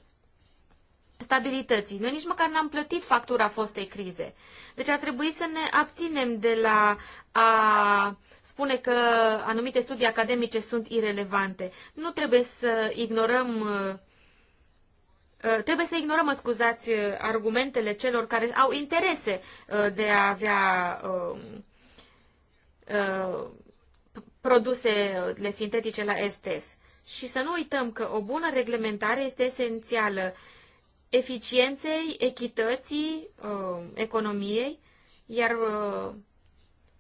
stabilității. Noi nici măcar n-am plătit factura fostei crize. Deci ar trebui să ne abținem de la a spune că anumite studii academice sunt irelevante. Nu trebuie să ignorăm uh, trebuie să ignorăm, scuzați, uh, argumentele celor care au interese uh, de a avea um, produsele sintetice la STS. Și să nu uităm că o bună reglementare este esențială eficienței, echității, uh, economiei, iar uh,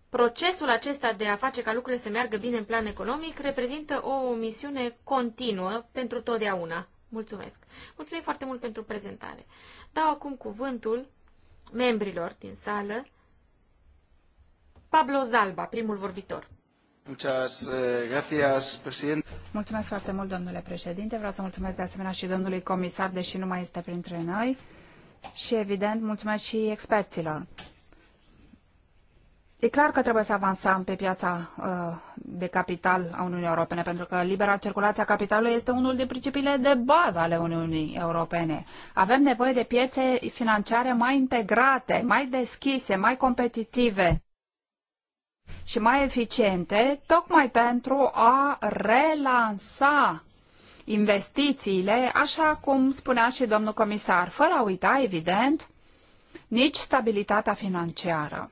procesul acesta de a face ca lucrurile să meargă bine în plan economic reprezintă o misiune continuă pentru totdeauna. Mulțumesc! Mulțumim foarte mult pentru prezentare. Dau acum cuvântul membrilor din sală. Pablo Zalba, primul vorbitor. Eh, mulțumesc foarte mult, domnule președinte. Vreau să mulțumesc de asemenea și domnului comisar, deși nu mai este printre noi. Și, evident, mulțumesc și experților. E clar că trebuie să avansăm pe piața uh, de capital a Uniunii Europene, pentru că libera circulație a capitalului este unul din principiile de bază ale Uniunii Europene. Avem nevoie de piețe financiare mai integrate, mai deschise, mai competitive și mai eficiente, tocmai pentru a relansa investițiile, așa cum spunea și domnul comisar, fără a uita, evident, nici stabilitatea financiară.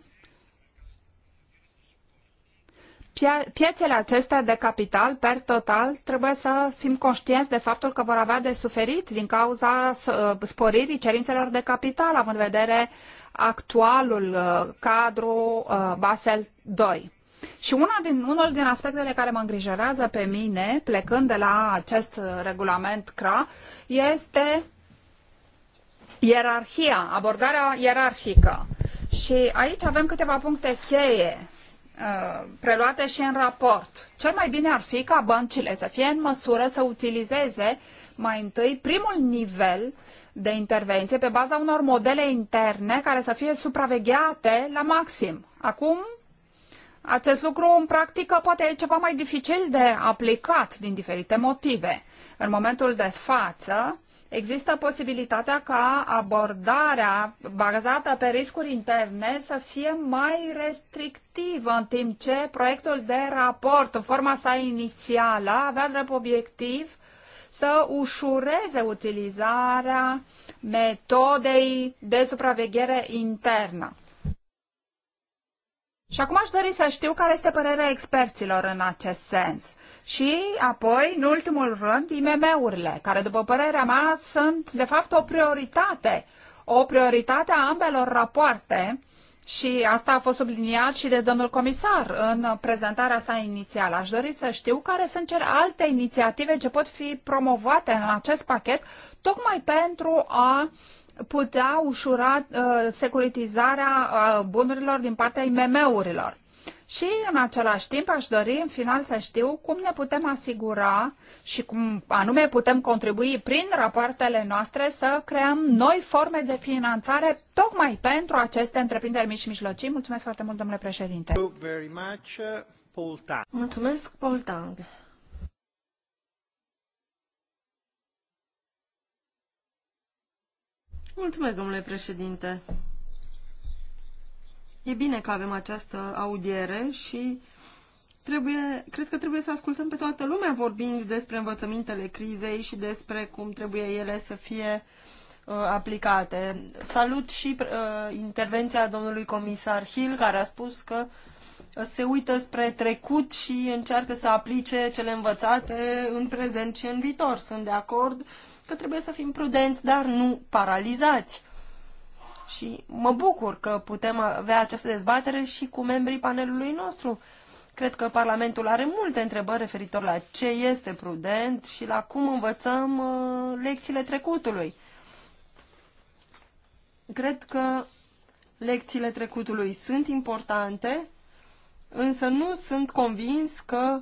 piețele acestea de capital, per total, trebuie să fim conștienți de faptul că vor avea de suferit din cauza uh, sporirii cerințelor de capital, având în vedere actualul uh, cadru uh, Basel 2. Și una din, unul din aspectele care mă îngrijorează pe mine, plecând de la acest regulament CRA, este ierarhia, abordarea ierarhică. Și aici avem câteva puncte cheie uh, preluate și în raport. Cel mai bine ar fi ca băncile să fie în măsură să utilizeze mai întâi primul nivel de intervenție pe baza unor modele interne care să fie supravegheate la maxim. Acum acest lucru în practică poate e ceva mai dificil de aplicat din diferite motive. În momentul de față, există posibilitatea ca abordarea bazată pe riscuri interne să fie mai restrictivă, în timp ce proiectul de raport, în forma sa inițială, avea drept obiectiv să ușureze utilizarea metodei de supraveghere internă. Și acum aș dori să știu care este părerea experților în acest sens. Și apoi, în ultimul rând, IMM-urile, care, după părerea mea, sunt, de fapt, o prioritate. O prioritate a ambelor rapoarte și asta a fost subliniat și de domnul comisar în prezentarea sa inițială. Aș dori să știu care sunt cele alte inițiative ce pot fi promovate în acest pachet, tocmai pentru a uh, putea ușura uh, securitizarea uh, bunurilor din partea IMM-urilor. Și în același timp aș dori în final să știu cum ne putem asigura și cum anume putem contribui prin rapoartele noastre să creăm noi forme de finanțare tocmai pentru aceste întreprinderi mici și mijlocii. Mulțumesc foarte mult, domnule președinte. Uh, Mulțumesc, Paul Tang. Mulțumesc, domnule președinte. E bine că avem această audiere și trebuie, cred că trebuie să ascultăm pe toată lumea vorbind despre învățămintele crizei și despre cum trebuie ele să fie uh, aplicate. Salut și uh, intervenția domnului comisar Hill, care a spus că se uită spre trecut și încearcă să aplice cele învățate în prezent și în viitor. Sunt de acord uh, că trebuie să fim prudenți, dar nu paralizați. Și mă bucur că putem avea această dezbatere și cu membrii panelului nostru. Cred că Parlamentul are multe întrebări referitor la ce este prudent și la cum învățăm uh, lecțiile trecutului. Cred că lecțiile trecutului sunt importante, însă nu sunt convins că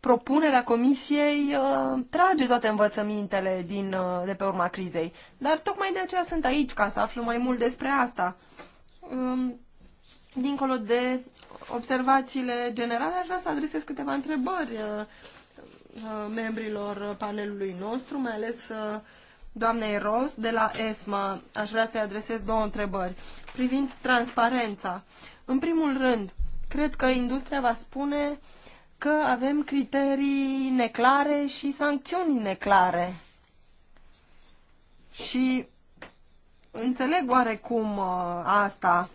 propunerea comisiei uh, trage toate învățămintele din, uh, de pe urma crizei. Dar tocmai de aceea sunt aici, ca să aflu mai mult despre asta. Um, dincolo de observațiile generale, aș vrea să adresez câteva întrebări uh, uh membrilor panelului nostru, mai ales uh, doamnei Ros de la ESMA. Aș vrea să-i adresez două întrebări privind transparența. În primul rând, cred că industria va spune uh, că avem criterii neclare și sancțiuni neclare. Și înțeleg oarecum uh, asta.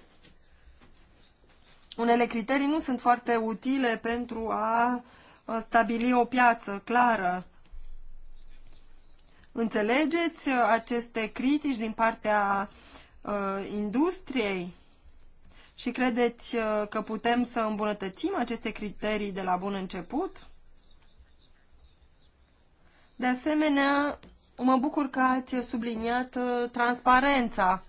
Unele criterii nu sunt foarte utile pentru a uh, stabili o piață clară. Înțelegeți uh, aceste critici din partea uh, industriei? Și credeți uh, că putem să îmbunătățim aceste criterii de la bun început? De asemenea, mă bucur că ați subliniat uh, transparența.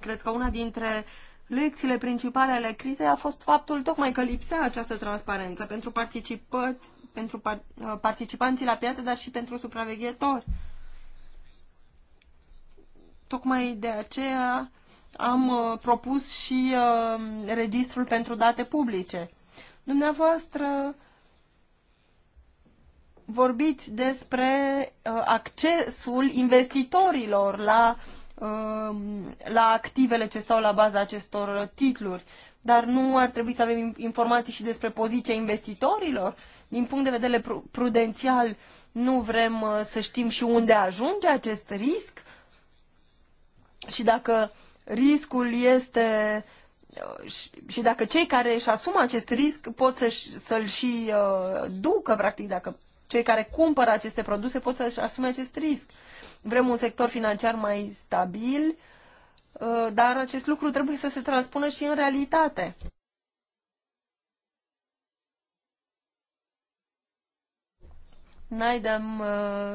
Cred că una dintre lecțiile principale ale crizei a fost faptul tocmai că lipsea această transparență pentru, pentru par, uh, participanții la piață, dar și pentru supraveghetori. Tocmai de aceea am uh, propus și uh, registrul pentru date publice. Dumneavoastră vorbiți despre uh, accesul investitorilor la, um, la activele ce stau la baza acestor titluri, dar nu ar trebui să avem informații și despre poziția investitorilor? Din punct de vedere prudențial, nu vrem să știm și unde ajunge acest risc? Și dacă riscul este uh, și dacă cei care își asumă acest risc pot să-l să și uh, ducă, practic, dacă cei care cumpără aceste produse pot să-și asume acest risc. Vrem un sector financiar mai stabil, uh, dar acest lucru trebuie să se transpună și în realitate. Naidem uh,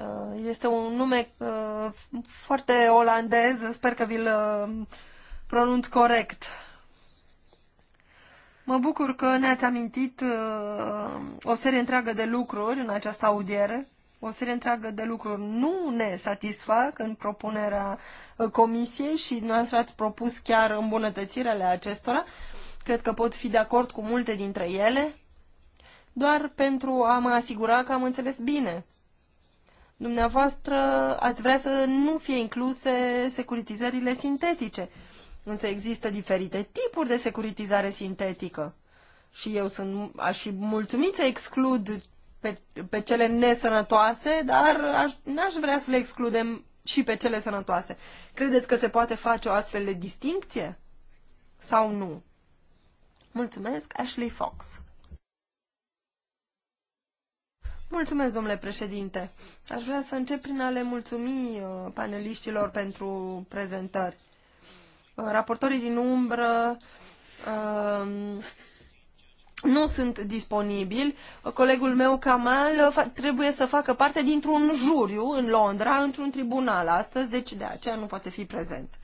Uh, este un nume uh, foarte olandez, sper că vi-l uh, pronunț corect. Mă bucur că ne-ați amintit o serie întreagă de lucruri în această audiere. O serie întreagă de lucruri nu ne satisfac în propunerea comisiei și dumneavoastră ați propus chiar îmbunătățirele acestora. Cred că pot fi de acord cu multe dintre ele, doar pentru a mă asigura că am înțeles bine Dumneavoastră ați vrea să nu fie incluse securitizările sintetice, însă există diferite tipuri de securitizare sintetică. Și eu sunt, aș fi mulțumit să exclud pe, pe cele nesănătoase, dar aș, n-aș vrea să le excludem și pe cele sănătoase. Credeți că se poate face o astfel de distincție? Sau nu? Mulțumesc, Ashley Fox. Mulțumesc, domnule președinte. Aș vrea să încep prin a le mulțumi uh, paneliștilor pentru prezentări. Uh, raportorii din umbră uh, nu sunt disponibili. Colegul meu, Kamal, trebuie să facă parte dintr-un juriu în Londra, într-un tribunal astăzi, deci de aceea nu poate fi prezent.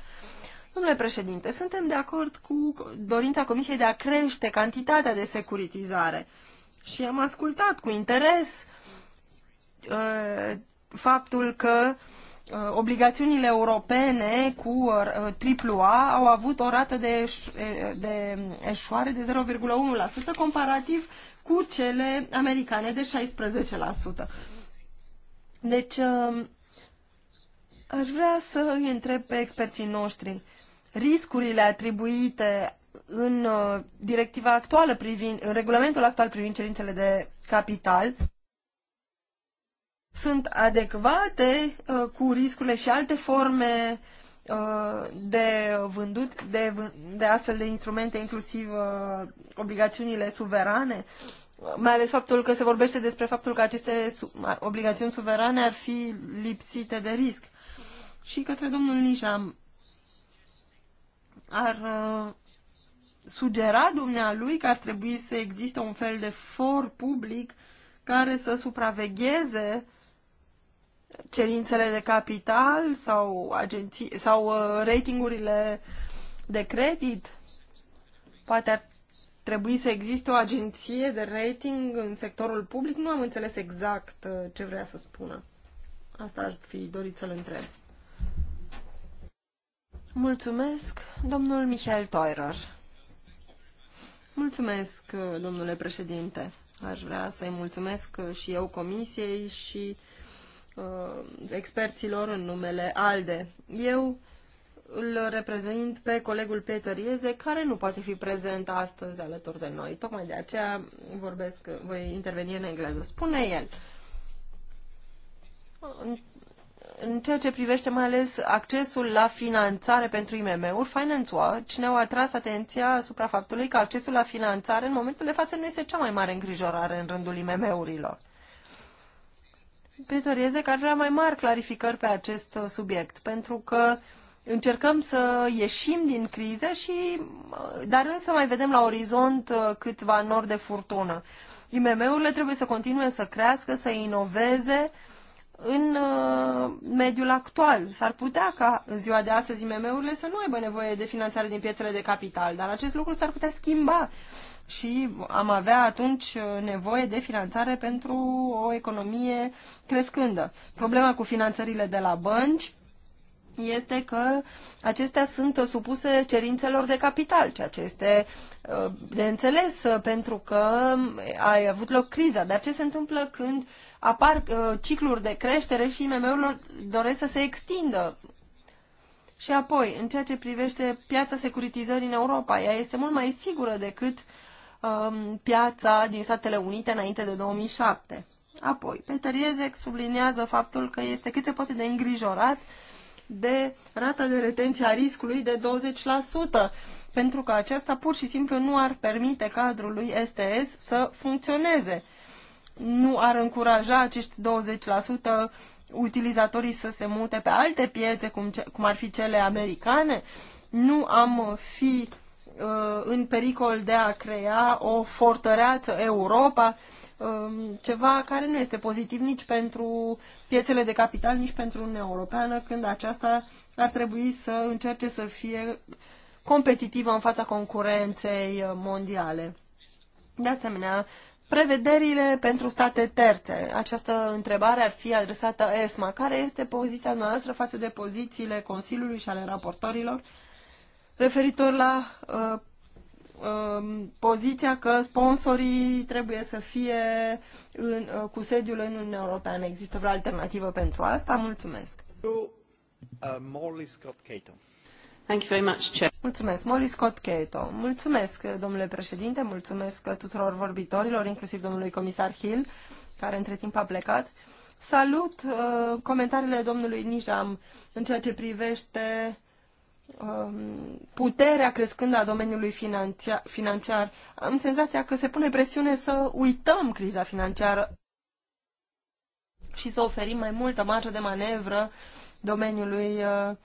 Domnule președinte, suntem de acord cu dorința Comisiei de a crește cantitatea de securitizare. Uh, și am ascultat cu interes uh, faptul că uh, obligațiunile europene cu AAA uh, au avut o rată de, eș de eșoare de 0,1% comparativ cu cele americane de 16%. Deci, um, aș vrea să îi întreb pe experții noștri riscurile atribuite în uh, directiva actuală privind, în regulamentul actual privind cerințele de capital sunt adecvate uh, cu riscurile și alte forme uh, de vândut de, de astfel de instrumente, inclusiv obligațiunile suverane, mai ales faptul că se vorbește despre faptul că aceste obligațiuni suverane ar fi lipsite de risc. Și către domnul Nijam, ar sugera dumnealui că ar trebui să existe un fel de for public care să supravegheze cerințele de capital sau, agenții, sau uh, ratingurile de credit. Poate ar trebui să existe o agenție de rating în sectorul public. Nu am înțeles exact uh, ce vrea să spună. Asta aș fi dorit să-l întreb. Mulțumesc, domnul Michael Teurer. Mulțumesc, domnule președinte. Aș vrea să-i mulțumesc și eu comisiei și uh, experților în numele ALDE. Eu îl reprezint pe colegul Peter Ieze, care nu poate fi prezent astăzi alături de noi. Tocmai de aceea vorbesc, voi interveni în engleză. Spune el în ceea ce privește mai ales accesul la finanțare pentru IMM-uri, Finance Watch ne-au atras atenția asupra faptului că accesul la finanțare în momentul de față nu este cea mai mare îngrijorare în rândul IMM-urilor. Peter Iezec ar vrea mai mari clarificări pe acest subiect, pentru că încercăm să ieșim din criză și, dar însă mai vedem la orizont uh, câțiva nori de furtună. IMM-urile trebuie să continue să crească, să inoveze, în uh, mediul actual. S-ar putea ca în ziua de astăzi IMM-urile să nu aibă nevoie de finanțare din piețele de capital, dar acest lucru s-ar putea schimba și am avea atunci uh, nevoie de finanțare pentru o economie crescândă. Problema cu finanțările de la bănci este că acestea sunt supuse cerințelor de capital, ceea ce este uh, de înțeles pentru că a avut loc criza. Dar ce se întâmplă când uh, apar uh, cicluri de creștere și IMM-urile doresc să se extindă. Și apoi, în ceea ce privește piața securitizării în Europa, ea este mult mai sigură decât um, piața din Statele Unite înainte de 2007. Apoi, Peter Iezek subliniază faptul că este cât se poate de îngrijorat de rata de retenție a riscului de 20%, pentru că aceasta pur și simplu nu ar permite cadrului STS să funcționeze nu ar încuraja acești 20% utilizatorii să se mute pe alte piețe, cum, ce, cum ar fi cele americane, nu am fi uh, în pericol de a crea o fortăreață Europa, uh, ceva care nu este pozitiv nici pentru piețele de capital, nici pentru Uniunea Europeană, când aceasta ar trebui să încerce să fie competitivă în fața concurenței uh, mondiale. De asemenea, Prevederile pentru state terțe. Această întrebare ar fi adresată ESMA. Care este poziția noastră față de pozițiile Consiliului și ale raportorilor referitor la uh, uh, poziția că sponsorii trebuie să fie în, uh, cu sediul în Uniunea Europeană. Există vreo alternativă pentru asta? Mulțumesc. Uh, Morley Scott Caton. Mulțumesc, Molly Scott Mulțumesc, domnule președinte, mulțumesc tuturor vorbitorilor, inclusiv domnului comisar Hill, care între timp a plecat. Salut uh, comentariile domnului Nijam în ceea ce privește um, puterea crescândă a domeniului financiar. Am senzația că se pune presiune să uităm criza financiară și să oferim mai multă marjă de manevră domeniului uh,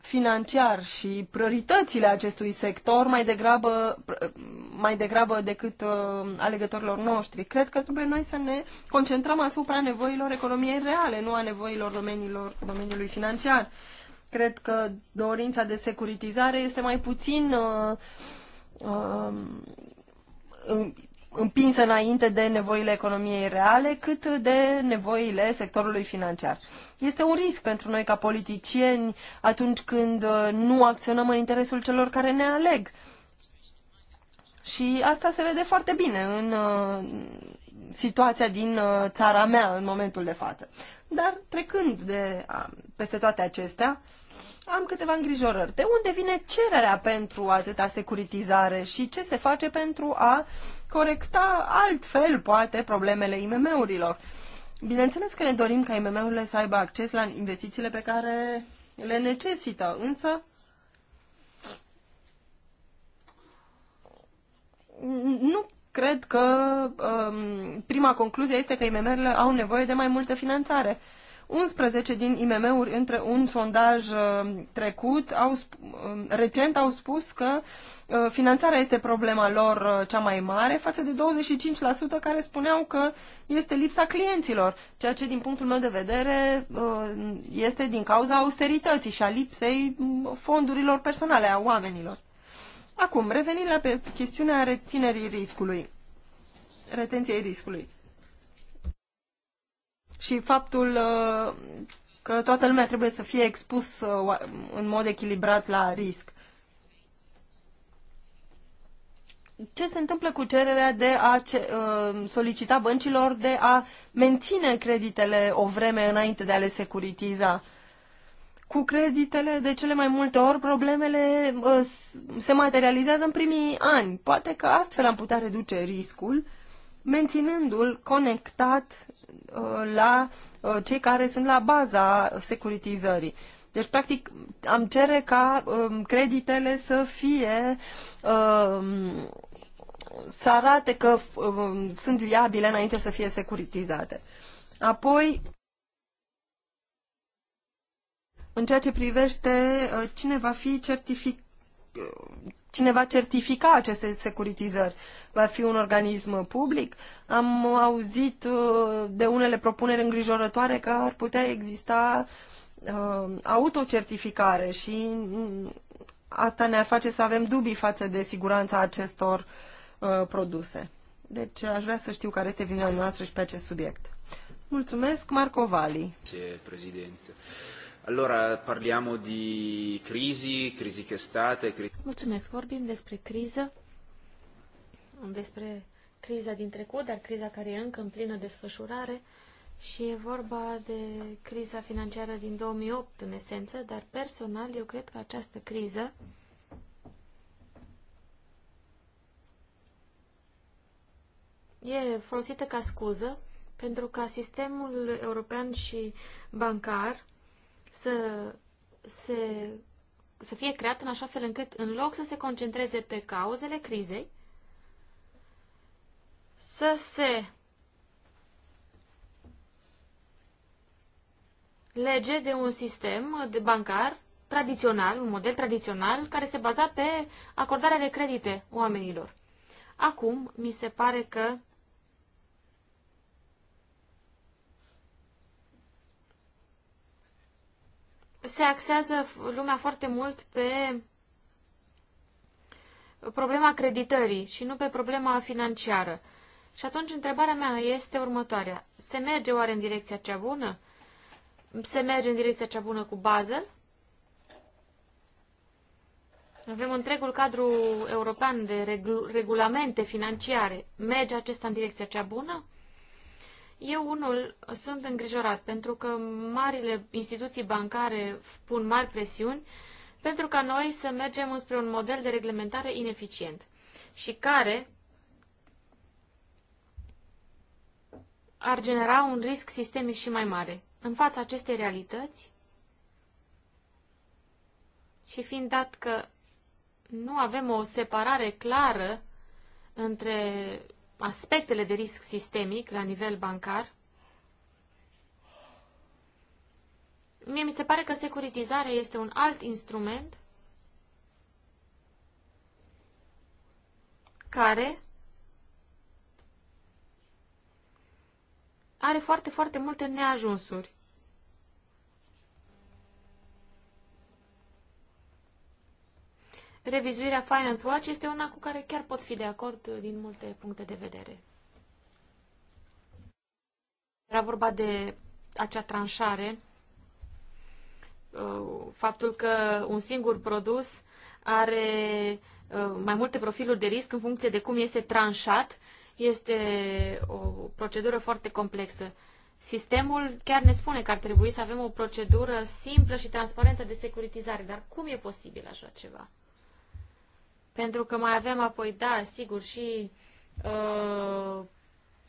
financiar și prioritățile acestui sector mai degrabă, mai degrabă decât uh, alegătorilor noștri. Cred că trebuie noi să ne concentrăm asupra nevoilor economiei reale, nu a nevoilor domeniilor, domeniului financiar. Cred că dorința de securitizare este mai puțin uh, uh, împinsă înainte de nevoile economiei reale, cât de nevoile sectorului financiar. Este un risc pentru noi ca politicieni atunci când uh, nu acționăm în interesul celor care ne aleg. Și asta se vede foarte bine în uh, situația din uh, țara mea în momentul de față. Dar trecând de peste toate acestea, am câteva îngrijorări. De unde vine cererea pentru atâta securitizare și ce se face pentru a uh, corecta altfel, poate, problemele IMM-urilor. Bineînțeles că ne dorim ca IMM-urile să aibă acces la investițiile pe care le necesită, însă nu cred că um, prima concluzie este că IMM-urile au nevoie de mai multă finanțare. Uh, 11 din IMM-uri între un sondaj uh, trecut au, um, recent au spus că uh, finanțarea este problema lor uh, cea mai mare față de 25% care spuneau că este lipsa clienților, ceea ce din punctul meu de vedere este din cauza austerității și a lipsei mm, fondurilor personale a oamenilor. Acum, revenind la pe chestiunea reținerii riscului, retenției riscului și faptul uh, că toată lumea trebuie să fie expus uh, în mod echilibrat la risc. Ce se întâmplă cu cererea de a uh, solicita băncilor de a menține creditele o vreme înainte de a le securitiza? Cu creditele, de cele mai multe ori, problemele se materializează în primii ani. Poate că astfel am putea reduce riscul, menținându-l conectat Uh, la uh, cei care sunt la baza securitizării. Deci, practic, am cere ca um, creditele să fie, um, să arate că um, sunt viabile înainte să fie securitizate. Apoi, în ceea ce privește uh, cine va fi certific cine va certifica aceste securitizări? Va fi un organism public? Am auzit uh, de unele propuneri îngrijorătoare că ar putea exista uh, autocertificare și mm, asta ne-ar face să avem dubii față de siguranța acestor uh, produse. Deci aș vrea să știu care este vinerea noastră și pe acest subiect. Mulțumesc, Marco Vali. Ce, președinte. Allora parliamo di crisi, crisi che state... Cri... Mulțumesc, vorbim despre criză, despre criza din trecut, dar criza care e încă în plină desfășurare și e vorba de criza financiară din 2008 în esență, dar personal eu cred că această criză e folosită ca scuză pentru ca sistemul european și bancar să, se, să fie creat în așa fel încât, în loc să se concentreze pe cauzele crizei, să se lege de un sistem de bancar tradițional, un model tradițional, care se baza pe acordarea de credite oamenilor. Acum, mi se pare că se axează lumea foarte mult pe problema creditării și nu pe problema financiară. Și atunci întrebarea mea este următoarea. Se merge oare în direcția cea bună? Se merge în direcția cea bună cu Basel? Avem întregul cadru european de regulamente financiare. Merge acesta în direcția cea bună? Eu unul sunt îngrijorat pentru că marile instituții bancare pun mari presiuni pentru ca noi să mergem înspre un model de reglementare ineficient și care ar genera un risc sistemic și mai mare. În fața acestei realități și fiind dat că nu avem o separare clară între aspectele de risc sistemic la nivel bancar, mie mi se pare că securitizarea este un alt instrument care are foarte, foarte multe neajunsuri. revizuirea Finance Watch este una cu care chiar pot fi de acord uh, din multe puncte de vedere. Era vorba de acea tranșare, uh, faptul că un singur produs are uh, mai multe profiluri de risc în funcție de cum este tranșat, este o procedură foarte complexă. Sistemul chiar ne spune că ar trebui să avem o procedură simplă și transparentă de securitizare, dar cum e posibil așa ceva? Pentru că mai avem apoi, da, sigur, și uh,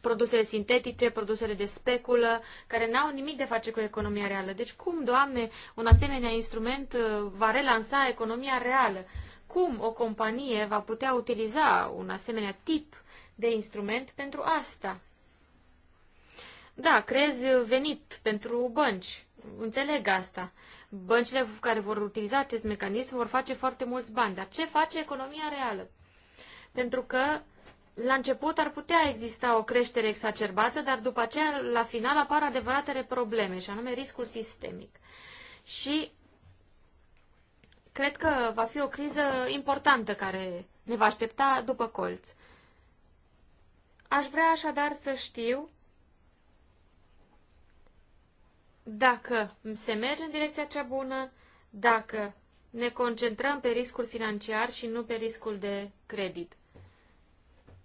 produsele sintetice, produsele de speculă, care n-au nimic de face cu economia reală. Deci cum, Doamne, un asemenea instrument uh, va relansa economia reală? Cum o companie va putea utiliza un asemenea tip de instrument pentru asta? Da, crezi venit pentru bănci. Înțeleg asta. Băncile care vor utiliza acest mecanism vor face foarte mulți bani. Dar ce face economia reală? Pentru că la început ar putea exista o creștere exacerbată, dar după aceea, la final, apar adevăratele probleme, și anume riscul sistemic. Și cred că va fi o criză importantă care ne va aștepta după colț. Aș vrea așadar să știu dacă se merge în direcția cea bună, dacă ne concentrăm pe riscul financiar și nu pe riscul de credit.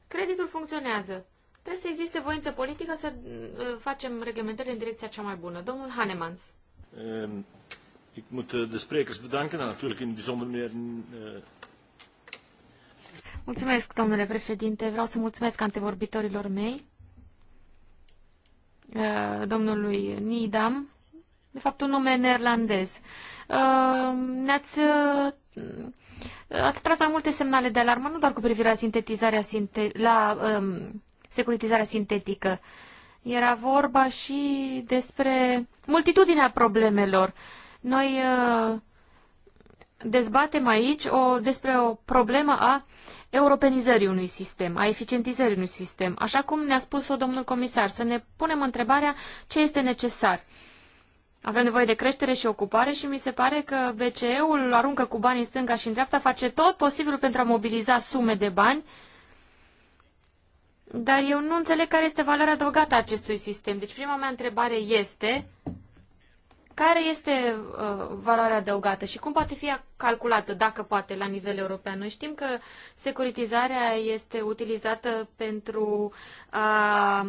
Creditul funcționează. Trebuie să existe voință politică să uh, facem reglementări în direcția cea mai bună. Domnul Hanemans. Ehm, ik moet eh, de sprekers bedanken en natuurlijk in bijzonder meneer eh, Mulțumesc, domnule președinte. Vreau să mulțumesc antevorbitorilor mei, eh, domnului Nidam de fapt un nume neerlandez. Uh, ne-ați uh, ați tras mai multe semnale de alarmă, nu doar cu privire la, sintetizarea sinte- la um, securitizarea sintetică. Era vorba și despre multitudinea problemelor. Noi uh, dezbatem aici o, despre o problemă a europenizării unui sistem, a eficientizării unui sistem. Așa cum ne-a spus-o domnul comisar, să ne punem întrebarea ce este necesar. Uh, avem nevoie de creștere și ocupare și mi se pare că BCE-ul aruncă cu bani în stânga și în dreapta, face tot posibilul pentru a mobiliza sume de bani, dar eu nu înțeleg care este valoarea adăugată a acestui sistem. Deci prima mea întrebare este care este uh, valoarea adăugată și cum poate fi calculată, dacă poate, la nivel european? Noi știm că securitizarea este utilizată pentru a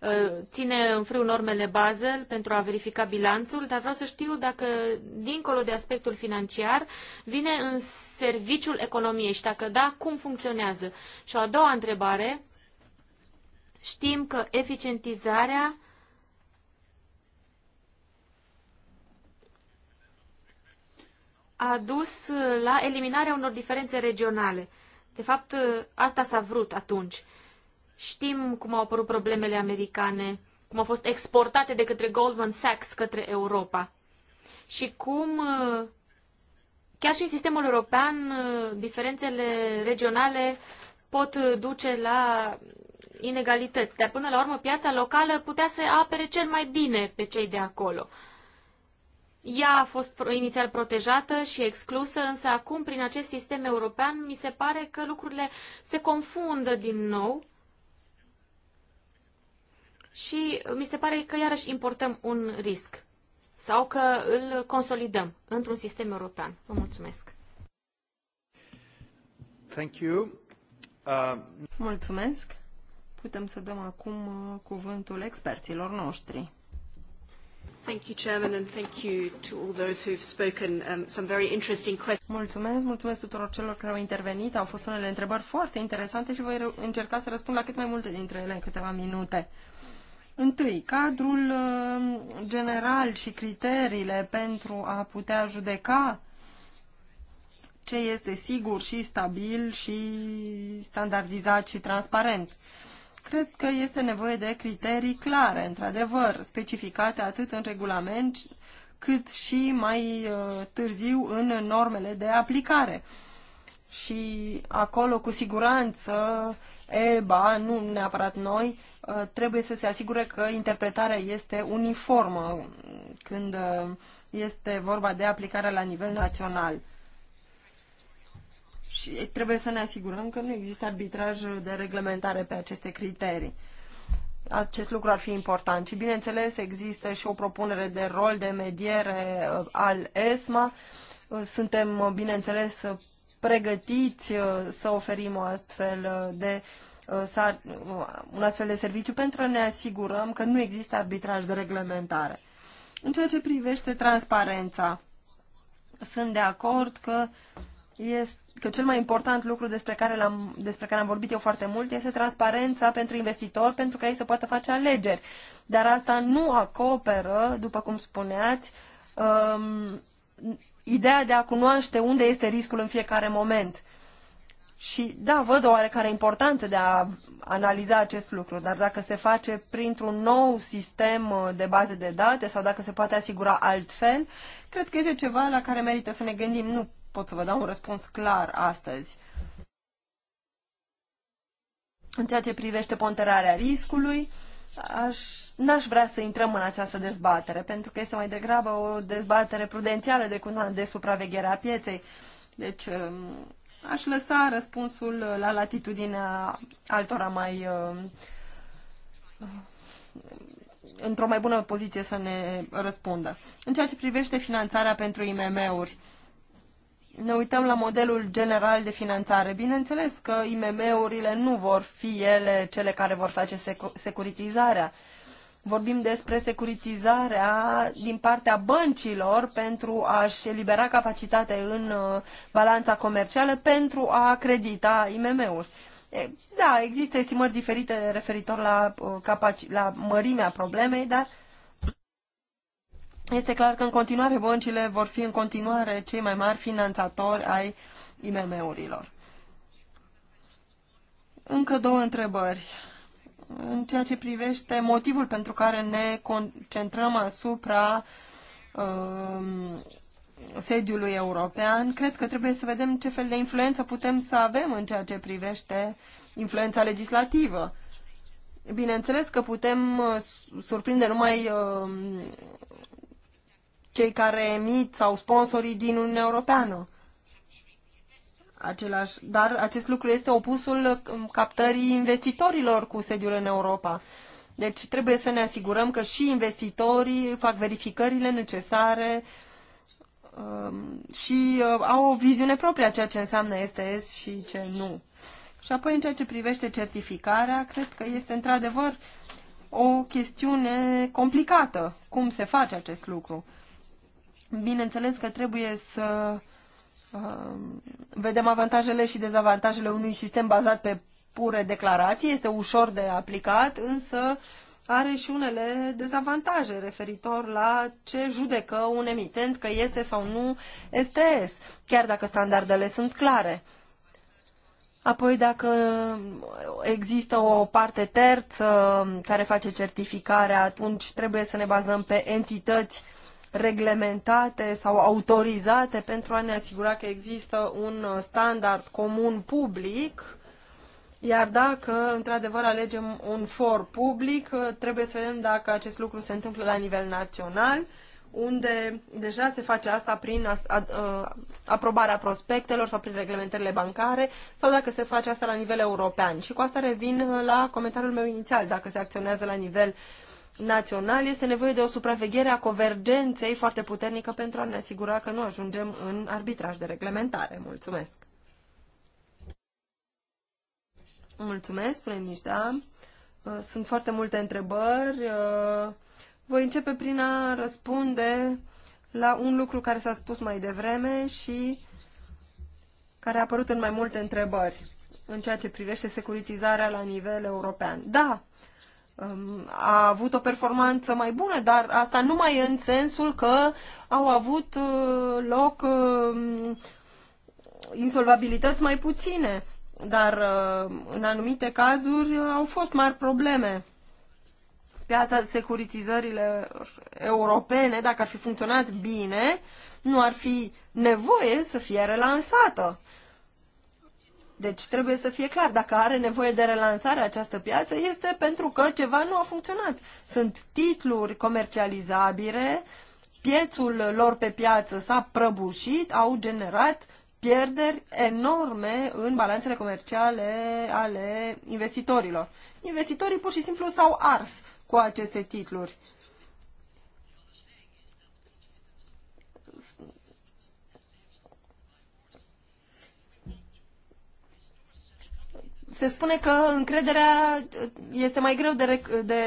Uh, ține în frâu normele Basel pentru a verifica bilanțul, dar vreau să știu dacă, dincolo de aspectul financiar, vine în serviciul economiei și dacă da, cum funcționează. Și o a doua întrebare, știm că eficientizarea a dus la eliminarea unor diferențe regionale. De fapt, asta s-a vrut atunci. Știm cum au apărut problemele americane, cum au fost exportate de către Goldman Sachs către Europa și cum uh, chiar și în sistemul european uh, diferențele regionale pot uh, duce la inegalități, dar până la urmă piața locală putea să apere cel mai bine pe cei de acolo. Ea a fost inițial protejată și exclusă, însă acum, prin acest sistem european, mi se pare că lucrurile se confundă din nou și mi se pare că iarăși importăm un risc sau că îl consolidăm într-un sistem european. Vă mulțumesc. Thank you. Uh... Mulțumesc. Putem să dăm acum uh, cuvântul experților noștri. Thank you, Chairman, and thank you to all those who've spoken. Um, some very interesting questions. Mulțumesc, mulțumesc tuturor celor care au intervenit. Au fost unele întrebări foarte interesante și voi încerca să răspund la cât mai multe dintre ele în câteva minute. Întâi, cadrul uh, general și criteriile pentru a putea judeca ce este sigur și stabil și standardizat și transparent. Cred că este nevoie de criterii clare, într-adevăr, specificate atât în regulament cât și mai uh, târziu în normele de aplicare și acolo cu siguranță EBA, nu neapărat noi, ă, trebuie să se asigure că interpretarea este uniformă când ă, este vorba de aplicarea la nivel național. Și trebuie să ne asigurăm că nu există arbitraj de reglementare pe aceste criterii. Acest lucru ar fi important. Și bineînțeles există și o propunere de rol de mediere ă, al ESMA. Suntem, bineînțeles, pregătiți uh, să oferim o astfel uh, de uh, un astfel de serviciu pentru a ne asigurăm că nu există arbitraj de reglementare. În ceea ce privește transparența, sunt de acord că este, că cel mai important lucru despre care, am despre care am vorbit eu foarte mult este transparența pentru investitor, pentru că ei să poată face alegeri. Dar asta nu acoperă, după cum spuneați, um, ideea de a cunoaște unde este riscul în fiecare moment. Și da, văd o oarecare importanță de a analiza acest lucru, dar dacă se face printr-un nou sistem uh, de baze de date sau dacă se poate asigura altfel, cred că este ceva la care merită să ne gândim. Nu pot să vă dau un răspuns clar astăzi. În ceea ce privește ponderarea riscului, aș, n-aș vrea să intrăm în această dezbatere, pentru că este mai degrabă o dezbatere prudențială de, de supraveghere a pieței. Deci um, aș lăsa răspunsul la latitudinea altora mai um, într-o mai bună poziție să ne răspundă. În ceea ce privește finanțarea pentru IMM-uri, ne uităm la modelul general de finanțare. Bineînțeles că IMM-urile nu vor fi ele cele care vor face securitizarea. Vorbim despre securitizarea din partea băncilor pentru a-și elibera capacitate în uh, balanța comercială pentru a credita IMM-uri. Da, există estimări diferite referitor la, uh, la mărimea problemei, dar este clar că în continuare băncile vor fi în continuare cei mai mari finanțatori ai IMM-urilor. Încă două întrebări. În ceea ce privește motivul pentru care ne concentrăm asupra um, sediului european, cred că trebuie să vedem ce fel de influență putem să avem în ceea ce privește influența legislativă. Bineînțeles că putem uh, surprinde numai uh, cei care emit sau sponsorii din Uniunea Europeană. Același, dar acest lucru este opusul um, captării investitorilor cu sediul în Europa. Deci trebuie să ne asigurăm că și investitorii fac verificările necesare um, și uh, au o viziune proprie a ceea ce înseamnă STS și ce nu. Și apoi, în ceea ce privește certificarea, cred că este într-adevăr o chestiune complicată. Cum se face acest lucru? Bineînțeles că trebuie să uh, vedem avantajele și dezavantajele unui sistem bazat pe pure declarații, este ușor de aplicat, însă are și unele dezavantaje referitor la ce judecă un emitent că este sau nu STS, chiar dacă standardele sunt clare. Apoi dacă există o parte terță care face certificarea, atunci trebuie să ne bazăm pe entități uh, reglementate sau autorizate pentru a ne asigura că există un standard comun public. Iar dacă, într-adevăr, alegem un for public, trebuie să vedem dacă acest lucru se întâmplă la nivel național, unde deja se face asta prin uh, aprobarea prospectelor sau prin reglementările bancare, sau dacă se face asta la nivel european. Și cu asta revin la comentariul meu inițial, dacă se acționează la nivel uh, național, este nevoie de o supraveghere a convergenței foarte puternică pentru a ne asigura că nu ajungem în arbitraj de reglementare. Mulțumesc! Mulțumesc, spune uh, Sunt foarte multe întrebări. Uh, voi începe prin a răspunde la un lucru care s-a spus mai devreme și care a apărut în mai multe întrebări în ceea ce privește securitizarea la nivel european. Da, Um, a avut o performanță mai bună, dar asta nu mai în sensul că au avut uh, loc um, insolvabilități mai puține, dar uh, în anumite cazuri uh, au fost mari probleme. Piața securitizările europene, dacă ar fi funcționat bine, nu ar fi nevoie să fie relansată. Deci trebuie să fie clar, dacă are nevoie de relansare această piață, este pentru că ceva nu a funcționat. Sunt titluri comercializabile, piețul lor pe piață s-a prăbușit, au generat pierderi enorme în balanțele comerciale ale investitorilor. Investitorii pur și simplu s-au ars cu aceste titluri. se spune că încrederea uh, este mai greu de, rec- de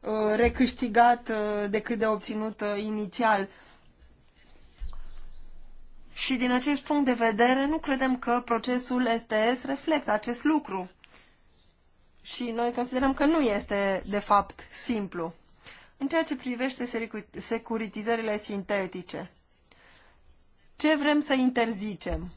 uh, recâștigat uh, decât de obținut uh, inițial. Și din acest punct de vedere, nu credem că procesul STS reflectă acest lucru. Și noi considerăm că nu este, de fapt, simplu. În ceea ce privește securitizările sintetice, ce vrem să interzicem?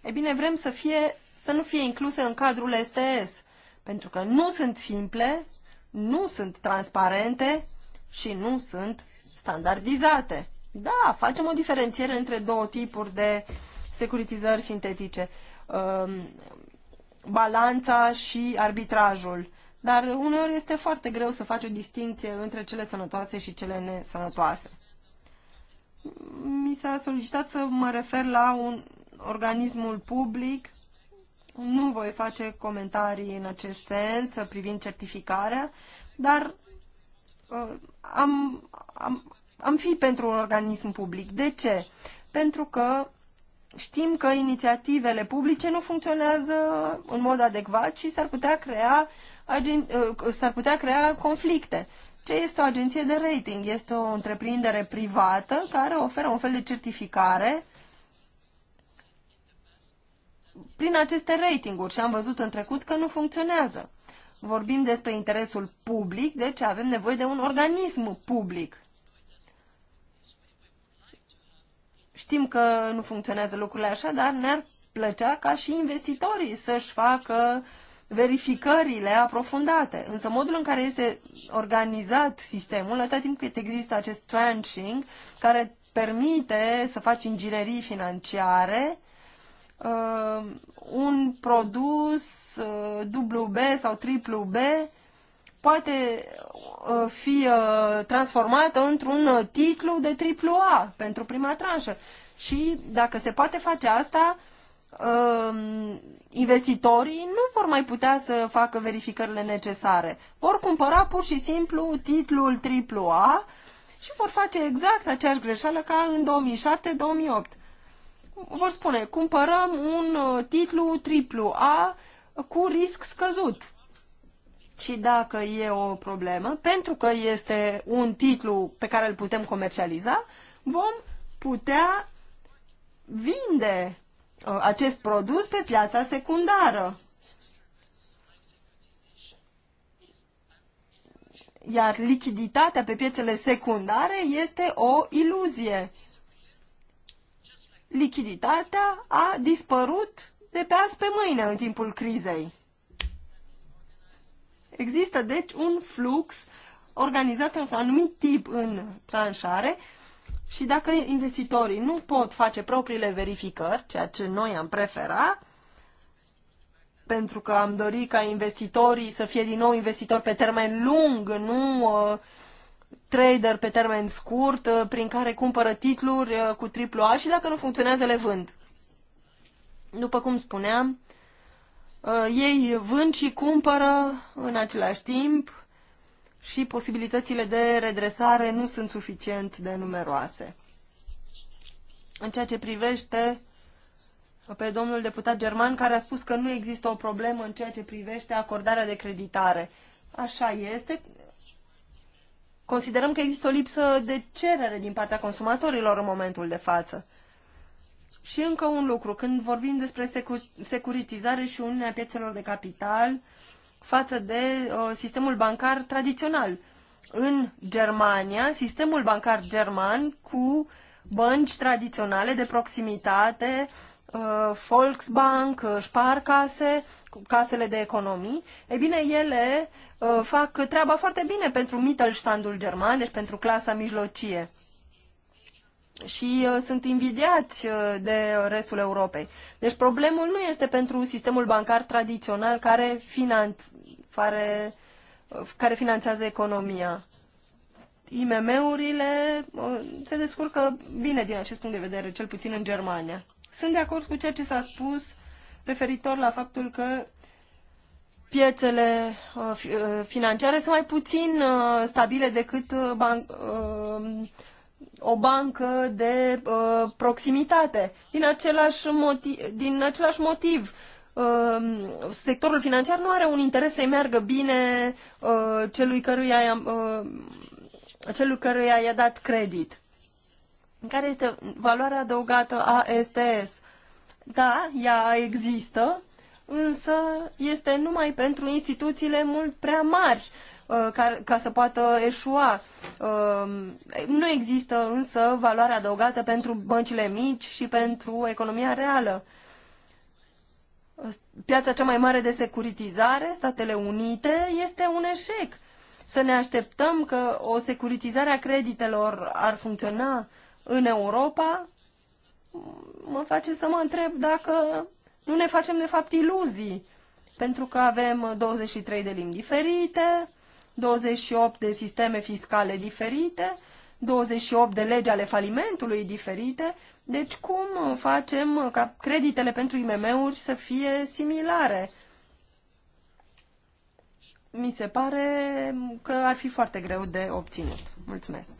E bine, vrem să fie să nu fie incluse în cadrul STS, pentru că nu sunt simple, nu sunt transparente și nu sunt standardizate. Da, facem o diferențiere între două tipuri de securitizări sintetice, um, balanța și arbitrajul. Dar uneori este foarte greu să faci o distinție între cele sănătoase și cele nesănătoase. Mi s-a solicitat să mă refer la un organismul public nu voi face comentarii în acest sens privind certificarea, dar uh, am, am, am fi pentru un organism public. De ce? Pentru că știm că inițiativele publice nu funcționează în mod adecvat și s-ar putea crea, uh, s-ar putea crea conflicte. Ce este o agenție de rating? Este o întreprindere privată care oferă un fel de certificare prin aceste ratinguri și am văzut în trecut că nu funcționează. Vorbim despre interesul public, deci avem nevoie de un organism public. Știm că nu funcționează lucrurile așa, dar ne-ar plăcea ca și investitorii să-și facă verificările aprofundate. Însă modul în care este organizat sistemul, atâta timp cât există acest tranching, care permite să faci inginerii financiare, uh, un produs uh, WB sau triplu B poate uh, fi uh, transformată într-un titlu de triplu A pentru prima tranșă. Și dacă se poate face asta, uh, investitorii nu vor mai putea să facă verificările necesare. Vor cumpăra pur și simplu titlul triplu A și vor face exact aceeași greșeală ca în 2007-2008 vor spune, cumpărăm un uh, titlu triplu A cu risc scăzut. Și dacă e o problemă, pentru că este un titlu pe care îl putem comercializa, vom putea vinde uh, acest produs pe piața secundară. Iar lichiditatea pe piețele secundare este o iluzie lichiditatea a dispărut de pe azi pe mâine în timpul crizei. Există, deci, un flux organizat într-un anumit tip în tranșare și dacă investitorii nu pot face propriile verificări, ceea ce noi am prefera, pentru că am dorit ca investitorii să fie din nou investitori pe termen lung, nu uh, trader pe termen scurt uh, prin care cumpără titluri uh, cu triplu A și dacă nu funcționează le vând. După cum spuneam, uh, ei vând și cumpără în același timp și posibilitățile de redresare nu sunt suficient de numeroase. În ceea ce privește pe domnul deputat german care a spus că nu există o problemă în ceea ce privește acordarea de creditare. Așa este, Considerăm că există o lipsă de cerere din partea consumatorilor în momentul de față. Și încă un lucru, când vorbim despre securitizare și uniunea piețelor de capital față de uh, sistemul bancar tradițional. În Germania, sistemul bancar german cu bănci tradiționale de proximitate, uh, Volksbank, Sparkasse, casele de economii, e bine, ele uh, Uh, fac treaba foarte bine pentru Mittelstandul german, deci pentru clasa mijlocie. Și uh, sunt invidiați uh, de restul Europei. Deci problemul nu este pentru sistemul bancar tradițional care, finanț- uh, care finanțează economia. IMM-urile se descurcă bine din acest punct de vedere, cel puțin în Germania. Sunt de acord cu ceea ce s-a spus referitor la faptul că piețele uh, uh, financiare sunt mai puțin uh, stabile decât o bancă de proximitate. Din același motiv, din același motiv sectorul financiar nu are un interes să-i meargă bine celui căruia i-a, celui căruia i-a dat credit. Care este valoarea adăugată a STS? Da, ea există, însă este numai pentru instituțiile mult prea mari uh, ca, ca să poată eșua. Um, nu există însă valoare adăugată pentru băncile mici și pentru economia reală. Piața cea mai mare de securitizare, Statele Unite, este un eșec. Să ne așteptăm că o securitizare a creditelor ar funcționa în Europa mă face să mă întreb dacă nu ne facem, de fapt, iluzii, pentru că avem 23 de limbi diferite, 28 de sisteme fiscale diferite, 28 de legi ale falimentului diferite. Deci cum facem ca creditele pentru IMM-uri să fie similare? Mi se pare că ar fi foarte greu de obținut. Mulțumesc.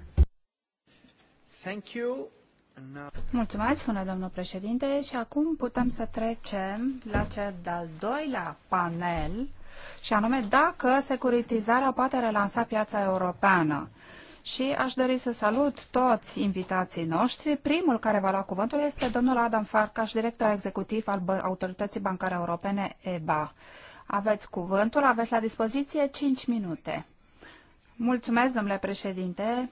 Thank you. Mulțumesc, spune domnul președinte, și acum putem să trecem la cel de-al doilea panel, și anume dacă securitizarea poate relansa piața europeană. Și aș dori să salut toți invitații noștri. Primul care va lua cuvântul este domnul Adam Farcaș, director executiv al Autorității Bancare Europene, EBA. Aveți cuvântul, aveți la dispoziție 5 minute. Mulțumesc, domnule președinte.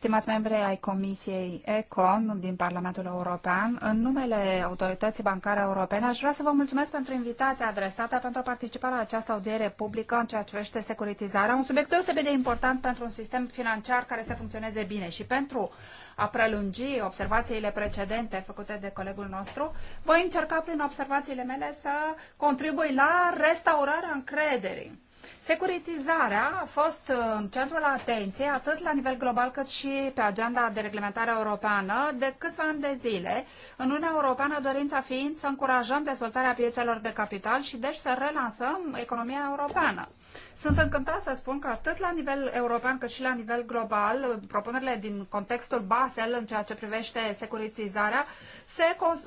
Stimați membri ai Comisiei ECON din Parlamentul European, în numele Autorității Bancare Europene aș vrea să vă mulțumesc pentru invitația adresată pentru a participa la această audiere publică în ceea ce privește securitizarea, un subiect deosebit de important pentru un sistem financiar care să funcționeze bine și pentru a prelungi observațiile precedente făcute de colegul nostru, voi încerca prin observațiile mele să contribui la restaurarea încrederii Securitizarea a fost în uh, centrul atenției atât la nivel global cât și pe agenda de reglementare europeană de câțiva ani de zile, în Uniunea Europeană dorința fiind să încurajăm dezvoltarea piețelor de capital și deci să relansăm economia europeană. Sunt încântat să spun că atât la nivel european cât și la nivel global, propunerile din contextul Basel în ceea ce privește securitizarea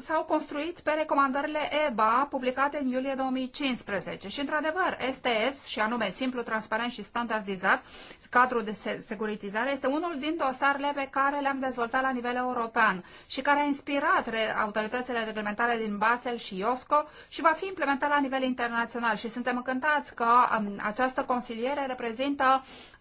s-au construit pe recomandările EBA publicate în iulie 2015. Și, într-adevăr, STS, și anume simplu, transparent și standardizat, cadrul de securitizare, este unul din dosarele pe care le-am dezvoltat la nivel european și care a inspirat autoritățile reglementare din Basel și IOSCO și va fi implementat la nivel internațional. Și suntem încântați că um, această consiliere reprezintă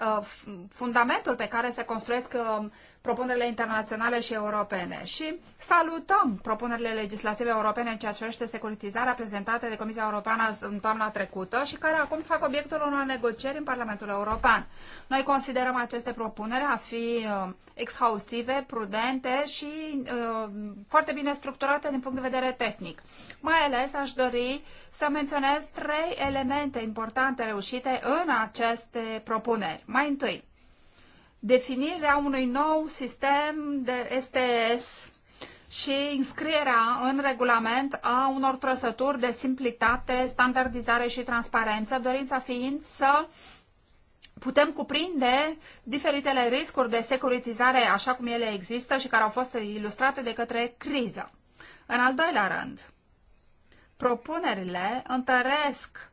uh, fundamentul pe care se construiesc uh, propunerile internaționale și europene și salutăm propunerile legislative europene în ceea ce privește securitizarea prezentată de Comisia Europeană în toamna trecută și care acum fac obiectul unor negocieri în Parlamentul European. Noi considerăm aceste propuneri a fi uh, exhaustive, prudente și uh, foarte bine structurate din punct de vedere tehnic. Mai ales aș dori să menționez trei elemente importante reușite în aceste propuneri. Mai întâi, definirea unui nou sistem de STS și înscrierea în regulament a unor trăsături de simplitate, standardizare și transparență, dorința fiind să putem cuprinde diferitele riscuri de securitizare așa cum ele există și care au fost ilustrate de către criză. În al doilea rând, propunerile întăresc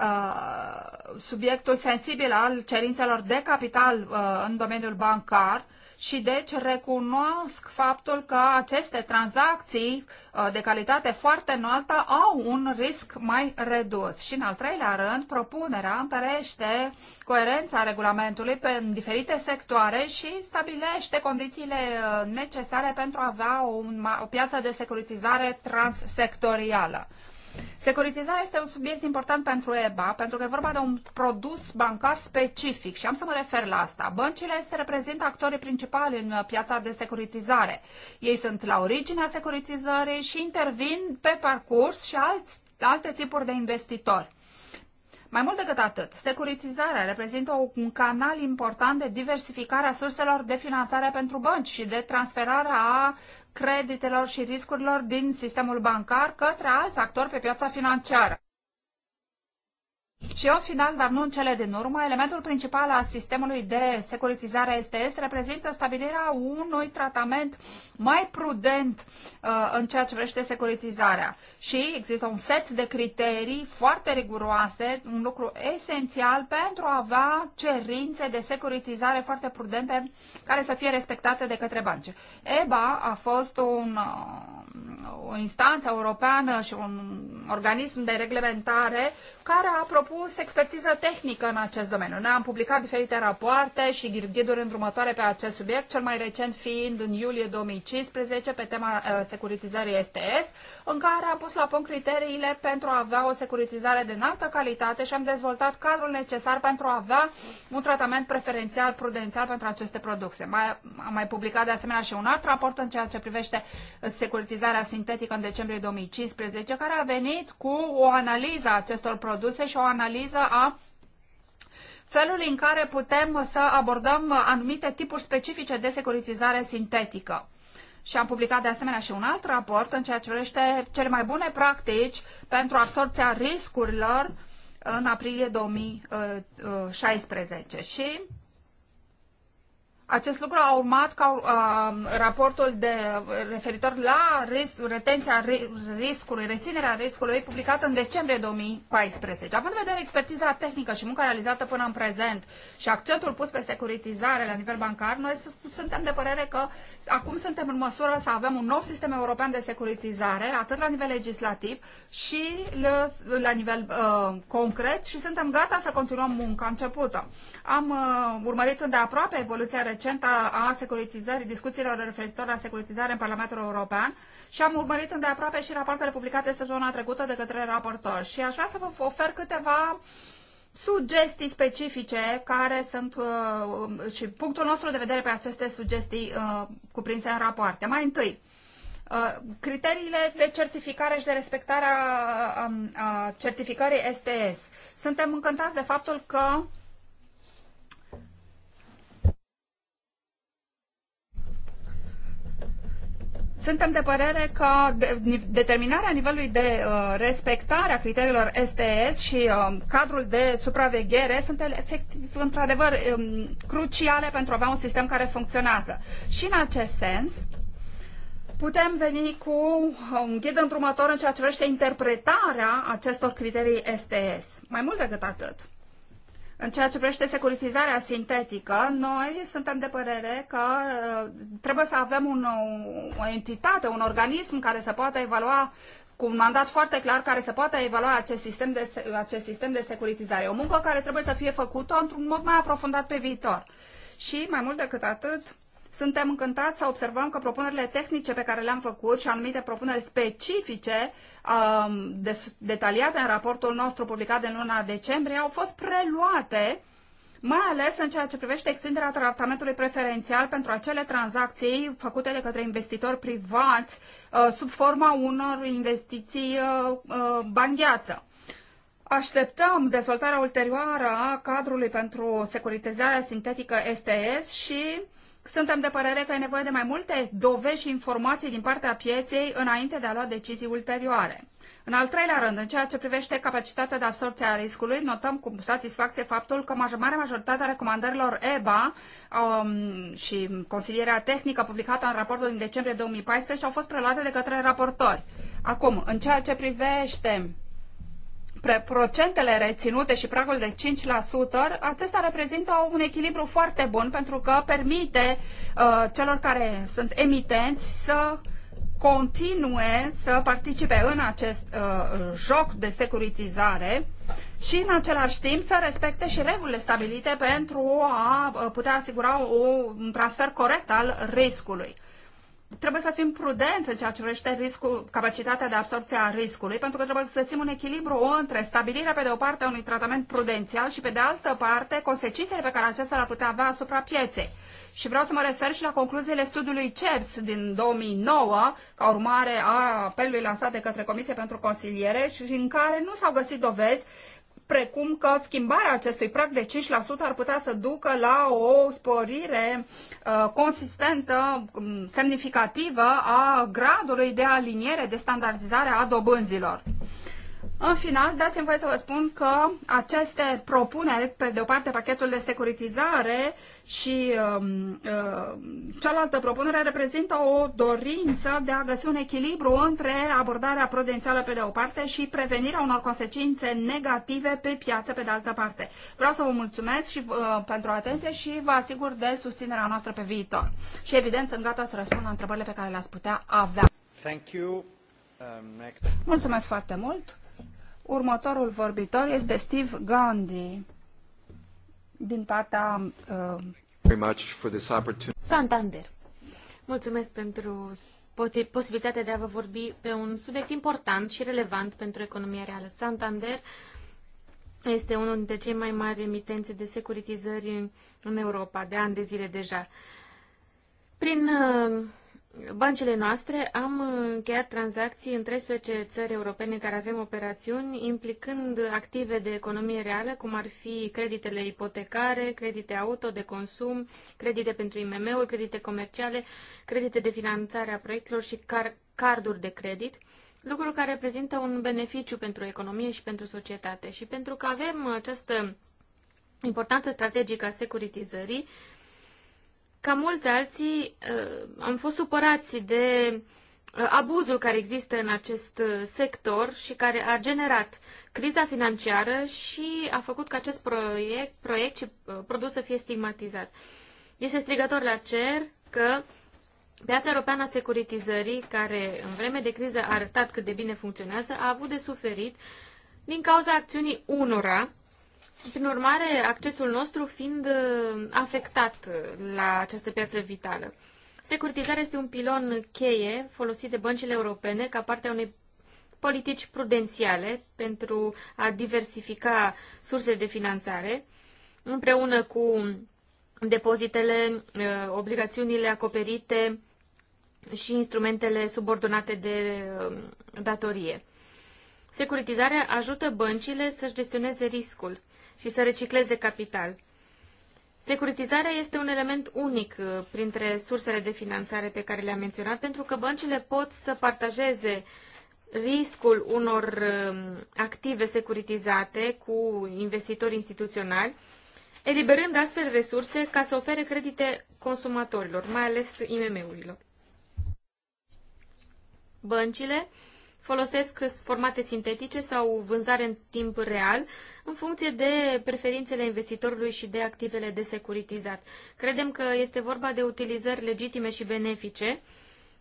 Uh, subiectul sensibil al cerințelor de capital uh, în domeniul bancar și deci recunosc faptul că aceste tranzacții uh, de calitate foarte înaltă au un risc mai redus. Și în al treilea rând, propunerea întărește coerența regulamentului pe diferite sectoare și stabilește condițiile necesare pentru a avea o, o piață de securitizare transsectorială. Securitizarea este un subiect important pentru EBA, pentru că e vorba de un produs bancar specific și am să mă refer la asta. Băncile este reprezintă actorii principali în uh, piața de securitizare. Ei sunt la originea securitizării și intervin pe parcurs și alți, alte tipuri de investitori. Mai mult decât atât, securitizarea reprezintă un canal important de diversificare a surselor de finanțare pentru bănci și de transferare a creditelor și riscurilor din sistemul bancar către alți actori pe piața financiară. Și în final, dar nu în cele din urmă, elementul principal al sistemului de securitizare STS reprezintă stabilirea unui tratament mai prudent uh, în ceea ce vrește securitizarea. Și există un set de criterii foarte riguroase, un lucru esențial pentru a avea cerințe de securitizare foarte prudente care să fie respectate de către bănci. EBA a fost un, uh, o instanță europeană și un organism de reglementare care a propus propus expertiză tehnică în acest domeniu. ne am publicat diferite rapoarte și ghiduri îndrumătoare pe acest subiect, cel mai recent fiind în iulie 2015 pe tema uh, securitizării STS, în care am pus la punct criteriile pentru a avea o securitizare de înaltă calitate și am dezvoltat cadrul necesar pentru a avea un tratament preferențial, prudențial pentru aceste produse. Mai, am mai publicat de asemenea și un alt raport în ceea ce privește securitizarea sintetică în decembrie 2015, care a venit cu o analiză a acestor produse și o analiză analiză a felului în care putem să abordăm anumite tipuri specifice de securitizare sintetică. Și am publicat de asemenea și un alt raport în ceea ce privește cele mai bune practici pentru absorpția riscurilor în aprilie 2016. Uh, uh, și acest lucru a urmat ca uh, raportul de referitor la ris- retenția ri- riscului, reținerea riscului, publicat în decembrie 2014. Având în vedere expertiza tehnică și munca realizată până în prezent și accentul pus pe securitizare la nivel bancar, noi suntem de părere că acum suntem în măsură să avem un nou sistem european de securitizare, atât la nivel legislativ și la, la nivel uh, concret și suntem gata să continuăm munca începută. Am uh, urmărit îndeaproape evoluția recentă a securitizării, discuțiilor referitor la securitizare în Parlamentul European și am urmărit îndeaproape și rapoartele publicate săptămâna trecută de către raportor. Și aș vrea să vă ofer câteva sugestii specifice care sunt uh, și punctul nostru de vedere pe aceste sugestii uh, cuprinse în rapoarte. Mai întâi, uh, criteriile de certificare și de respectare a, a, a certificării STS. Suntem încântați de faptul că Suntem de părere că determinarea nivelului de uh, respectare a criteriilor STS și uh, cadrul de supraveghere sunt efectiv, într-adevăr, um, cruciale pentru a avea un sistem care funcționează. Și în acest sens, putem veni cu un ghid îndrumător în ceea ce vrește interpretarea acestor criterii STS. Mai mult decât atât, în ceea ce privește securitizarea sintetică, noi suntem de părere că uh, trebuie să avem un, o entitate, un organism care să poată evalua cu un mandat foarte clar care să poată evalua acest sistem de, acest sistem de securitizare. O muncă care trebuie să fie făcută într-un mod mai aprofundat pe viitor. Și mai mult decât atât, suntem încântați să observăm că propunerile tehnice pe care le-am făcut și anumite propuneri specifice um, de, detaliate în raportul nostru publicat în luna decembrie au fost preluate mai ales în ceea ce privește extinderea tratamentului preferențial pentru acele tranzacții făcute de către investitori privați uh, sub forma unor investiții uh, uh, bangheață. Așteptăm dezvoltarea ulterioară a cadrului pentru securitizarea sintetică STS și suntem de părere că e nevoie de mai multe dovezi și informații din partea pieței înainte de a lua decizii ulterioare. În al treilea rând, în ceea ce privește capacitatea de absorpție a riscului, notăm cu satisfacție faptul că marea majoritatea recomandărilor EBA um, și consilierea tehnică publicată în raportul din decembrie 2014 au fost preluate de către raportori. Acum, în ceea ce privește procentele reținute și pragul de 5%, acesta reprezintă un echilibru foarte bun pentru că permite uh, celor care sunt emitenți să continue să participe în acest uh, joc de securitizare și în același timp să respecte și regulile stabilite pentru a uh, putea asigura o, un transfer corect al riscului trebuie să fim prudenți în ceea ce privește riscul, capacitatea de absorpție a riscului, pentru că trebuie să găsim un echilibru între stabilirea, pe de o parte, a unui tratament prudențial și, pe de altă parte, consecințele pe care acesta le-ar putea avea asupra pieței. Și vreau să mă refer și la concluziile studiului CEPS din 2009, ca urmare a apelului lansat de către Comisie pentru Consiliere și în care nu s-au găsit dovezi precum că schimbarea acestui prag de 5% ar putea să ducă la o sporire uh, consistentă, um, semnificativă a gradului de aliniere, de standardizare a dobânzilor. În final, dați-mi voie să vă spun că aceste propuneri, pe de o parte pachetul de securitizare și um, uh, cealaltă propunere reprezintă o dorință de a găsi un echilibru între abordarea prudențială pe de o parte și prevenirea unor consecințe negative pe piață pe de altă parte. Vreau să vă mulțumesc și uh, pentru atenție și vă asigur de susținerea noastră pe viitor. Și evident sunt gata să răspund la întrebările pe care le-ați putea avea. Thank you. Um, next. Mulțumesc foarte mult. Următorul vorbitor este Steve Gandhi din partea uh, for this Santander. Mulțumesc pentru posibilitatea de a vă vorbi pe un subiect important și relevant pentru economia reală. Santander este unul dintre cei mai mari emitențe de securitizări în Europa, de ani de zile deja. Prin uh, băncile noastre am încheiat tranzacții în 13 țări europene în care avem operațiuni, implicând active de economie reală, cum ar fi creditele ipotecare, credite auto de consum, credite pentru IMM-uri, credite comerciale, credite de finanțare a proiectelor și car- carduri de credit lucru care reprezintă un beneficiu pentru economie și pentru societate. Și pentru că avem această importanță strategică a securitizării, ca mulți alții, uh, am fost supărați de uh, abuzul care există în acest uh, sector și care a generat criza financiară și a făcut ca acest proiect, proiect și produs să fie stigmatizat. Este strigător la cer că piața europeană a securitizării, care în vreme de criză a arătat cât de bine funcționează, a avut de suferit din cauza acțiunii unora prin urmare, accesul nostru fiind uh, afectat uh, la această piață vitală. Securitizarea este un pilon cheie folosit de băncile europene ca parte a unei politici prudențiale pentru a diversifica surse de finanțare, împreună cu depozitele, uh, obligațiunile acoperite și instrumentele subordonate de datorie. Securitizarea ajută băncile să-și gestioneze riscul și să recicleze capital. Securitizarea este un element unic uh, printre sursele de finanțare pe care le-am menționat, pentru că băncile pot să partajeze riscul unor um, active securitizate cu investitori instituționali, eliberând astfel resurse ca să ofere credite consumatorilor, mai ales IMM-urilor. Băncile folosesc formate sintetice sau vânzare în timp real, în funcție de preferințele investitorului și de activele de securitizat. Credem că este vorba de utilizări legitime și benefice,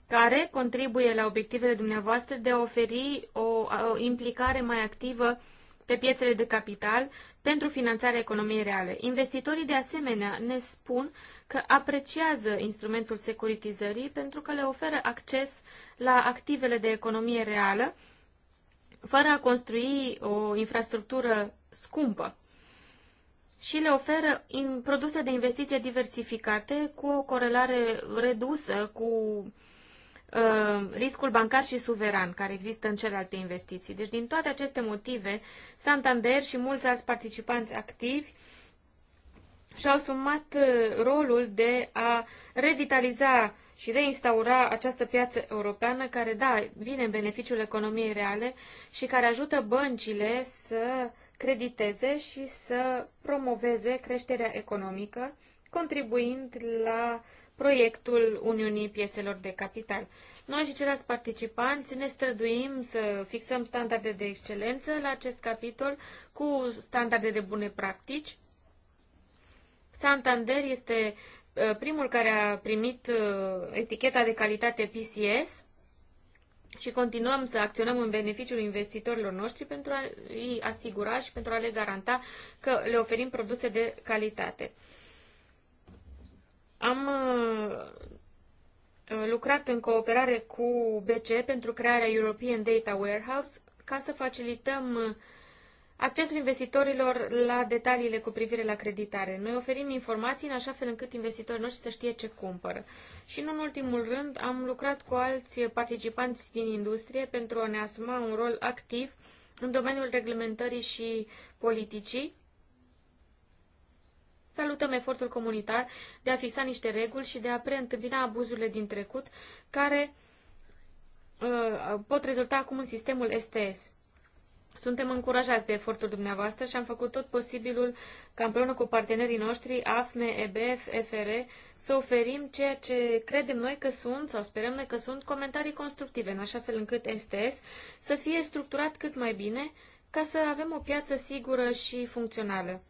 care contribuie la obiectivele dumneavoastră de a oferi o, o implicare mai activă pe piețele de capital pentru finanțarea economiei reale. Investitorii, de asemenea, ne spun că apreciază instrumentul securitizării pentru că le oferă acces la activele de economie reală, fără a construi o infrastructură scumpă și le oferă produse de investiție diversificate cu o corelare redusă cu uh, riscul bancar și suveran care există în celelalte investiții. Deci, din toate aceste motive, Santander și mulți alți participanți activi și-au sumat uh, rolul de a revitaliza și reinstaura această piață europeană care, da, vine în beneficiul economiei reale și care ajută băncile să crediteze și să promoveze creșterea economică, contribuind la proiectul Uniunii Piețelor de Capital. Noi și ceilalți participanți ne străduim să fixăm standarde de excelență la acest capitol cu standarde de bune practici. Santander este Uh, primul care a primit uh, eticheta de calitate PCS și continuăm să acționăm în beneficiul investitorilor noștri pentru a îi asigura și pentru a le garanta că le oferim produse de calitate. Am uh, lucrat în cooperare cu BCE pentru crearea European Data Warehouse ca să facilităm uh, accesul investitorilor la detaliile cu privire la creditare. Noi oferim informații în așa fel încât investitorii noștri să știe ce cumpără. Și nu în ultimul rând am lucrat cu alți participanți din industrie pentru a ne asuma un rol activ în domeniul reglementării și politicii. Salutăm efortul comunitar de a fixa niște reguli și de a preîntâmpina abuzurile din trecut care uh, pot rezulta acum în sistemul STS. Suntem încurajați de efortul dumneavoastră și am făcut tot posibilul ca împreună cu partenerii noștri, AFME, EBF, FR, să oferim ceea ce credem noi că sunt sau sperăm noi că sunt comentarii constructive, în așa fel încât STS să fie structurat cât mai bine ca să avem o piață sigură și funcțională.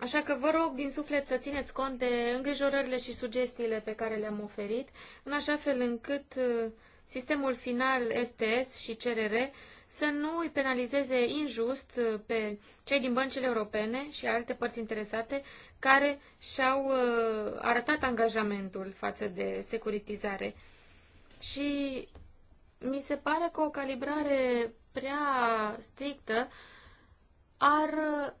Așa că vă rog din suflet să țineți cont de îngrijorările și sugestiile pe care le-am oferit, în așa fel încât uh, sistemul final STS și CRR să nu îi penalizeze injust uh, pe cei din băncile europene și alte părți interesate care și-au uh, arătat angajamentul față de securitizare. Și mi se pare că o calibrare prea strictă ar uh,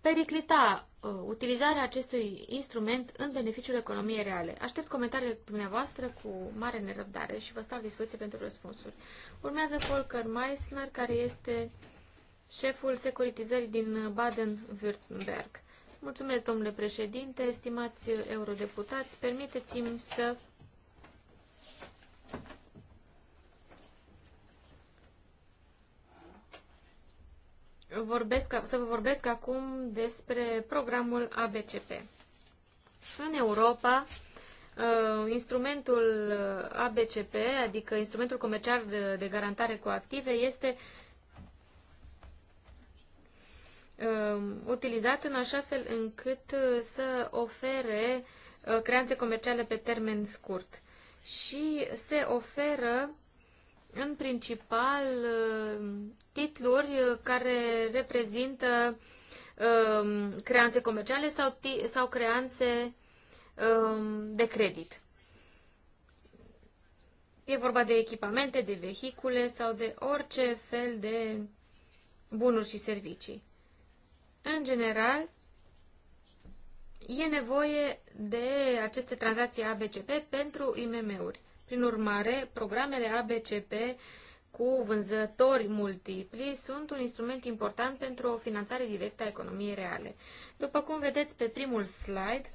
periclita Uh, utilizarea acestui instrument în beneficiul economiei reale. Aștept comentariile dumneavoastră cu mare nerăbdare și vă stau la dispoziție pentru răspunsuri. Urmează Volker Meissner, care este șeful securitizării din Baden-Württemberg. Mulțumesc, domnule președinte, stimați eurodeputați. Permiteți-mi să vorbesc, să vă vorbesc acum despre programul ABCP. În Europa, uh, instrumentul ABCP, adică instrumentul comercial de garantare cu active, este uh, utilizat în așa fel încât uh, să ofere creanțe comerciale pe termen scurt și se oferă în principal uh, titluri care reprezintă um, creanțe comerciale sau, sau creanțe um, de credit. E vorba de echipamente, de vehicule sau de orice fel de bunuri și servicii. În general, e nevoie de aceste tranzacții ABCP pentru IMM-uri. Prin urmare, programele ABCP cu vânzători multipli sunt un instrument important pentru o finanțare directă a economiei reale. După cum vedeți pe primul slide,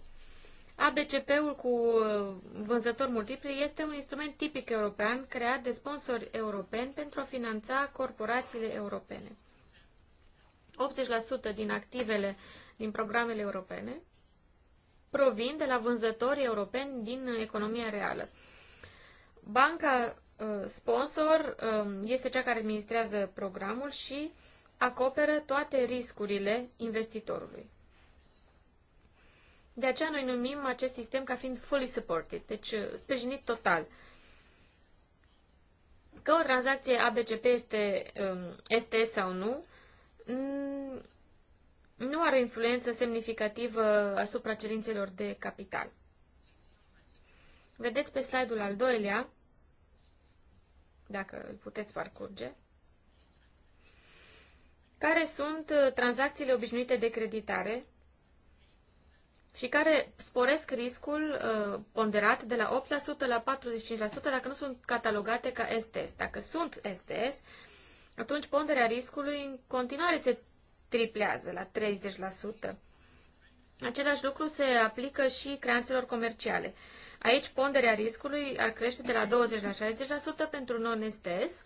ABCP-ul cu uh, vânzători multipli este un instrument tipic european creat de sponsori europeni pentru a finanța corporațiile europene. 80% din activele din programele europene provin de la vânzători europeni din economia reală. Banca uh, sponsor um, este cea care administrează programul și acoperă toate riscurile investitorului. De aceea noi numim acest sistem ca fiind fully supported, deci uh, sprijinit total. Că o tranzacție ABCP este um, STS sau nu, nu are influență semnificativă asupra cerințelor de capital. Vedeți pe slide-ul al doilea dacă îl puteți parcurge, care sunt uh, tranzacțiile obișnuite de creditare și care sporesc riscul uh, ponderat de la 8% la 45% dacă nu sunt catalogate ca STS. Dacă sunt STS, atunci ponderea riscului în continuare se triplează la 30%. Același lucru se aplică și creanțelor comerciale. Aici ponderea riscului ar crește de la 20 la 60% pentru non estes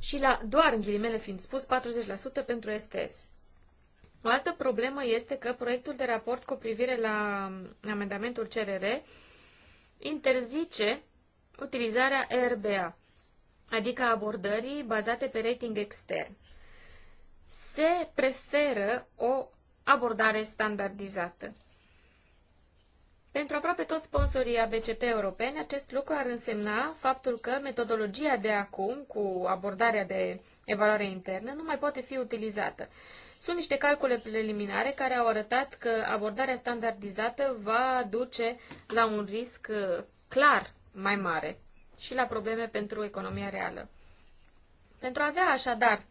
și la doar, în ghilimele fiind spus, 40% pentru estes. O altă problemă este că proiectul de raport cu privire la amendamentul CRR interzice utilizarea RBA, adică abordării bazate pe rating extern. Se preferă o abordare standardizată. Pentru aproape toți sponsorii ABCP europeni, acest lucru ar însemna faptul că metodologia de acum, cu abordarea de evaluare internă, nu mai poate fi utilizată. Sunt niște calcule preliminare care au arătat că abordarea standardizată va duce la un risc uh, clar mai mare și la probleme pentru economia reală. Pentru a avea așadar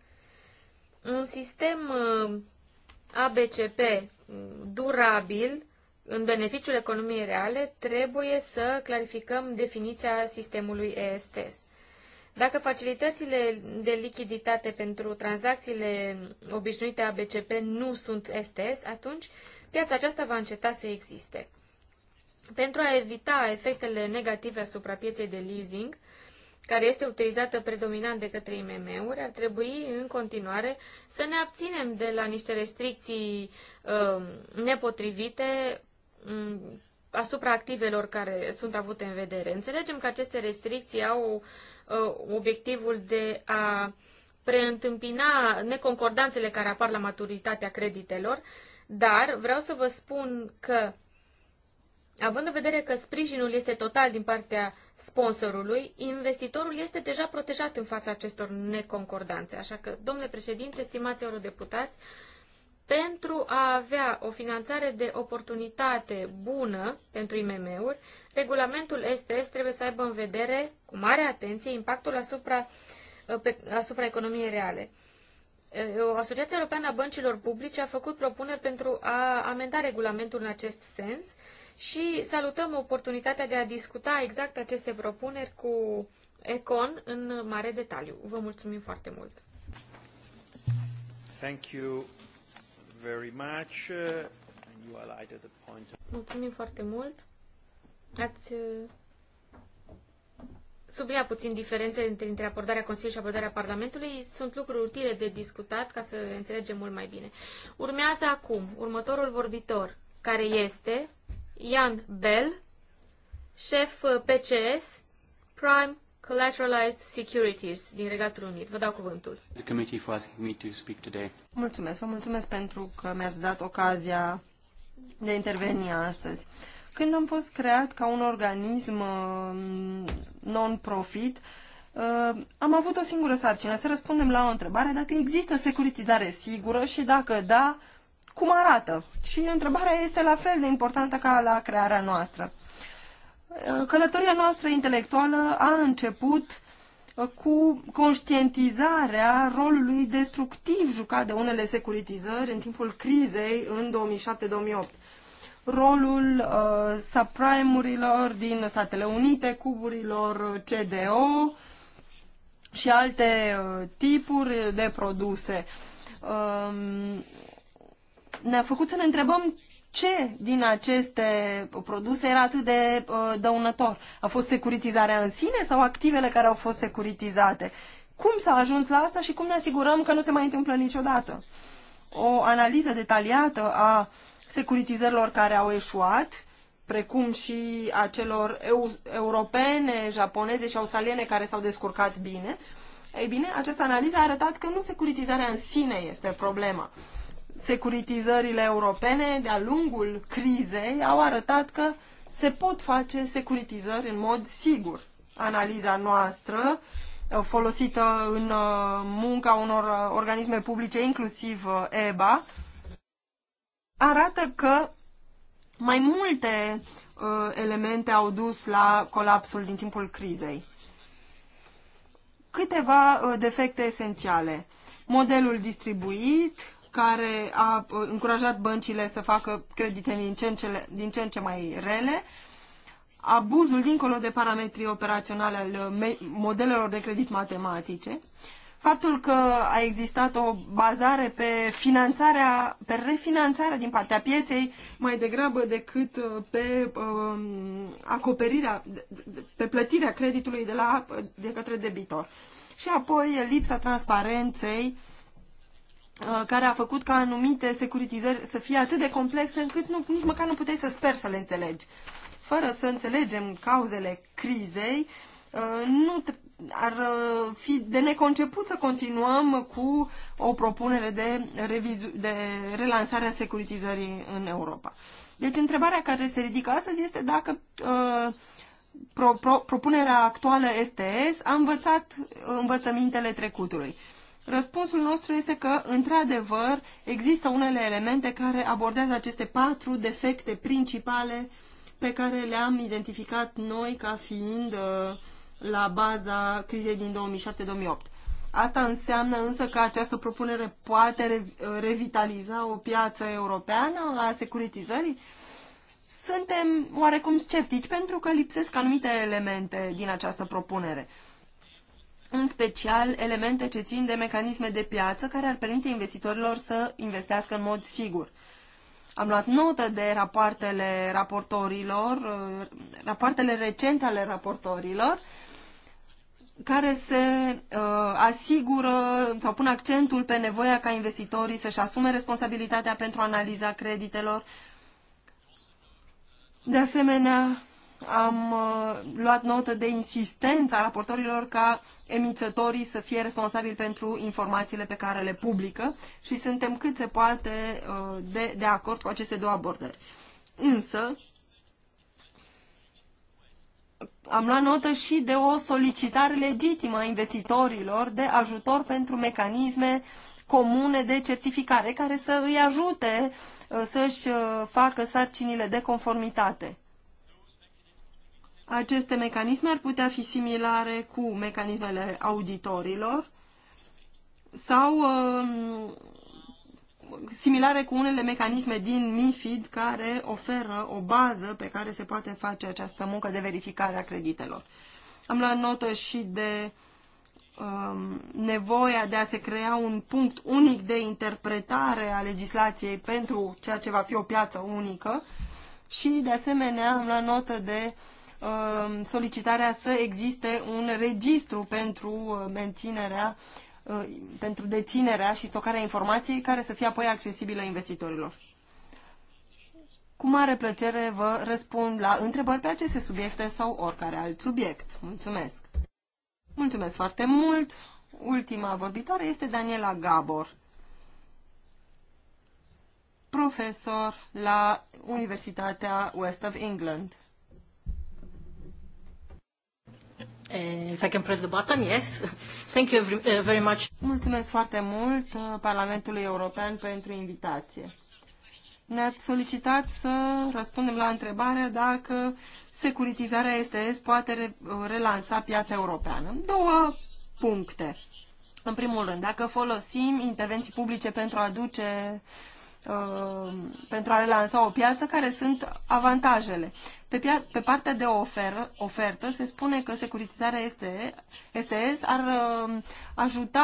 un sistem uh, ABCP uh, durabil, în beneficiul economiei reale, trebuie să clarificăm definiția sistemului ESTS. Dacă facilitățile de lichiditate pentru tranzacțiile obișnuite a BCP nu sunt STS, atunci piața aceasta va înceta să existe. Pentru a evita efectele negative asupra pieței de leasing, care este utilizată predominant de către IMM-uri, ar trebui în continuare să ne abținem de la niște restricții uh, nepotrivite Mm, asupra activelor care sunt avute în vedere. Înțelegem că aceste restricții au uh, obiectivul de a preîntâmpina neconcordanțele care apar la maturitatea creditelor, dar vreau să vă spun că, având în vedere că sprijinul este total din partea sponsorului, investitorul este deja protejat în fața acestor neconcordanțe. Așa că, domnule președinte, stimați eurodeputați, pentru a avea o finanțare de oportunitate bună pentru IMM-uri, regulamentul STS trebuie să aibă în vedere, cu mare atenție, impactul asupra, uh, pe, asupra economiei reale. Uh, Asociația Europeană a Băncilor Publice a făcut propuneri pentru a amenda regulamentul în acest sens și salutăm oportunitatea de a discuta exact aceste propuneri cu Econ în mare detaliu. Vă mulțumim foarte mult! Thank you very much. Uh, and you highlighted the point. Mulțumim foarte mult. Ați uh, sublinia puțin diferențele între, între abordarea Consiliului și abordarea Parlamentului. Sunt lucruri utile de discutat ca să înțelegem mult mai bine. Urmează acum următorul vorbitor, care este Ian Bell, șef uh, PCS, Prime Collateralized Securities din Regatul Unit. Vă dau cuvântul. Mulțumesc, vă mulțumesc pentru că mi-ați dat ocazia de a interveni astăzi. Când am fost creat ca un organism um, non-profit, uh, am avut o singură sarcină, să răspundem la o întrebare dacă există securitizare sigură și dacă da, cum arată. Și întrebarea este la fel de importantă ca la crearea noastră. Călătoria noastră intelectuală a început uh, cu conștientizarea rolului destructiv jucat de unele securitizări în timpul crizei în 2007-2008. Rolul uh, subprime-urilor din Statele Unite, cuburilor CDO și alte uh, tipuri de produse. Uh, ne-a făcut să ne întrebăm ce din aceste produse era atât de uh, dăunător? A fost securitizarea în sine sau activele care au fost securitizate? Cum s-a ajuns la asta și cum ne asigurăm că nu se mai întâmplă niciodată? O analiză detaliată a securitizărilor care au eșuat, precum și a celor eu, europene, japoneze și australiene care s-au descurcat bine, ei bine, această analiză a arătat că nu securitizarea în sine este problema, securitizările europene de-a lungul crizei au arătat că se pot face securitizări în mod sigur. Analiza noastră, uh, folosită în uh, munca unor uh, organisme publice, inclusiv EBA, arată că mai multe elemente au dus la colapsul din timpul crizei. Câteva defecte esențiale. Modelul distribuit, care a uh, încurajat băncile să facă credite din ce în, cele, din ce, în ce mai rele, abuzul dincolo de parametrii operaționale al uh, modelelor de credit matematice, faptul că a existat o bazare pe finanțarea, pe refinanțarea din partea pieței mai degrabă decât uh, pe um, acoperirea, pe plătirea creditului de, la, de către debitor. Și apoi lipsa transparenței uh, Uh, care a făcut ca anumite securitizări să fie atât de complexe încât nu, nici măcar nu puteai să sper să le înțelegi. Fără să înțelegem cauzele crizei, uh, nu ar uh, fi de neconceput să continuăm cu o propunere de, revizu- de relansare a securitizării în Europa. Deci întrebarea care se ridică astăzi este dacă uh, pro, pro, propunerea actuală STS a învățat învățămintele trecutului. Uh, Răspunsul nostru este că, într-adevăr, există unele elemente care abordează aceste patru defecte principale pe care le-am identificat noi ca fiind uh, la baza crizei din 2007-2008. Asta înseamnă însă că această propunere poate uh, revitaliza o piață europeană a securitizării? Suntem oarecum sceptici pentru că lipsesc anumite elemente din această propunere în special elemente ce țin de mecanisme de piață care ar permite investitorilor să investească în mod sigur. Am luat notă de rapoartele raportorilor, uh, rapoartele recente ale raportorilor, care se uh, asigură sau pun accentul pe nevoia ca investitorii să-și asume responsabilitatea pentru analiza creditelor. De asemenea, am uh, luat notă de insistența raportorilor ca emițătorii să fie responsabili pentru informațiile pe care le publică și suntem cât se poate uh, de, de acord cu aceste două abordări. Însă, am luat notă și de o solicitare legitimă a investitorilor de ajutor pentru mecanisme comune de certificare care să îi ajute uh, să-și uh, facă sarcinile de conformitate. Aceste mecanisme ar putea fi similare cu mecanismele auditorilor sau um, similare cu unele mecanisme din MIFID care oferă o bază pe care se poate face această muncă de verificare a creditelor. Am luat notă și de um, nevoia de a se crea un punct unic de interpretare a legislației pentru ceea ce va fi o piață unică și, de asemenea, am luat notă de uh, Um, solicitarea să existe un registru pentru uh, menținerea uh, pentru deținerea și stocarea informației care să fie apoi accesibilă investitorilor. Cu mare plăcere vă răspund la întrebări pe aceste subiecte sau oricare alt subiect. Mulțumesc! Mulțumesc foarte mult! Ultima vorbitoare este Daniela Gabor, profesor la Universitatea West of England. Eh, if I can press the button, yes. <laughs> Thank you eh, very much. Mulțumesc foarte mult eh, Parlamentului European pentru invitație. Ne-ați solicitat să răspundem la întrebarea dacă securitizarea STS poate relansa piața europeană. Două puncte. În primul rând, dacă folosim intervenții publice pentru a aduce Uh, pentru a relansa o piață, care sunt avantajele. Pe, pe partea de ofer ofertă se spune că securitizarea este, STS ar uh, ajuta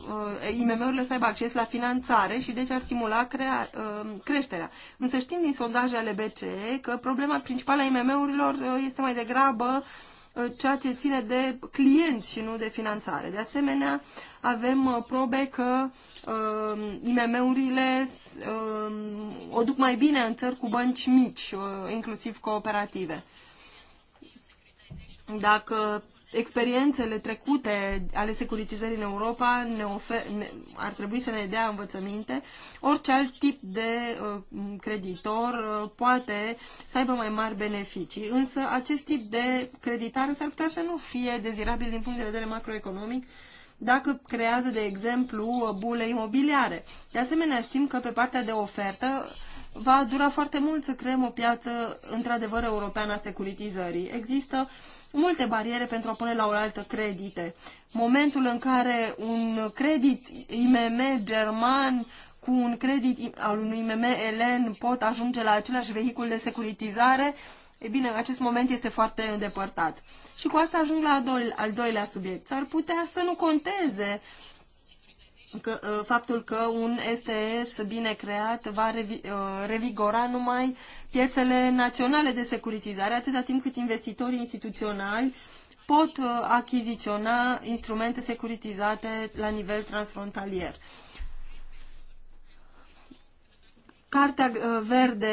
uh, IMM-urile să aibă acces la finanțare și deci ar stimula crea, uh, creșterea. Însă știm din sondaje ale BCE că problema principală a IMM-urilor uh, este mai degrabă uh, ceea ce ține de clienți și nu de finanțare. De asemenea, avem uh, probe că uh, IMM-urile uh, o duc mai bine în țări cu bănci mici, uh, inclusiv cooperative. Dacă experiențele trecute ale securitizării în Europa ne ofer, ne, ar trebui să ne dea învățăminte. Orice alt tip de uh, creditor uh, poate să aibă mai mari beneficii, însă acest tip de creditare s-ar putea să nu fie dezirabil din punct de vedere macroeconomic dacă creează, de exemplu, bule imobiliare. De asemenea, știm că pe partea de ofertă va dura foarte mult să creăm o piață într-adevăr europeană a securitizării. Există multe bariere pentru a pune la oaltă credite. Momentul în care un credit IMM german cu un credit al unui IMM elen pot ajunge la același vehicul de securitizare E bine, acest moment este foarte îndepărtat. Și cu asta ajung la al doilea subiect. S-ar putea să nu conteze că, ă, faptul că un STS bine creat va revi, ă, revigora numai piețele naționale de securitizare, atâta timp cât investitorii instituționali pot ă, achiziționa instrumente securitizate la nivel transfrontalier. Cartea uh, verde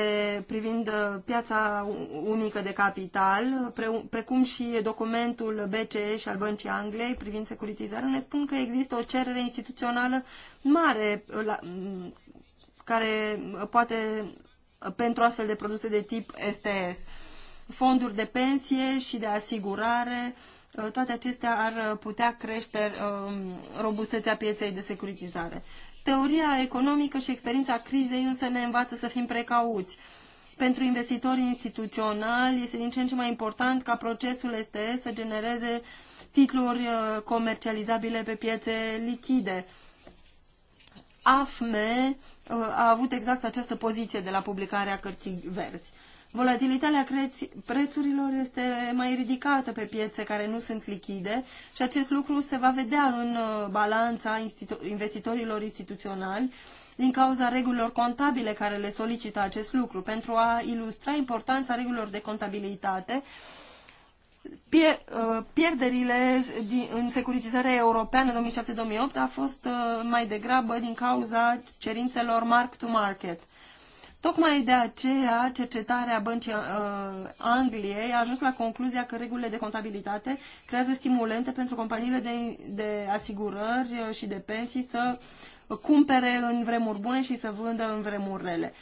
privind uh, piața unică de capital, precum și documentul BCE și al Băncii Angliei privind securitizarea, ne spun că există o cerere instituțională mare uh, la, mm, care poate pentru astfel de produse de tip STS. Fonduri de pensie și de asigurare, toate acestea ar putea crește robustețea pieței de securitizare. Teoria economică și experiența crizei însă ne învață să fim precauți. Pentru investitorii instituționali este din ce în ce mai important ca procesul este să genereze titluri uh, comercializabile pe piețe lichide. AFME uh, a avut exact această poziție de la publicarea cărții verzi. Volatilitatea prețurilor este mai ridicată pe piețe care nu sunt lichide și acest lucru se va vedea în uh, balanța institu- investitorilor instituționali din cauza regulilor contabile care le solicită acest lucru. Pentru a ilustra importanța regulilor de contabilitate, uh, pierderile în securitizarea europeană 2007-2008 a fost uh, mai degrabă din cauza cerințelor mark-to-market. Tocmai de aceea, cercetarea Băncii uh, Angliei a ajuns la concluzia că regulile de contabilitate creează stimulente pentru companiile de, de asigurări uh, și de pensii să cumpere în vremuri bune și să vândă în vremuri rele.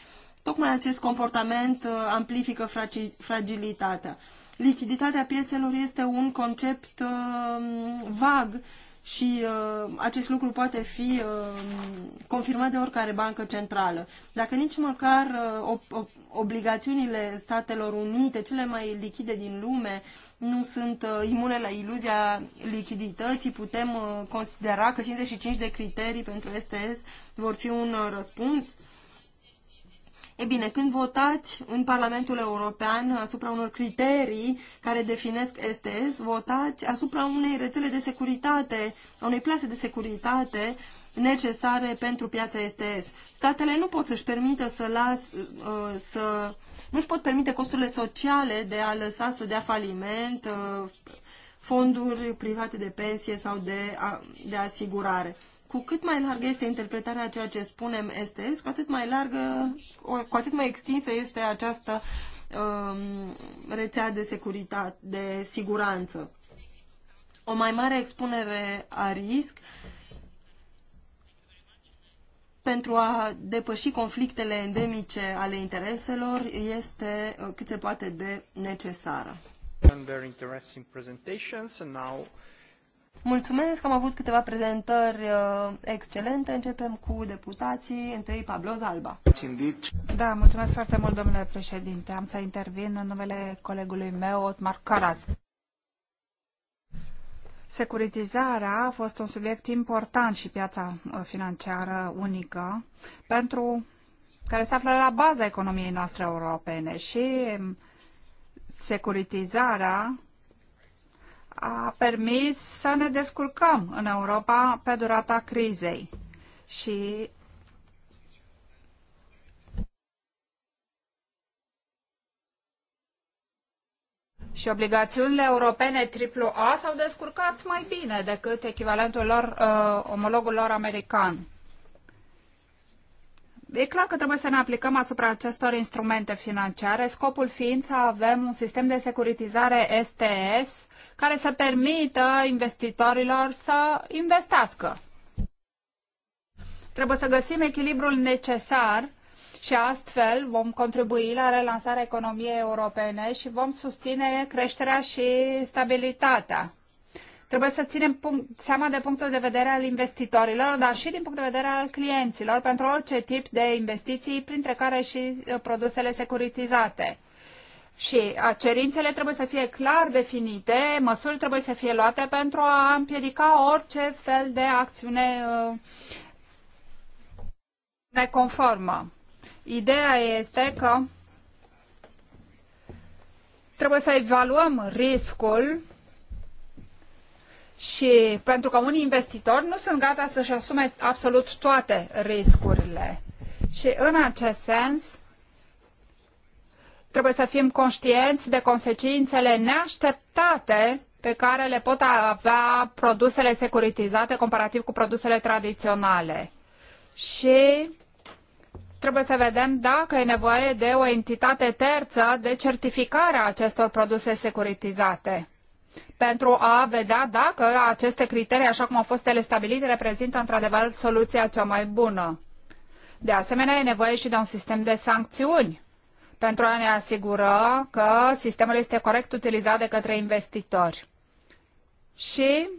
Tocmai acest comportament uh, amplifică fragi, fragilitatea. Lichiditatea piețelor este un concept uh, vag și uh, acest lucru poate fi uh, confirmat de oricare bancă centrală. Dacă nici măcar uh, op, obligațiunile Statelor Unite, cele mai lichide din lume, nu sunt uh, imune la iluzia lichidității, putem uh, considera că 55 de criterii pentru STS vor fi un uh, răspuns? Uh, E bine, când votați în Parlamentul European asupra unor criterii care definesc STS, votați asupra unei rețele de securitate, a unei plase de securitate necesare pentru piața STS. Statele nu pot să-și permită să las, uh, să nu-și pot permite costurile sociale de a lăsa să dea faliment uh, fonduri private de pensie sau de, de asigurare cu cât mai largă este interpretarea a ceea ce spunem STS, cu atât mai largă, cu atât mai extinsă este această um, rețea de securitate, de siguranță. O mai mare expunere a risc pentru a depăși conflictele endemice ale intereselor este uh, cât se poate de necesară. Very interesting presentations and now Mulțumesc, că am avut câteva prezentări uh, excelente. Începem cu deputații, întâi Pablo Zalba. Da, mulțumesc foarte mult, domnule președinte. Am să intervin în numele colegului meu, Otmar Caraz. Securitizarea a fost un subiect important și piața uh, financiară unică pentru care se află la baza economiei noastre europene și um, securitizarea a permis să ne descurcăm în Europa pe durata crizei și Și obligațiunile europene AAA s-au descurcat mai bine decât echivalentul lor, uh, omologul lor american. E clar că trebuie să ne aplicăm asupra acestor instrumente financiare, scopul fiind să avem un sistem de securitizare STS care să permită investitorilor să investească. Trebuie să găsim echilibrul necesar și astfel vom contribui la relansarea economiei europene și vom susține creșterea și stabilitatea. Trebuie să ținem punct, seama de punctul de vedere al investitorilor, dar și din punct de vedere al clienților pentru orice tip de investiții, printre care și uh, produsele securitizate. Și cerințele trebuie să fie clar definite, măsuri trebuie să fie luate pentru a împiedica orice fel de acțiune uh, neconformă. Ideea este că trebuie să evaluăm riscul și pentru că unii investitori nu sunt gata să-și asume absolut toate riscurile. Și în acest sens, Trebuie să fim conștienți de consecințele neașteptate pe care le pot avea produsele securitizate comparativ cu produsele tradiționale. Și trebuie să vedem dacă e nevoie de o entitate terță de certificare a acestor produse securitizate pentru a vedea dacă aceste criterii, așa cum au fost ele stabilite, reprezintă într-adevăr soluția cea mai bună. De asemenea, e nevoie și de un sistem de sancțiuni pentru a ne asigura că sistemul este corect utilizat de către investitori. Și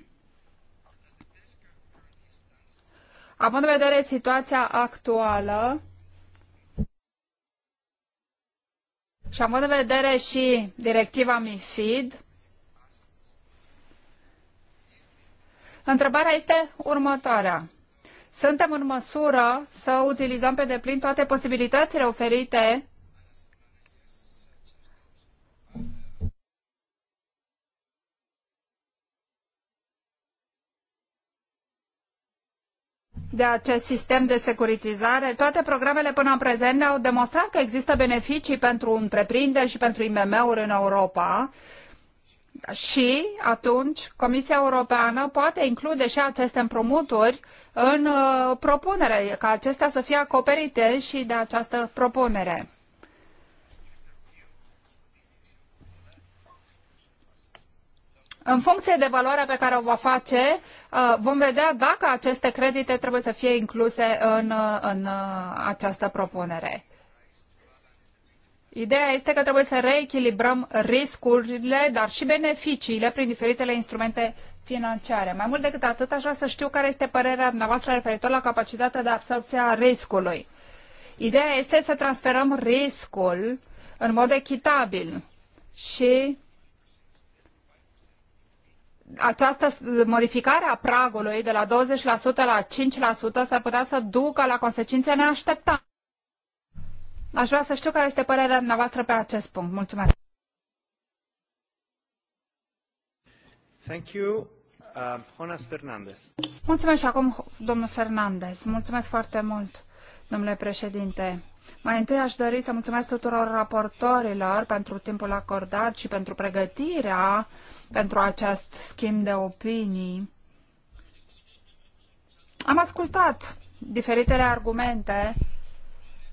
având în vedere situația actuală, Și având în vedere și directiva MIFID, întrebarea este următoarea. Suntem în măsură să utilizăm pe deplin toate posibilitățile oferite de acest sistem de securitizare. Toate programele până în prezent au demonstrat că există beneficii pentru întreprinderi și pentru IMM-uri în Europa. Și atunci Comisia Europeană poate include și aceste împrumuturi în uh, propunere, ca acestea să fie acoperite și de această propunere. În funcție de valoarea pe care o va face, uh, vom vedea dacă aceste credite trebuie să fie incluse în, uh, în uh, această propunere. Ideea este că trebuie să reechilibrăm riscurile, dar și beneficiile prin diferitele instrumente financiare. Mai mult decât atât, aș vrea să știu care este părerea dumneavoastră referitor la capacitatea de absorpție a riscului. Ideea este să transferăm riscul în mod echitabil și această modificare a pragului de la 20% la 5% s-ar putea să ducă la consecințe neașteptate. Aș vrea să știu care este părerea dumneavoastră pe acest punct. Mulțumesc. Thank you. Uh, Jonas Fernandez. Mulțumesc acum, domnul Fernandez. Mulțumesc foarte mult domnule președinte. Mai întâi aș dori să mulțumesc tuturor raportorilor pentru timpul acordat și pentru pregătirea pentru acest schimb de opinii. Am ascultat diferitele argumente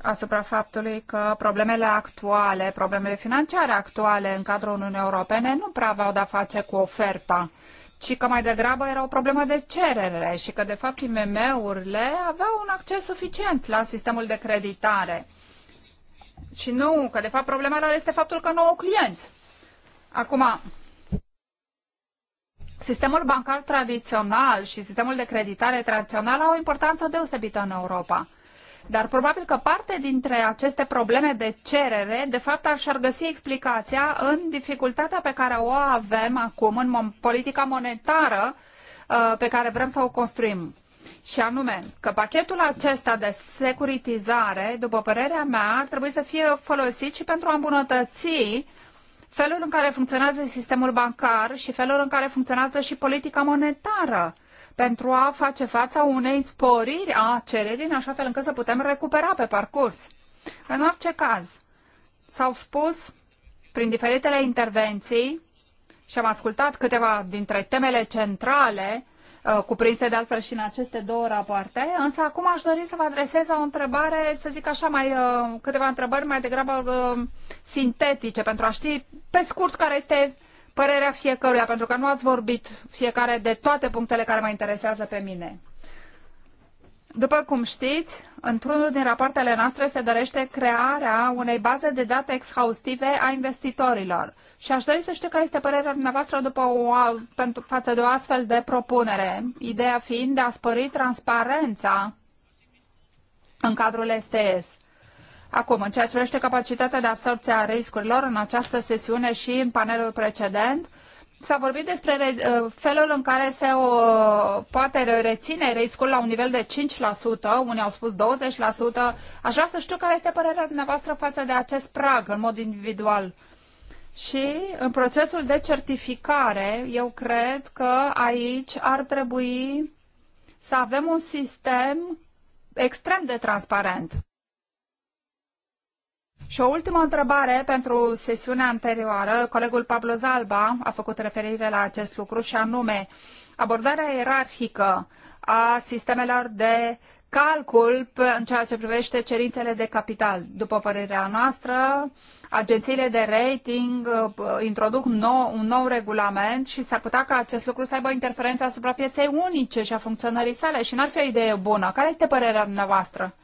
asupra faptului că problemele actuale, problemele financiare actuale în cadrul Uniunii Europene nu prea aveau de-a face cu oferta ci că mai degrabă era o problemă de cerere și că, de fapt, IMM-urile aveau un acces suficient la sistemul de creditare. Și nu, că, de fapt, problema lor este faptul că nu au clienți. Acum, sistemul bancar tradițional și sistemul de creditare tradițional au o importanță deosebită în Europa. Dar probabil că parte dintre aceste probleme de cerere, de fapt, și-ar găsi explicația în dificultatea pe care o avem acum în politica monetară uh, pe care vrem să o construim. Și anume că pachetul acesta de securitizare, după părerea mea, ar trebui să fie folosit și pentru a îmbunătăți felul în care funcționează sistemul bancar și felul în care funcționează și politica monetară pentru a face fața unei sporiri a cererii, în așa fel încât să putem recupera pe parcurs. În orice caz, s-au spus prin diferitele intervenții și am ascultat câteva dintre temele centrale uh, cuprinse de altfel și în aceste două rapoarte, însă acum aș dori să vă adresez o întrebare, să zic așa, mai, uh, câteva întrebări mai degrabă uh, sintetice, pentru a ști pe scurt care este părerea fiecăruia, pentru că nu ați vorbit fiecare de toate punctele care mă interesează pe mine. După cum știți, într-unul din rapoartele noastre se dorește crearea unei baze de date exhaustive a investitorilor. Și aș dori să știu care este părerea dumneavoastră după o, pentru, față de o astfel de propunere, ideea fiind de a spări transparența în cadrul STS. Acum, în ceea ce privește capacitatea de absorbție a riscurilor în această sesiune și în panelul precedent, S-a vorbit despre uh, felul în care se o, uh, poate reține riscul la un nivel de 5%, unii au spus 20%. Aș vrea să știu care este părerea dumneavoastră față de acest prag în mod individual. Și în procesul de certificare, eu cred că aici ar trebui să avem un sistem extrem de transparent. Și o ultimă întrebare pentru sesiunea anterioară. Colegul Pablo Zalba a făcut referire la acest lucru și anume abordarea ierarhică a sistemelor de calcul în ceea ce privește cerințele de capital. După părerea noastră, agențiile de rating uh, introduc nou, un nou regulament și s-ar putea ca acest lucru să aibă interferență asupra pieței unice și a funcționării sale și n-ar fi o idee bună. Care este părerea dumneavoastră?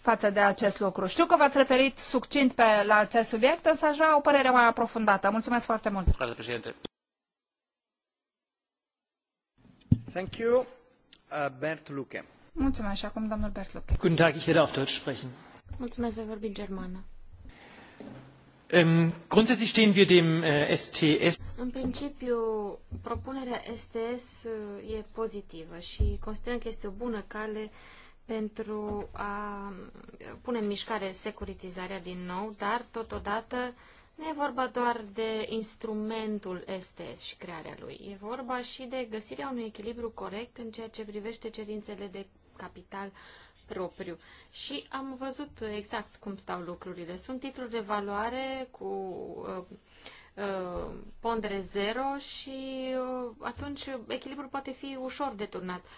față de acest lucru. Știu că v-ați referit succint pe, la acest subiect, însă aș vrea o părere mai aprofundată. Mulțumesc foarte mult. Mulțumesc, președinte. Thank you. Uh, Bert Luke. Mulțumesc. acum domnul Bert Luke. Guten Tag, ich werde auf Deutsch sprechen. Mulțumesc, voi vorbi germană. Um, grundsätzlich stehen wir dem uh, äh, STS. În principiu, propunerea STS uh, e pozitivă și considerăm că este o bună cale uh, pentru a pune în mișcare securitizarea din nou, dar totodată nu e vorba doar de instrumentul STS și crearea lui. E vorba și de găsirea unui echilibru corect în ceea ce privește cerințele de capital propriu. Și am văzut exact cum stau lucrurile. Sunt titluri de valoare cu uh, uh, pondere zero și uh, atunci echilibrul poate fi ușor deturnat. Uh,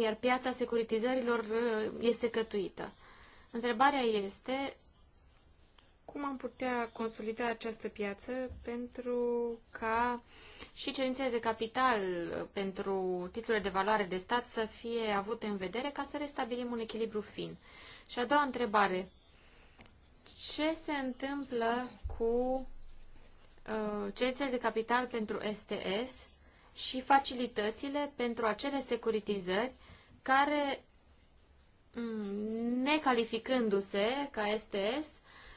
iar piața securitizărilor uh, este cătuită. Întrebarea este cum am putea consolida această piață pentru ca și cerințele de capital uh, pentru titlurile de valoare de stat să fie avute în vedere ca să restabilim un echilibru fin. Și a doua întrebare. Ce se întâmplă cu uh, cerințele de capital pentru STS și facilitățile pentru acele securitizări care, mm, necalificându-se ca STS,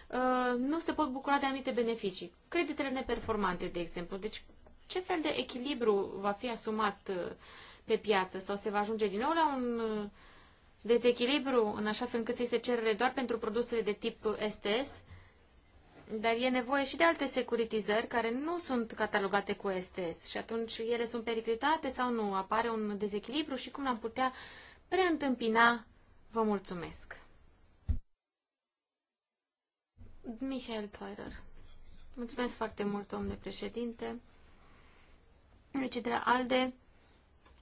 uh, nu se pot bucura de anumite beneficii. Creditele neperformante, de exemplu. Deci, ce fel de echilibru va fi asumat uh, pe piață sau se va ajunge din nou la un uh, dezechilibru în așa fel încât să se cerere doar pentru produsele de tip STS? Dar e nevoie și de alte securitizări care nu sunt catalogate cu STS și atunci ele sunt periclitate sau nu, apare un dezechilibru și cum am putea preîntâmpina. Vă mulțumesc. Michel Teurer. Mulțumesc foarte mult, domnule președinte. Deci, de la ALDE,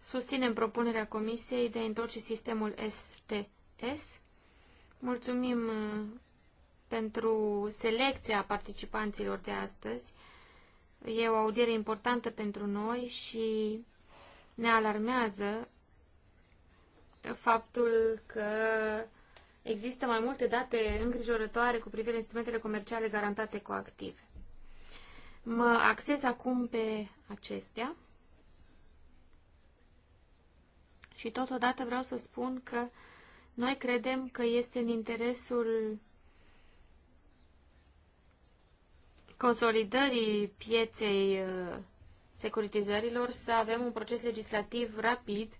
susținem propunerea Comisiei de a întoarce sistemul STS. Mulțumim pentru selecția participanților de astăzi. E o audiere importantă pentru noi și ne alarmează faptul că există mai multe date îngrijorătoare cu privire instrumentele comerciale garantate cu active. Mă axez acum pe acestea și totodată vreau să spun că noi credem că este în interesul consolidării pieței uh, securitizărilor să avem un proces legislativ rapid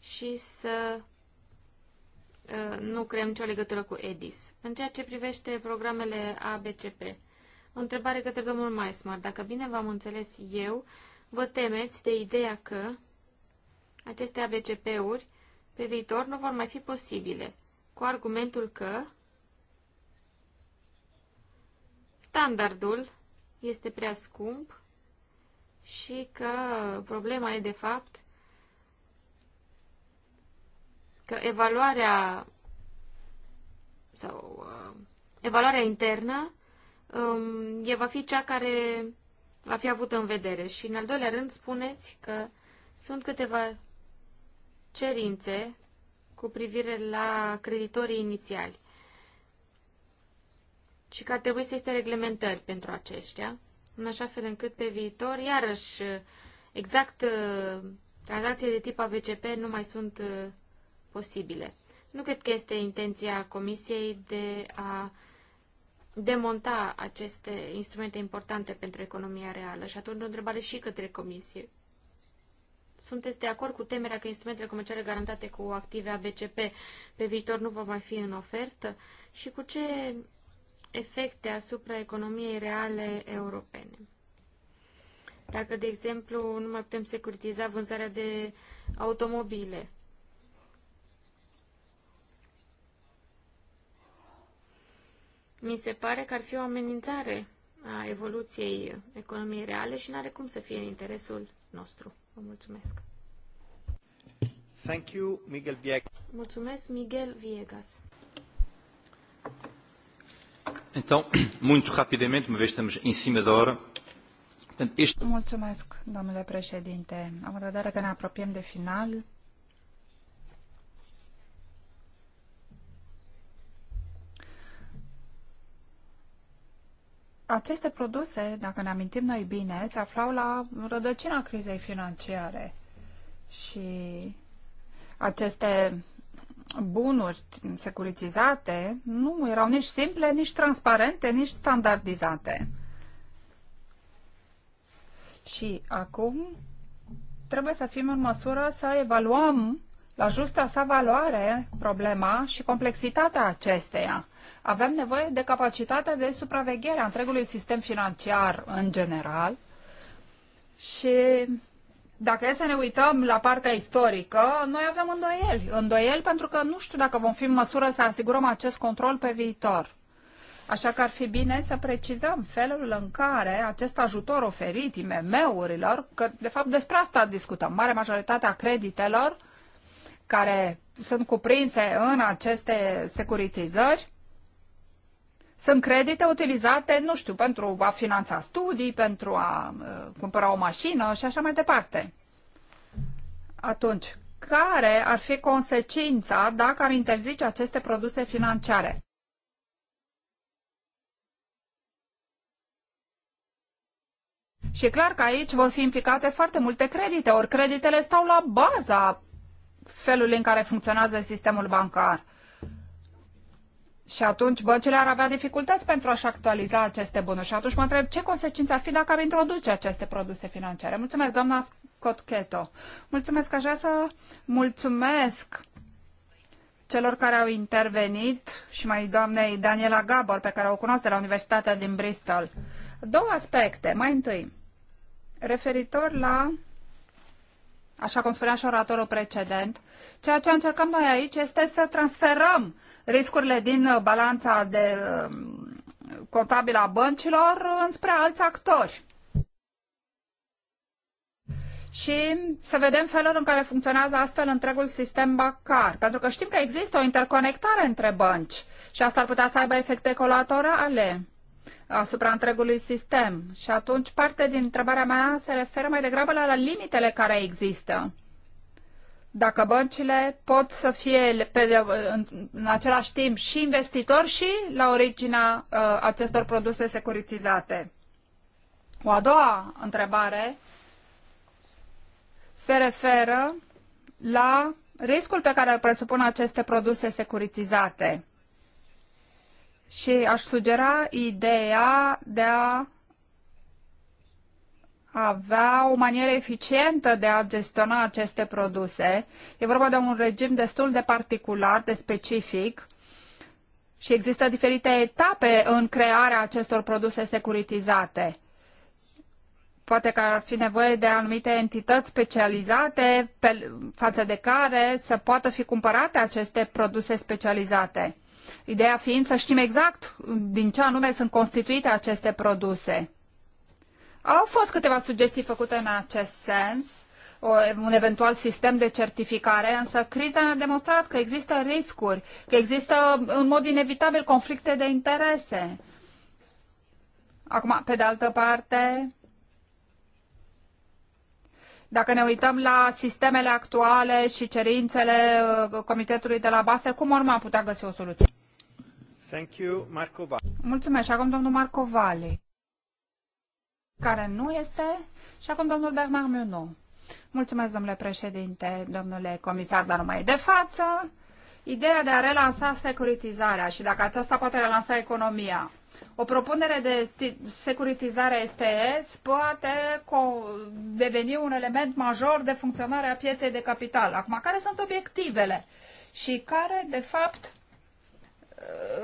și să uh, nu creăm nicio legătură cu EDIS. În ceea ce privește programele ABCP, o întrebare către domnul Maismar. Dacă bine v-am înțeles eu, vă temeți de ideea că aceste ABCP-uri pe viitor nu vor mai fi posibile, cu argumentul că standardul este prea scump și că problema e de fapt că evaluarea sau uh, evaluarea internă um, e va fi cea care va fi avută în vedere. Și în al doilea rând spuneți că sunt câteva cerințe cu privire la creditorii inițiali și că ar trebui să existe reglementări pentru aceștia, în așa fel încât pe viitor, iarăși, exact uh, tranzacții de tip ABCP nu mai sunt uh, posibile. Nu cred că este intenția Comisiei de a demonta aceste instrumente importante pentru economia reală. Și atunci o întrebare și către Comisie. Sunteți de acord cu temerea că instrumentele comerciale garantate cu active ABCP pe viitor nu vor mai fi în ofertă? Și cu ce efecte asupra economiei reale europene. Dacă, de exemplu, nu mai putem securitiza vânzarea de automobile, mi se pare că ar fi o amenințare a evoluției economiei reale și nu are cum să fie în interesul nostru. Vă mulțumesc. Thank you, Miguel Viegas. Mulțumesc, Miguel Viegas. Então, <clears throat> muito rapidamente, uma vez estamos em cima da hora. Mulțumesc, domnule președinte. Am în vedere că ne apropiem de final. Aceste produse, dacă ne amintim noi bine, se aflau la rădăcina crizei financiare și aceste bunuri securitizate nu erau nici simple, nici transparente, nici standardizate. Și acum trebuie să fim în măsură să evaluăm la justa sa valoare problema și complexitatea acesteia. Avem nevoie de capacitatea de supraveghere a întregului sistem financiar în general și dacă e să ne uităm la partea istorică, noi avem îndoieli. Îndoieli pentru că nu știu dacă vom fi în măsură să asigurăm acest control pe viitor. Așa că ar fi bine să precizăm felul în care acest ajutor oferit IMM-urilor, că de fapt despre asta discutăm, mare majoritatea creditelor care sunt cuprinse în aceste securitizări, sunt credite utilizate, nu știu, pentru a finanța studii, pentru a uh, cumpăra o mașină și așa mai departe. Atunci, care ar fi consecința dacă am interzice aceste produse financiare? Și e clar că aici vor fi implicate foarte multe credite, ori creditele stau la baza felului în care funcționează sistemul bancar. Și atunci băncile ar avea dificultăți pentru a-și actualiza aceste bunuri. Și atunci mă întreb ce consecințe ar fi dacă ar introduce aceste produse financiare. Mulțumesc, doamna Scott Keto. Mulțumesc, aș vrea să mulțumesc celor care au intervenit și mai doamnei Daniela Gabor, pe care o cunosc de la Universitatea din Bristol. Două aspecte. Mai întâi, referitor la așa cum spunea și oratorul precedent, ceea ce încercăm noi aici este să transferăm riscurile din uh, balanța de uh, contabilă a băncilor uh, înspre alți actori. Și să vedem felul în care funcționează astfel întregul sistem bancar. Pentru că știm că există o interconectare între bănci și asta ar putea să aibă efecte colaterale asupra întregului sistem. Și atunci parte din întrebarea mea se referă mai degrabă la limitele care există dacă băncile pot să fie pe, în, în același timp și investitori și la originea uh, acestor produse securitizate. O a doua întrebare se referă la riscul pe care îl presupun aceste produse securitizate. Și aș sugera ideea de a avea o manieră eficientă de a gestiona aceste produse. E vorba de un regim destul de particular, de specific și există diferite etape în crearea acestor produse securitizate. Poate că ar fi nevoie de anumite entități specializate pe, față de care să poată fi cumpărate aceste produse specializate. Ideea fiind să știm exact din ce anume sunt constituite aceste produse au fost câteva sugestii făcute în acest sens, o, un eventual sistem de certificare, însă criza ne-a demonstrat că există riscuri, că există în mod inevitabil conflicte de interese. Acum, pe de altă parte, dacă ne uităm la sistemele actuale și cerințele uh, Comitetului de la Basel, cum urma putea găsi o soluție? Thank you, Marco Mulțumesc. acum domnul Marco Vali care nu este. Și acum domnul Bernard Miu, Mulțumesc, domnule președinte, domnule comisar, dar numai de față. Ideea de a relansa securitizarea și dacă aceasta poate relansa economia. O propunere de securitizare STS poate deveni un element major de funcționare a pieței de capital. Acum, care sunt obiectivele și care, de fapt,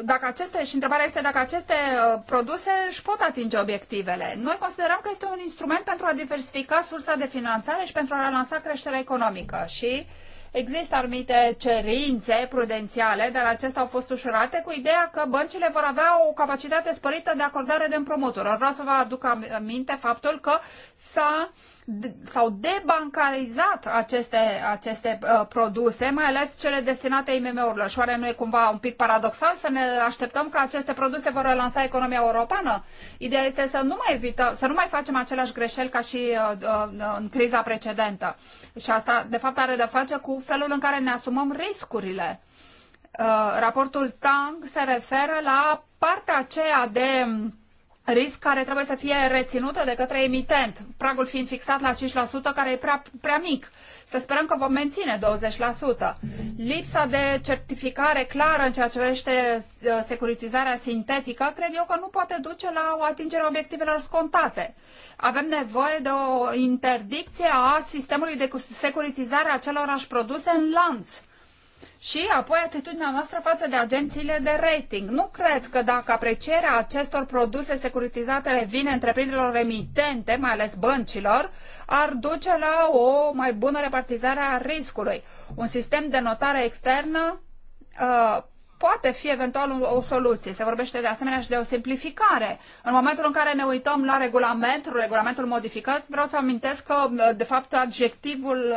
dacă aceste, și întrebarea este dacă aceste uh, produse își pot atinge obiectivele. Noi considerăm că este un instrument pentru a diversifica sursa de finanțare și pentru a relansa creșterea economică și Există anumite cerințe prudențiale, dar acestea au fost ușurate cu ideea că băncile vor avea o capacitate sporită de acordare de împrumuturi. Vreau să vă aduc aminte faptul că s-a uh, s-au debancarizat aceste, aceste uh, produse, mai ales cele destinate IMM-urilor. Și oare nu e cumva un pic paradoxal să ne așteptăm că aceste produse vor relansa economia europeană? Ideea este să nu mai, evităm, să nu mai facem aceleași greșeli ca și uh, uh, în criza precedentă. Și asta, de fapt, are de face cu felul în care ne asumăm riscurile. Uh, raportul Tang se referă la partea aceea de risc care trebuie să fie reținută de către emitent, pragul fiind fixat la 5%, care e prea, prea mic. Să sperăm că vom menține 20%. Lipsa de certificare clară în ceea ce privește uh, securitizarea sintetică, cred eu că nu poate duce la o atingere obiectivelor scontate. Avem nevoie de o interdicție a sistemului de securitizare a acelorași produse în lanț și apoi atitudinea noastră față de agențiile de rating. Nu cred că dacă aprecierea acestor produse securitizate revine întreprinderilor emitente, mai ales băncilor, ar duce la o mai bună repartizare a riscului. Un sistem de notare externă uh, poate fi eventual o soluție. Se vorbește de asemenea și de o simplificare. În momentul în care ne uităm la regulamentul, regulamentul modificat, vreau să amintesc că, uh, de fapt, adjectivul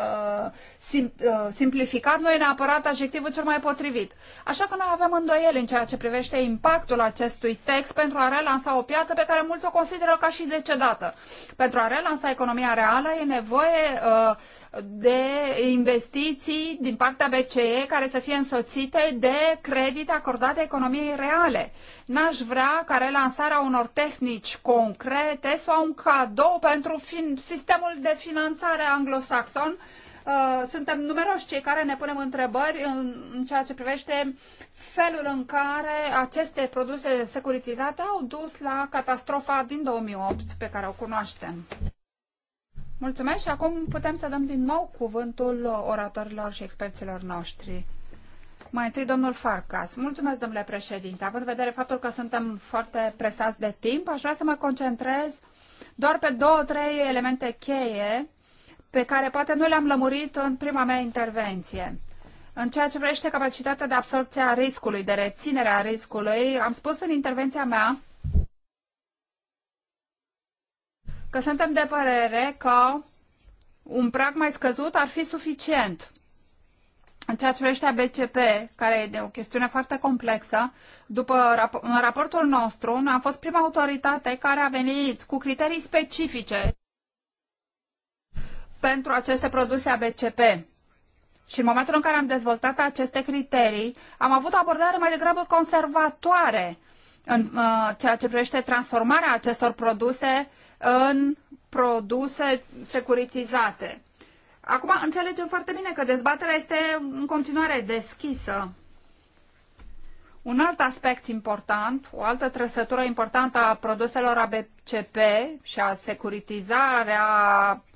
uh, uh, simplificat nu e neapărat adjectivul cel mai potrivit. Așa că noi avem îndoieli în ceea ce privește impactul acestui text pentru a relansa o piață pe care mulți o consideră ca și decedată. Pentru a relansa economia reală e nevoie de investiții din partea BCE care să fie însoțite de credit credite acordate economiei reale. N-aș vrea ca relansarea unor tehnici concrete sau un cadou pentru fin sistemul de finanțare anglosaxon uh, suntem numeroși cei care ne punem întrebări în, în ceea ce privește felul în care aceste produse securitizate au dus la catastrofa din 2008 pe care o cunoaștem. Mulțumesc și acum putem să dăm din nou cuvântul oratorilor și experților noștri. Mai întâi, domnul Farcas. Mulțumesc, domnule președinte. Având în vedere faptul că suntem foarte presați de timp, aș vrea să mă concentrez doar pe două, trei elemente cheie pe care poate nu le-am lămurit în prima mea intervenție. În ceea ce privește capacitatea de absorbție a riscului, de reținere a riscului, am spus în intervenția mea că suntem de părere că un prag mai scăzut ar fi suficient în ceea ce privește BCP, care e o chestiune foarte complexă, după rap- în raportul nostru, noi am fost prima autoritate care a venit cu criterii specifice pentru aceste produse ABCP. Și în momentul în care am dezvoltat aceste criterii, am avut o abordare mai degrabă conservatoare în uh, ceea ce privește transformarea acestor produse în produse securitizate. Acum înțelegem foarte bine că dezbaterea este în continuare deschisă. Un alt aspect important, o altă trăsătură importantă a produselor ABCP și a securitizarea,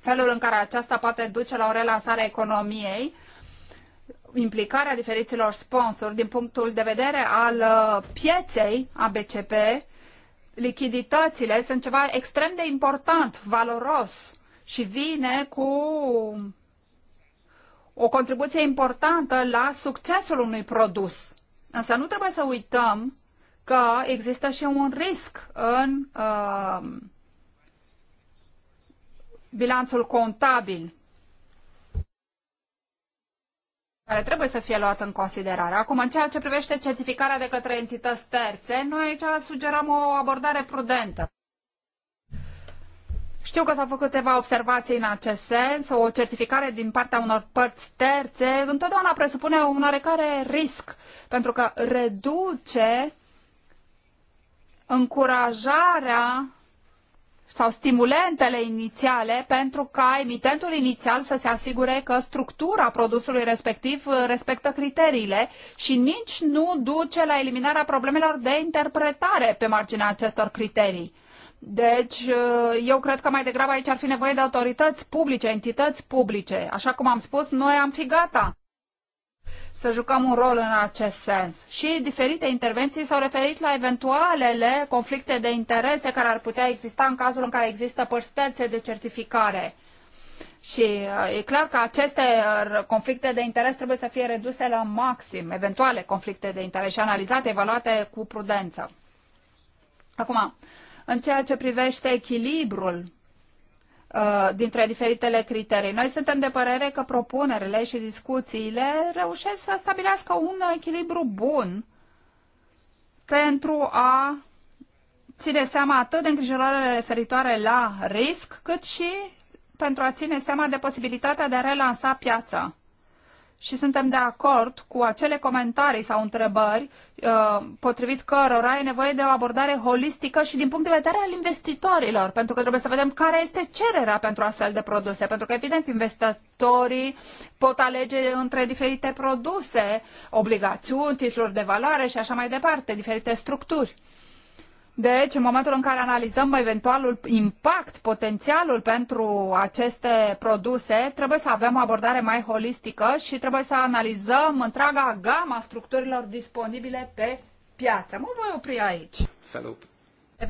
felul în care aceasta poate duce la o relansare economiei, implicarea diferiților sponsori din punctul de vedere al uh, pieței ABCP, lichiditățile sunt ceva extrem de important, valoros și vine cu o contribuție importantă la succesul unui produs. Însă nu trebuie să uităm că există și un risc în uh, bilanțul contabil care trebuie să fie luat în considerare. Acum, în ceea ce privește certificarea de către entități terțe, noi aici sugerăm o abordare prudentă. Știu că s-au făcut câteva observații în acest sens. O certificare din partea unor părți terțe întotdeauna presupune un oarecare risc, pentru că reduce încurajarea sau stimulentele inițiale pentru ca emitentul inițial să se asigure că structura produsului respectiv respectă criteriile și nici nu duce la eliminarea problemelor de interpretare pe marginea acestor criterii. Deci, uh, eu cred că mai degrabă aici ar fi nevoie de autorități publice, entități publice. Așa cum am spus, noi am fi gata să jucăm un rol în acest sens. Și diferite intervenții s-au referit la eventualele conflicte de interese care ar putea exista în cazul în care există părți terțe de certificare. Și uh, e clar că aceste uh, conflicte de interes trebuie să fie reduse la maxim, eventuale conflicte de interes și analizate, evaluate cu prudență. Acum, în ceea ce privește echilibrul uh, dintre diferitele criterii. Noi suntem de părere că propunerile și discuțiile reușesc să stabilească un echilibru bun pentru a ține seama atât de îngrijorările referitoare la risc, cât și pentru a ține seama de posibilitatea de a relansa piața și suntem de acord cu acele comentarii sau întrebări uh, potrivit cărora e nevoie de o abordare holistică și din punct de vedere al investitorilor, pentru că trebuie să vedem care este cererea pentru astfel de produse, pentru că evident investitorii pot alege între diferite produse, obligațiuni, titluri de valoare și așa mai departe, diferite structuri. Deci, în momentul în care analizăm eventualul impact, potențialul pentru aceste produse, trebuie să avem o abordare mai holistică și trebuie să analizăm întreaga gama structurilor disponibile pe piață. Mă voi opri aici. Salut!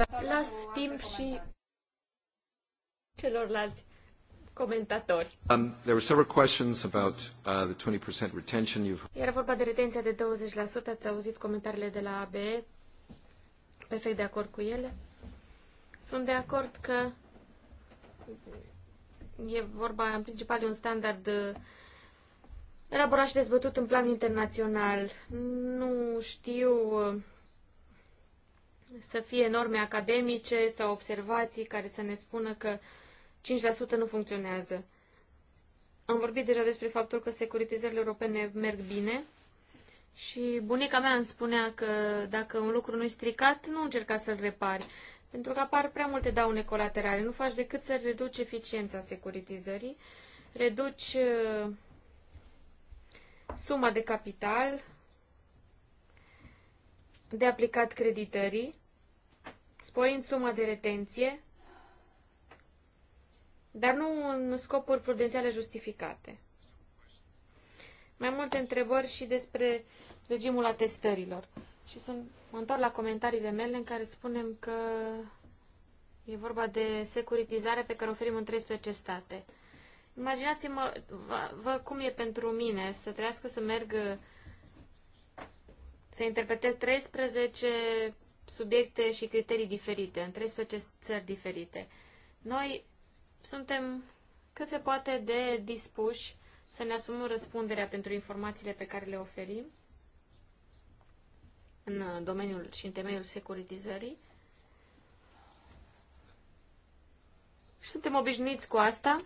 Las timp și celorlalți comentatori. Um, there were several questions about uh, the 20% retention. You've... Era vorba de retenția de 20%. Ați auzit comentariile de la ABE perfect de acord cu ele. Sunt de acord că e vorba în principal de un standard uh, elaborat și dezbătut în plan internațional. Nu știu uh, să fie norme academice sau observații care să ne spună că 5% nu funcționează. Am vorbit deja despre faptul că securitizările europene merg bine și bunica mea îmi spunea că dacă un lucru nu-i stricat, nu încerca să-l repari, pentru că apar prea multe daune colaterale. Nu faci decât să reduci eficiența securitizării, reduci uh, suma de capital de aplicat creditării, sporind suma de retenție, dar nu în scopuri prudențiale justificate mai multe întrebări și despre regimul atestărilor. Și sunt, mă întorc la comentariile mele în care spunem că e vorba de securitizare pe care o oferim în 13 state. Imaginați-mă vă, cum e pentru mine să trească să merg să interpretez 13 subiecte și criterii diferite, în 13 țări diferite. Noi suntem cât se poate de dispuși să ne asumăm răspunderea pentru informațiile pe care le oferim în domeniul și în temeiul securitizării. Și suntem obișnuiți cu asta.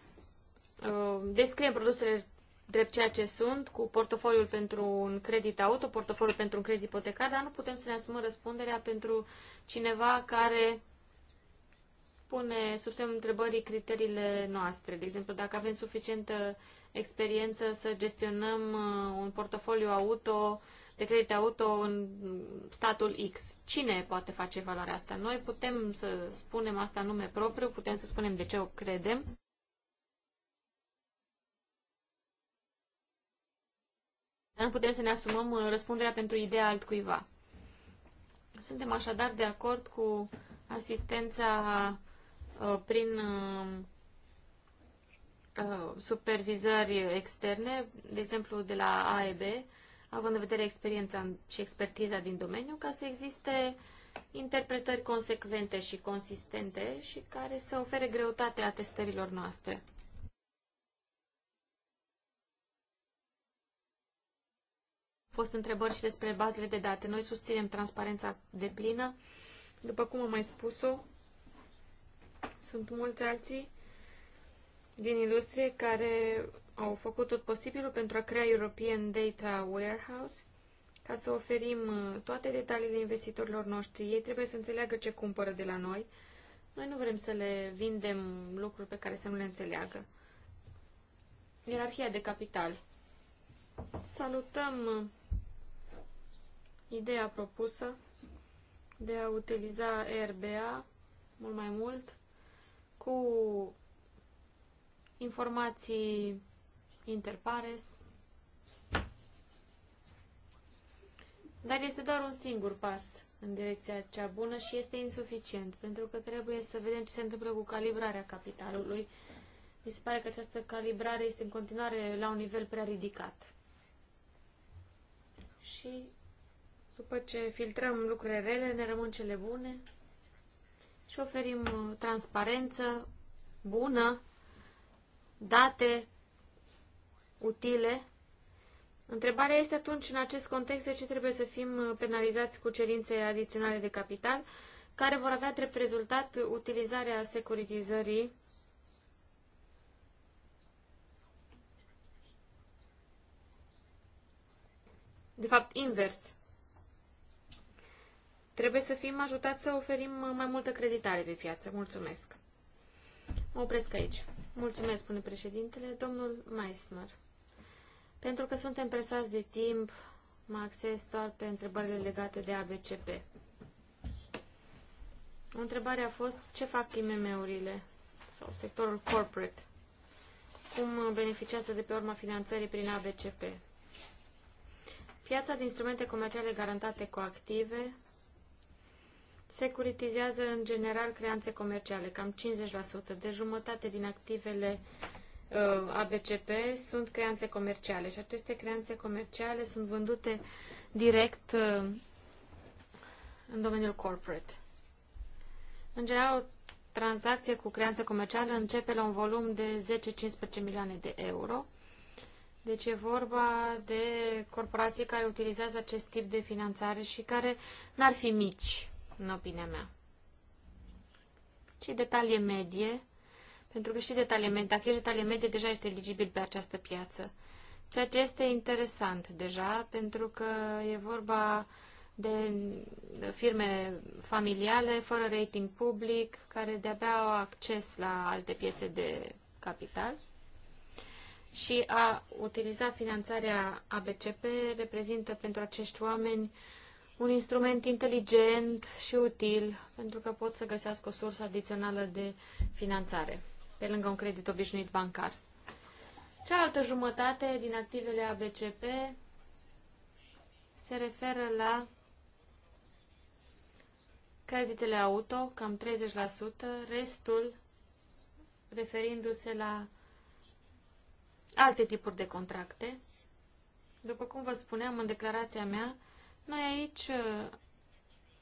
Uh, descriem produsele drept ceea ce sunt, cu portofoliul pentru un credit auto, portofoliul pentru un credit ipotecar, dar nu putem să ne asumăm răspunderea pentru cineva care pune sub semnul întrebării criteriile noastre. De exemplu, dacă avem suficientă experiență să gestionăm uh, un portofoliu auto, de credite auto în statul X. Cine poate face valoarea asta? Noi putem să spunem asta în nume propriu, putem să spunem de ce o credem. Dar nu putem să ne asumăm uh, răspunderea pentru ideea altcuiva. Suntem așadar de acord cu asistența uh, prin Uh, supervizări externe, de exemplu de la AEB, având în vedere experiența și expertiza din domeniu, ca să existe interpretări consecvente și consistente și care să ofere greutatea testărilor noastre. fost întrebări și despre bazele de date. Noi susținem transparența de plină. După cum am mai spus-o, sunt mulți alții din industrie care au făcut tot posibilul pentru a crea European Data Warehouse ca să oferim uh, toate detaliile investitorilor noștri. Ei trebuie să înțeleagă ce cumpără de la noi. Noi nu vrem să le vindem lucruri pe care să nu le înțeleagă. Ierarhia de capital. Salutăm uh, ideea propusă de a utiliza RBA mult mai mult cu informații interpares. Dar este doar un singur pas în direcția cea bună și este insuficient, pentru că trebuie să vedem ce se întâmplă cu calibrarea capitalului. Mi se pare că această calibrare este în continuare la un nivel prea ridicat. Și după ce filtrăm lucrurile rele, ne rămân cele bune și oferim transparență bună date utile. Întrebarea este atunci, în acest context, de ce trebuie să fim penalizați cu cerințe adiționale de capital, care vor avea drept rezultat utilizarea securitizării De fapt, invers. Trebuie să fim ajutați să oferim mai multă creditare pe piață. Mulțumesc! Mă opresc aici. Mulțumesc, spune președintele. Domnul Meissner. Pentru că suntem presați de timp, mă acces doar pe întrebările legate de ABCP. O întrebare a fost ce fac IMM-urile sau sectorul corporate? Cum beneficiază de pe urma finanțării prin ABCP? Piața de instrumente comerciale garantate coactive securitizează în general creanțe comerciale, cam 50%. De deci jumătate din activele uh, ABCP sunt creanțe comerciale și aceste creanțe comerciale sunt vândute direct uh, în domeniul corporate. În general, o tranzacție cu creanță comercială începe la un volum de 10-15 milioane de euro. Deci e vorba de corporații care utilizează acest tip de finanțare și care n-ar fi mici în opinia mea. Și detalii medie, pentru că și detalii medie, dacă ești detalii medie, deja ești eligibil pe această piață. Ceea ce este interesant deja, pentru că e vorba de firme familiale, fără rating public, care de-abia au acces la alte piețe de capital. Și a utiliza finanțarea ABCP reprezintă pentru acești oameni un instrument inteligent și util pentru că pot să găsească o sursă adițională de finanțare, pe lângă un credit obișnuit bancar. Cealaltă jumătate din activele ABCP se referă la creditele auto, cam 30%, restul referindu-se la alte tipuri de contracte. După cum vă spuneam în declarația mea, noi aici uh,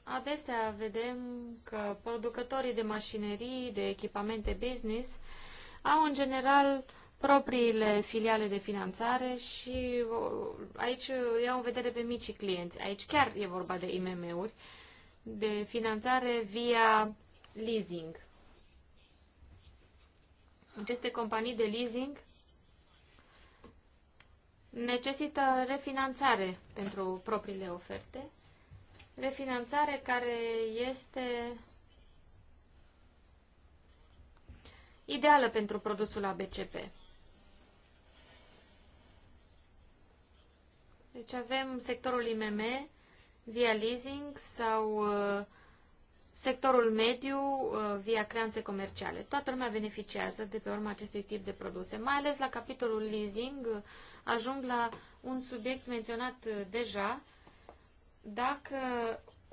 adesea vedem că producătorii de mașinerii, de echipamente business, au în general propriile filiale de finanțare și aici uh, iau în vedere pe micii clienți. Aici chiar e vorba de IMM-uri, de finanțare via leasing. Aceste companii de leasing necesită refinanțare pentru propriile oferte, refinanțare care este ideală pentru produsul ABCP. Deci avem sectorul IMM via leasing sau uh, sectorul mediu uh, via creanțe comerciale. Toată lumea beneficiază de pe urma acestui tip de produse, mai ales la capitolul leasing uh, ajung la un subiect menționat uh, deja, dacă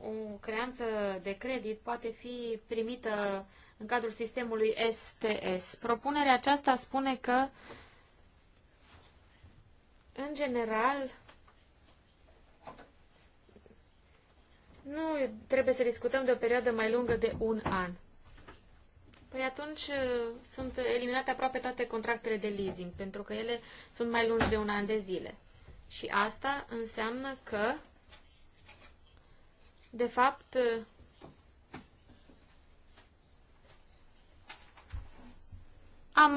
o creanță de credit poate fi primită în cadrul sistemului STS. Propunerea aceasta spune că, în general, nu trebuie să discutăm de o perioadă mai lungă de un an. Păi atunci uh, sunt eliminate aproape toate contractele de leasing, pentru că ele sunt mai lungi de un an de zile. Și asta înseamnă că, de fapt, uh, am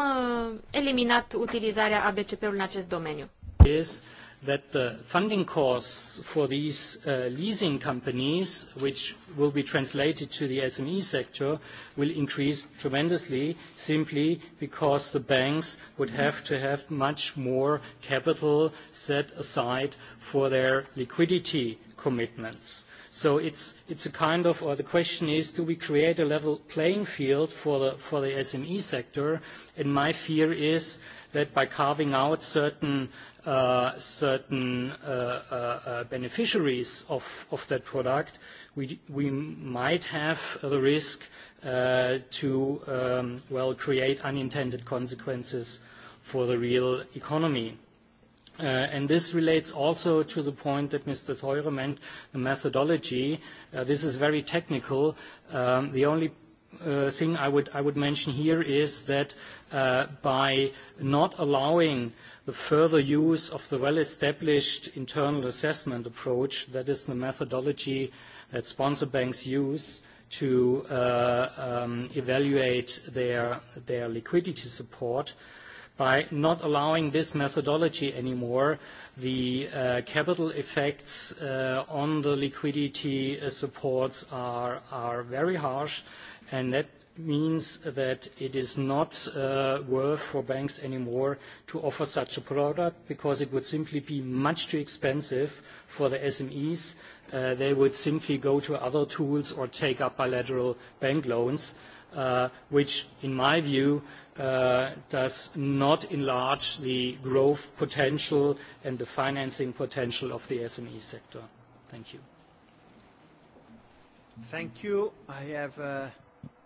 uh, eliminat utilizarea ABCP-ului în acest domeniu. Yes that the funding costs for these uh, leasing companies, which will be translated to the SME sector, will increase tremendously simply because the banks would have to have much more capital set aside for their liquidity commitments. So it's, it's a kind of, or the question is, do we create a level playing field for the, for the SME sector? And my fear is that by carving out certain Uh, certain uh, uh, beneficiaries of, that product, we, might have the risk to, um, well, create unintended consequences for the real economy. and this relates also to the point that Mr. Theurer meant, the methodology. this is very technical. Um, the only thing I would mention here is that by not allowing the further use of the well-established internal assessment approach, that is the methodology that sponsor banks use to uh, um, evaluate their, their liquidity support. By not allowing this methodology anymore, the uh, capital effects uh, on the liquidity uh, supports are, are very harsh, and that means that it is not uh, worth for banks anymore to offer such a product because it would simply be much too expensive for the SMEs. Uh, they would simply go to other tools or take up bilateral bank loans, uh, which in my view uh, does not enlarge the growth potential and the financing potential of the SME sector. Thank you. Thank you. I have uh,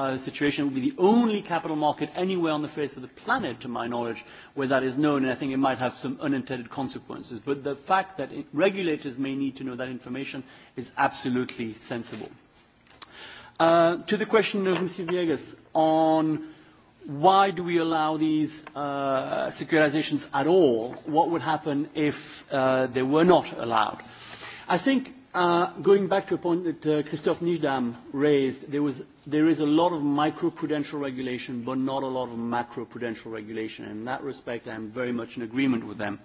Uh, situation. It would be the only capital market anywhere on the face of the planet, to my knowledge, where that is known, and I think it might have some unintended consequences. But the fact that it, regulators may need to know that information is absolutely sensible. Uh, to the question of Mr. Viegas on why do we allow these uh, securitizations at all? What would happen if uh, they were not allowed? I think Uh, going back to a point that uh, Christophe Nijdam raised, there, was, there is a lot of microprudential regulation, but not a lot of macroprudential regulation. In that respect, I am very much in agreement with them.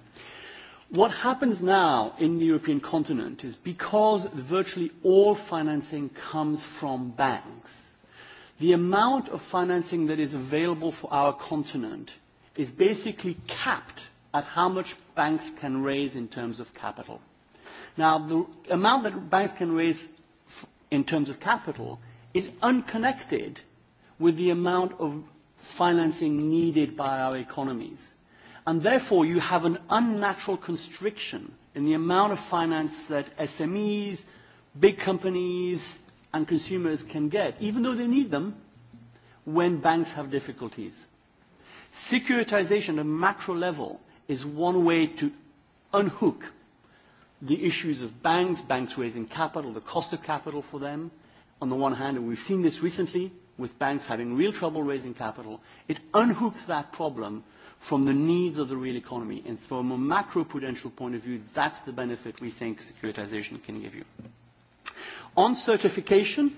What happens now in the European continent is because virtually all financing comes from banks, the amount of financing that is available for our continent is basically capped at how much banks can raise in terms of capital. Now, the amount that banks can raise in terms of capital is unconnected with the amount of financing needed by our economies. And therefore, you have an unnatural constriction in the amount of finance that SMEs, big companies, and consumers can get, even though they need them, when banks have difficulties. Securitization at macro level is one way to unhook the issues of banks, banks raising capital, the cost of capital for them, on the one hand, and we've seen this recently with banks having real trouble raising capital, it unhooks that problem from the needs of the real economy. And from a macroprudential point of view, that's the benefit we think securitization can give you. On certification,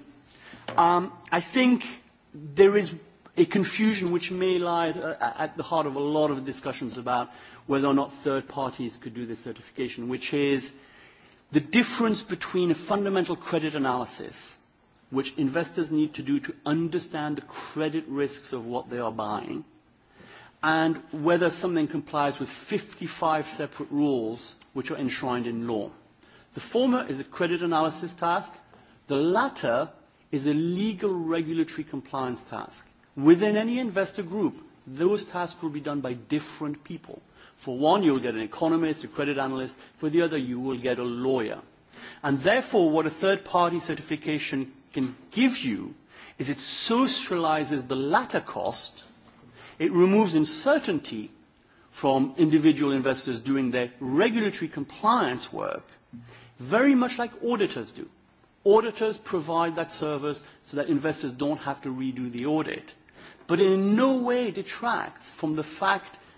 um, I think there is a confusion which may lie at, at the heart of a lot of discussions about whether or not third parties could do this certification, which is the difference between a fundamental credit analysis, which investors need to do to understand the credit risks of what they are buying, and whether something complies with 55 separate rules which are enshrined in law. The former is a credit analysis task. The latter is a legal regulatory compliance task. Within any investor group, those tasks will be done by different people. For one, you'll get an economist, a credit analyst. For the other, you will get a lawyer. And therefore, what a third-party certification can give you is it socializes the latter cost. It removes uncertainty from individual investors doing their regulatory compliance work, very much like auditors do. Auditors provide that service so that investors don't have to redo the audit. But in no way detracts from the fact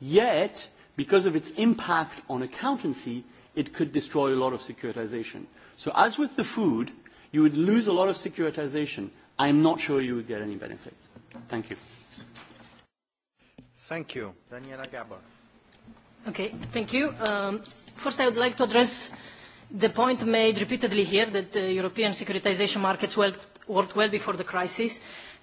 Yet, because of its impact on accountancy, it could destroy a lot of securitization. So as with the food, you would lose a lot of securitization. I'm not sure you would get any benefits. Thank you. Thank you. Daniela Gabor. Okay, thank you. Um, first, I would like to address the point made repeatedly here that the European securitization markets worked well before the crisis.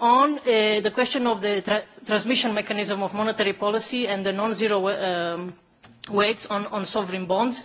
on uh, the question of the tra transmission mechanism of monetary policy and the non-zero um, weights on, on sovereign bonds. Uh,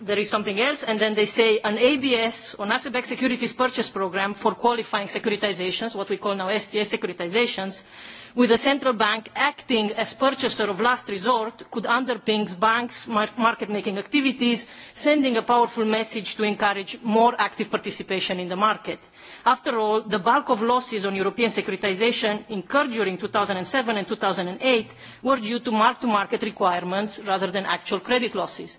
there is something else, and then they say an ABS, or asset-backed securities purchase program for qualifying securitizations, what we call now STA securitizations, with the central bank acting as purchaser of last resort could underpin banks' market-making activities, sending a powerful message to encourage more active participation in the market. After all, the bulk of losses on European securitization incurred during 2007 and 2008 were due to mark-to-market requirements rather than actual credit losses.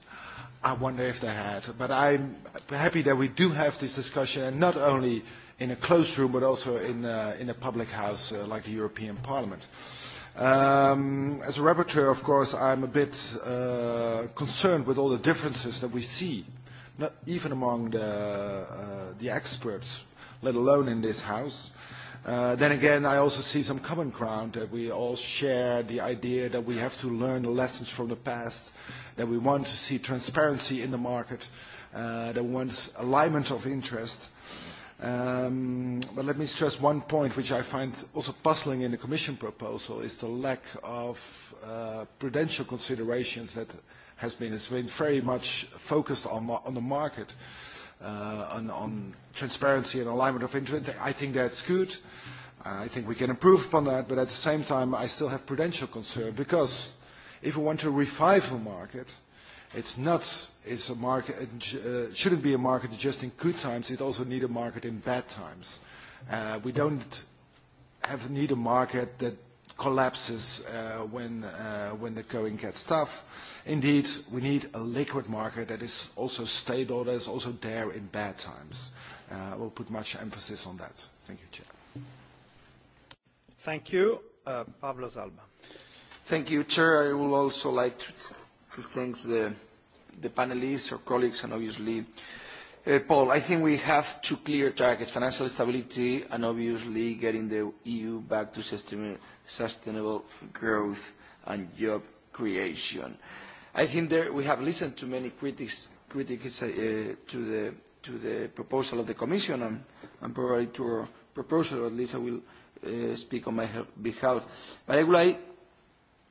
I wonder if they had. But I'm happy that we do have this discussion, and not only in a closed room, but also in, a, uh, in a public house uh, like the European Parliament. Um, as a rapporteur, of course, I'm a bit uh, concerned with all the differences that we see, not even among the, uh, the experts, let alone in this house. Uh, then again, I also see some common ground that we all share the idea that we have to learn the lessons from the past, that we want to see transparency in the market, uh, that we want alignment of interest. Um, but let me stress one point which I find also puzzling in the Commission proposal is the lack of uh, prudential considerations that has been, has been very much focused on, on the market, uh, on, on transparency and alignment of interest. I think that's good. I think we can improve upon that, but at the same time, I still have prudential concern because if we want to revive a market, it's not it's a market uh, shouldn't be a market just in good times. It also need a market in bad times. Uh, we don't have need a market that collapses uh, when uh, when the going gets tough. Indeed, we need a liquid market that is also stable, that is also there in bad times. Uh, we'll put much emphasis on that. Thank you, Chair. Thank you, uh, Pablo Zalba. Thank you, Chair. I would also like to, to thank the, the panelists or colleagues and obviously uh, Paul. I think we have two clear targets, financial stability and obviously getting the EU back to sustainable growth and job creation. I think there, we have listened to many critics, critics uh, to, the, to the proposal of the Commission and, and probably to our proposal, or at least I will uh, speak on my behalf. But I would like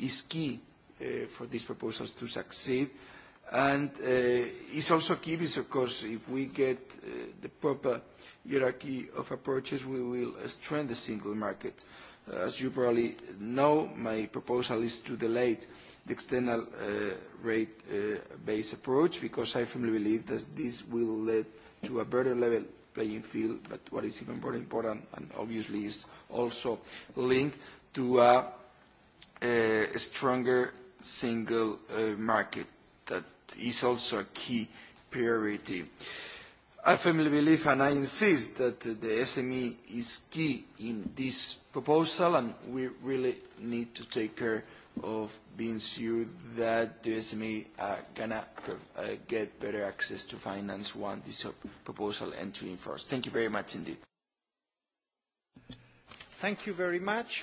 is key uh, for these proposals to succeed. And uh, it's also key because, of course, if we get uh, the proper hierarchy of approaches, we will uh, strengthen the single market. Uh, as you probably know, my proposal is to delay the external uh, rate-based uh, approach because I firmly believe that this will lead to a better level playing field, but what is even more important and obviously is also linked to a Eh, a stronger single eh, market. That is also a key priority. I firmly believe, and I insist, that the SME is key in this proposal, and we really need to take care of being sure that the SME are going to eh, get better access to finance once this proposal enters in force. Thank you very much indeed. Thank you very much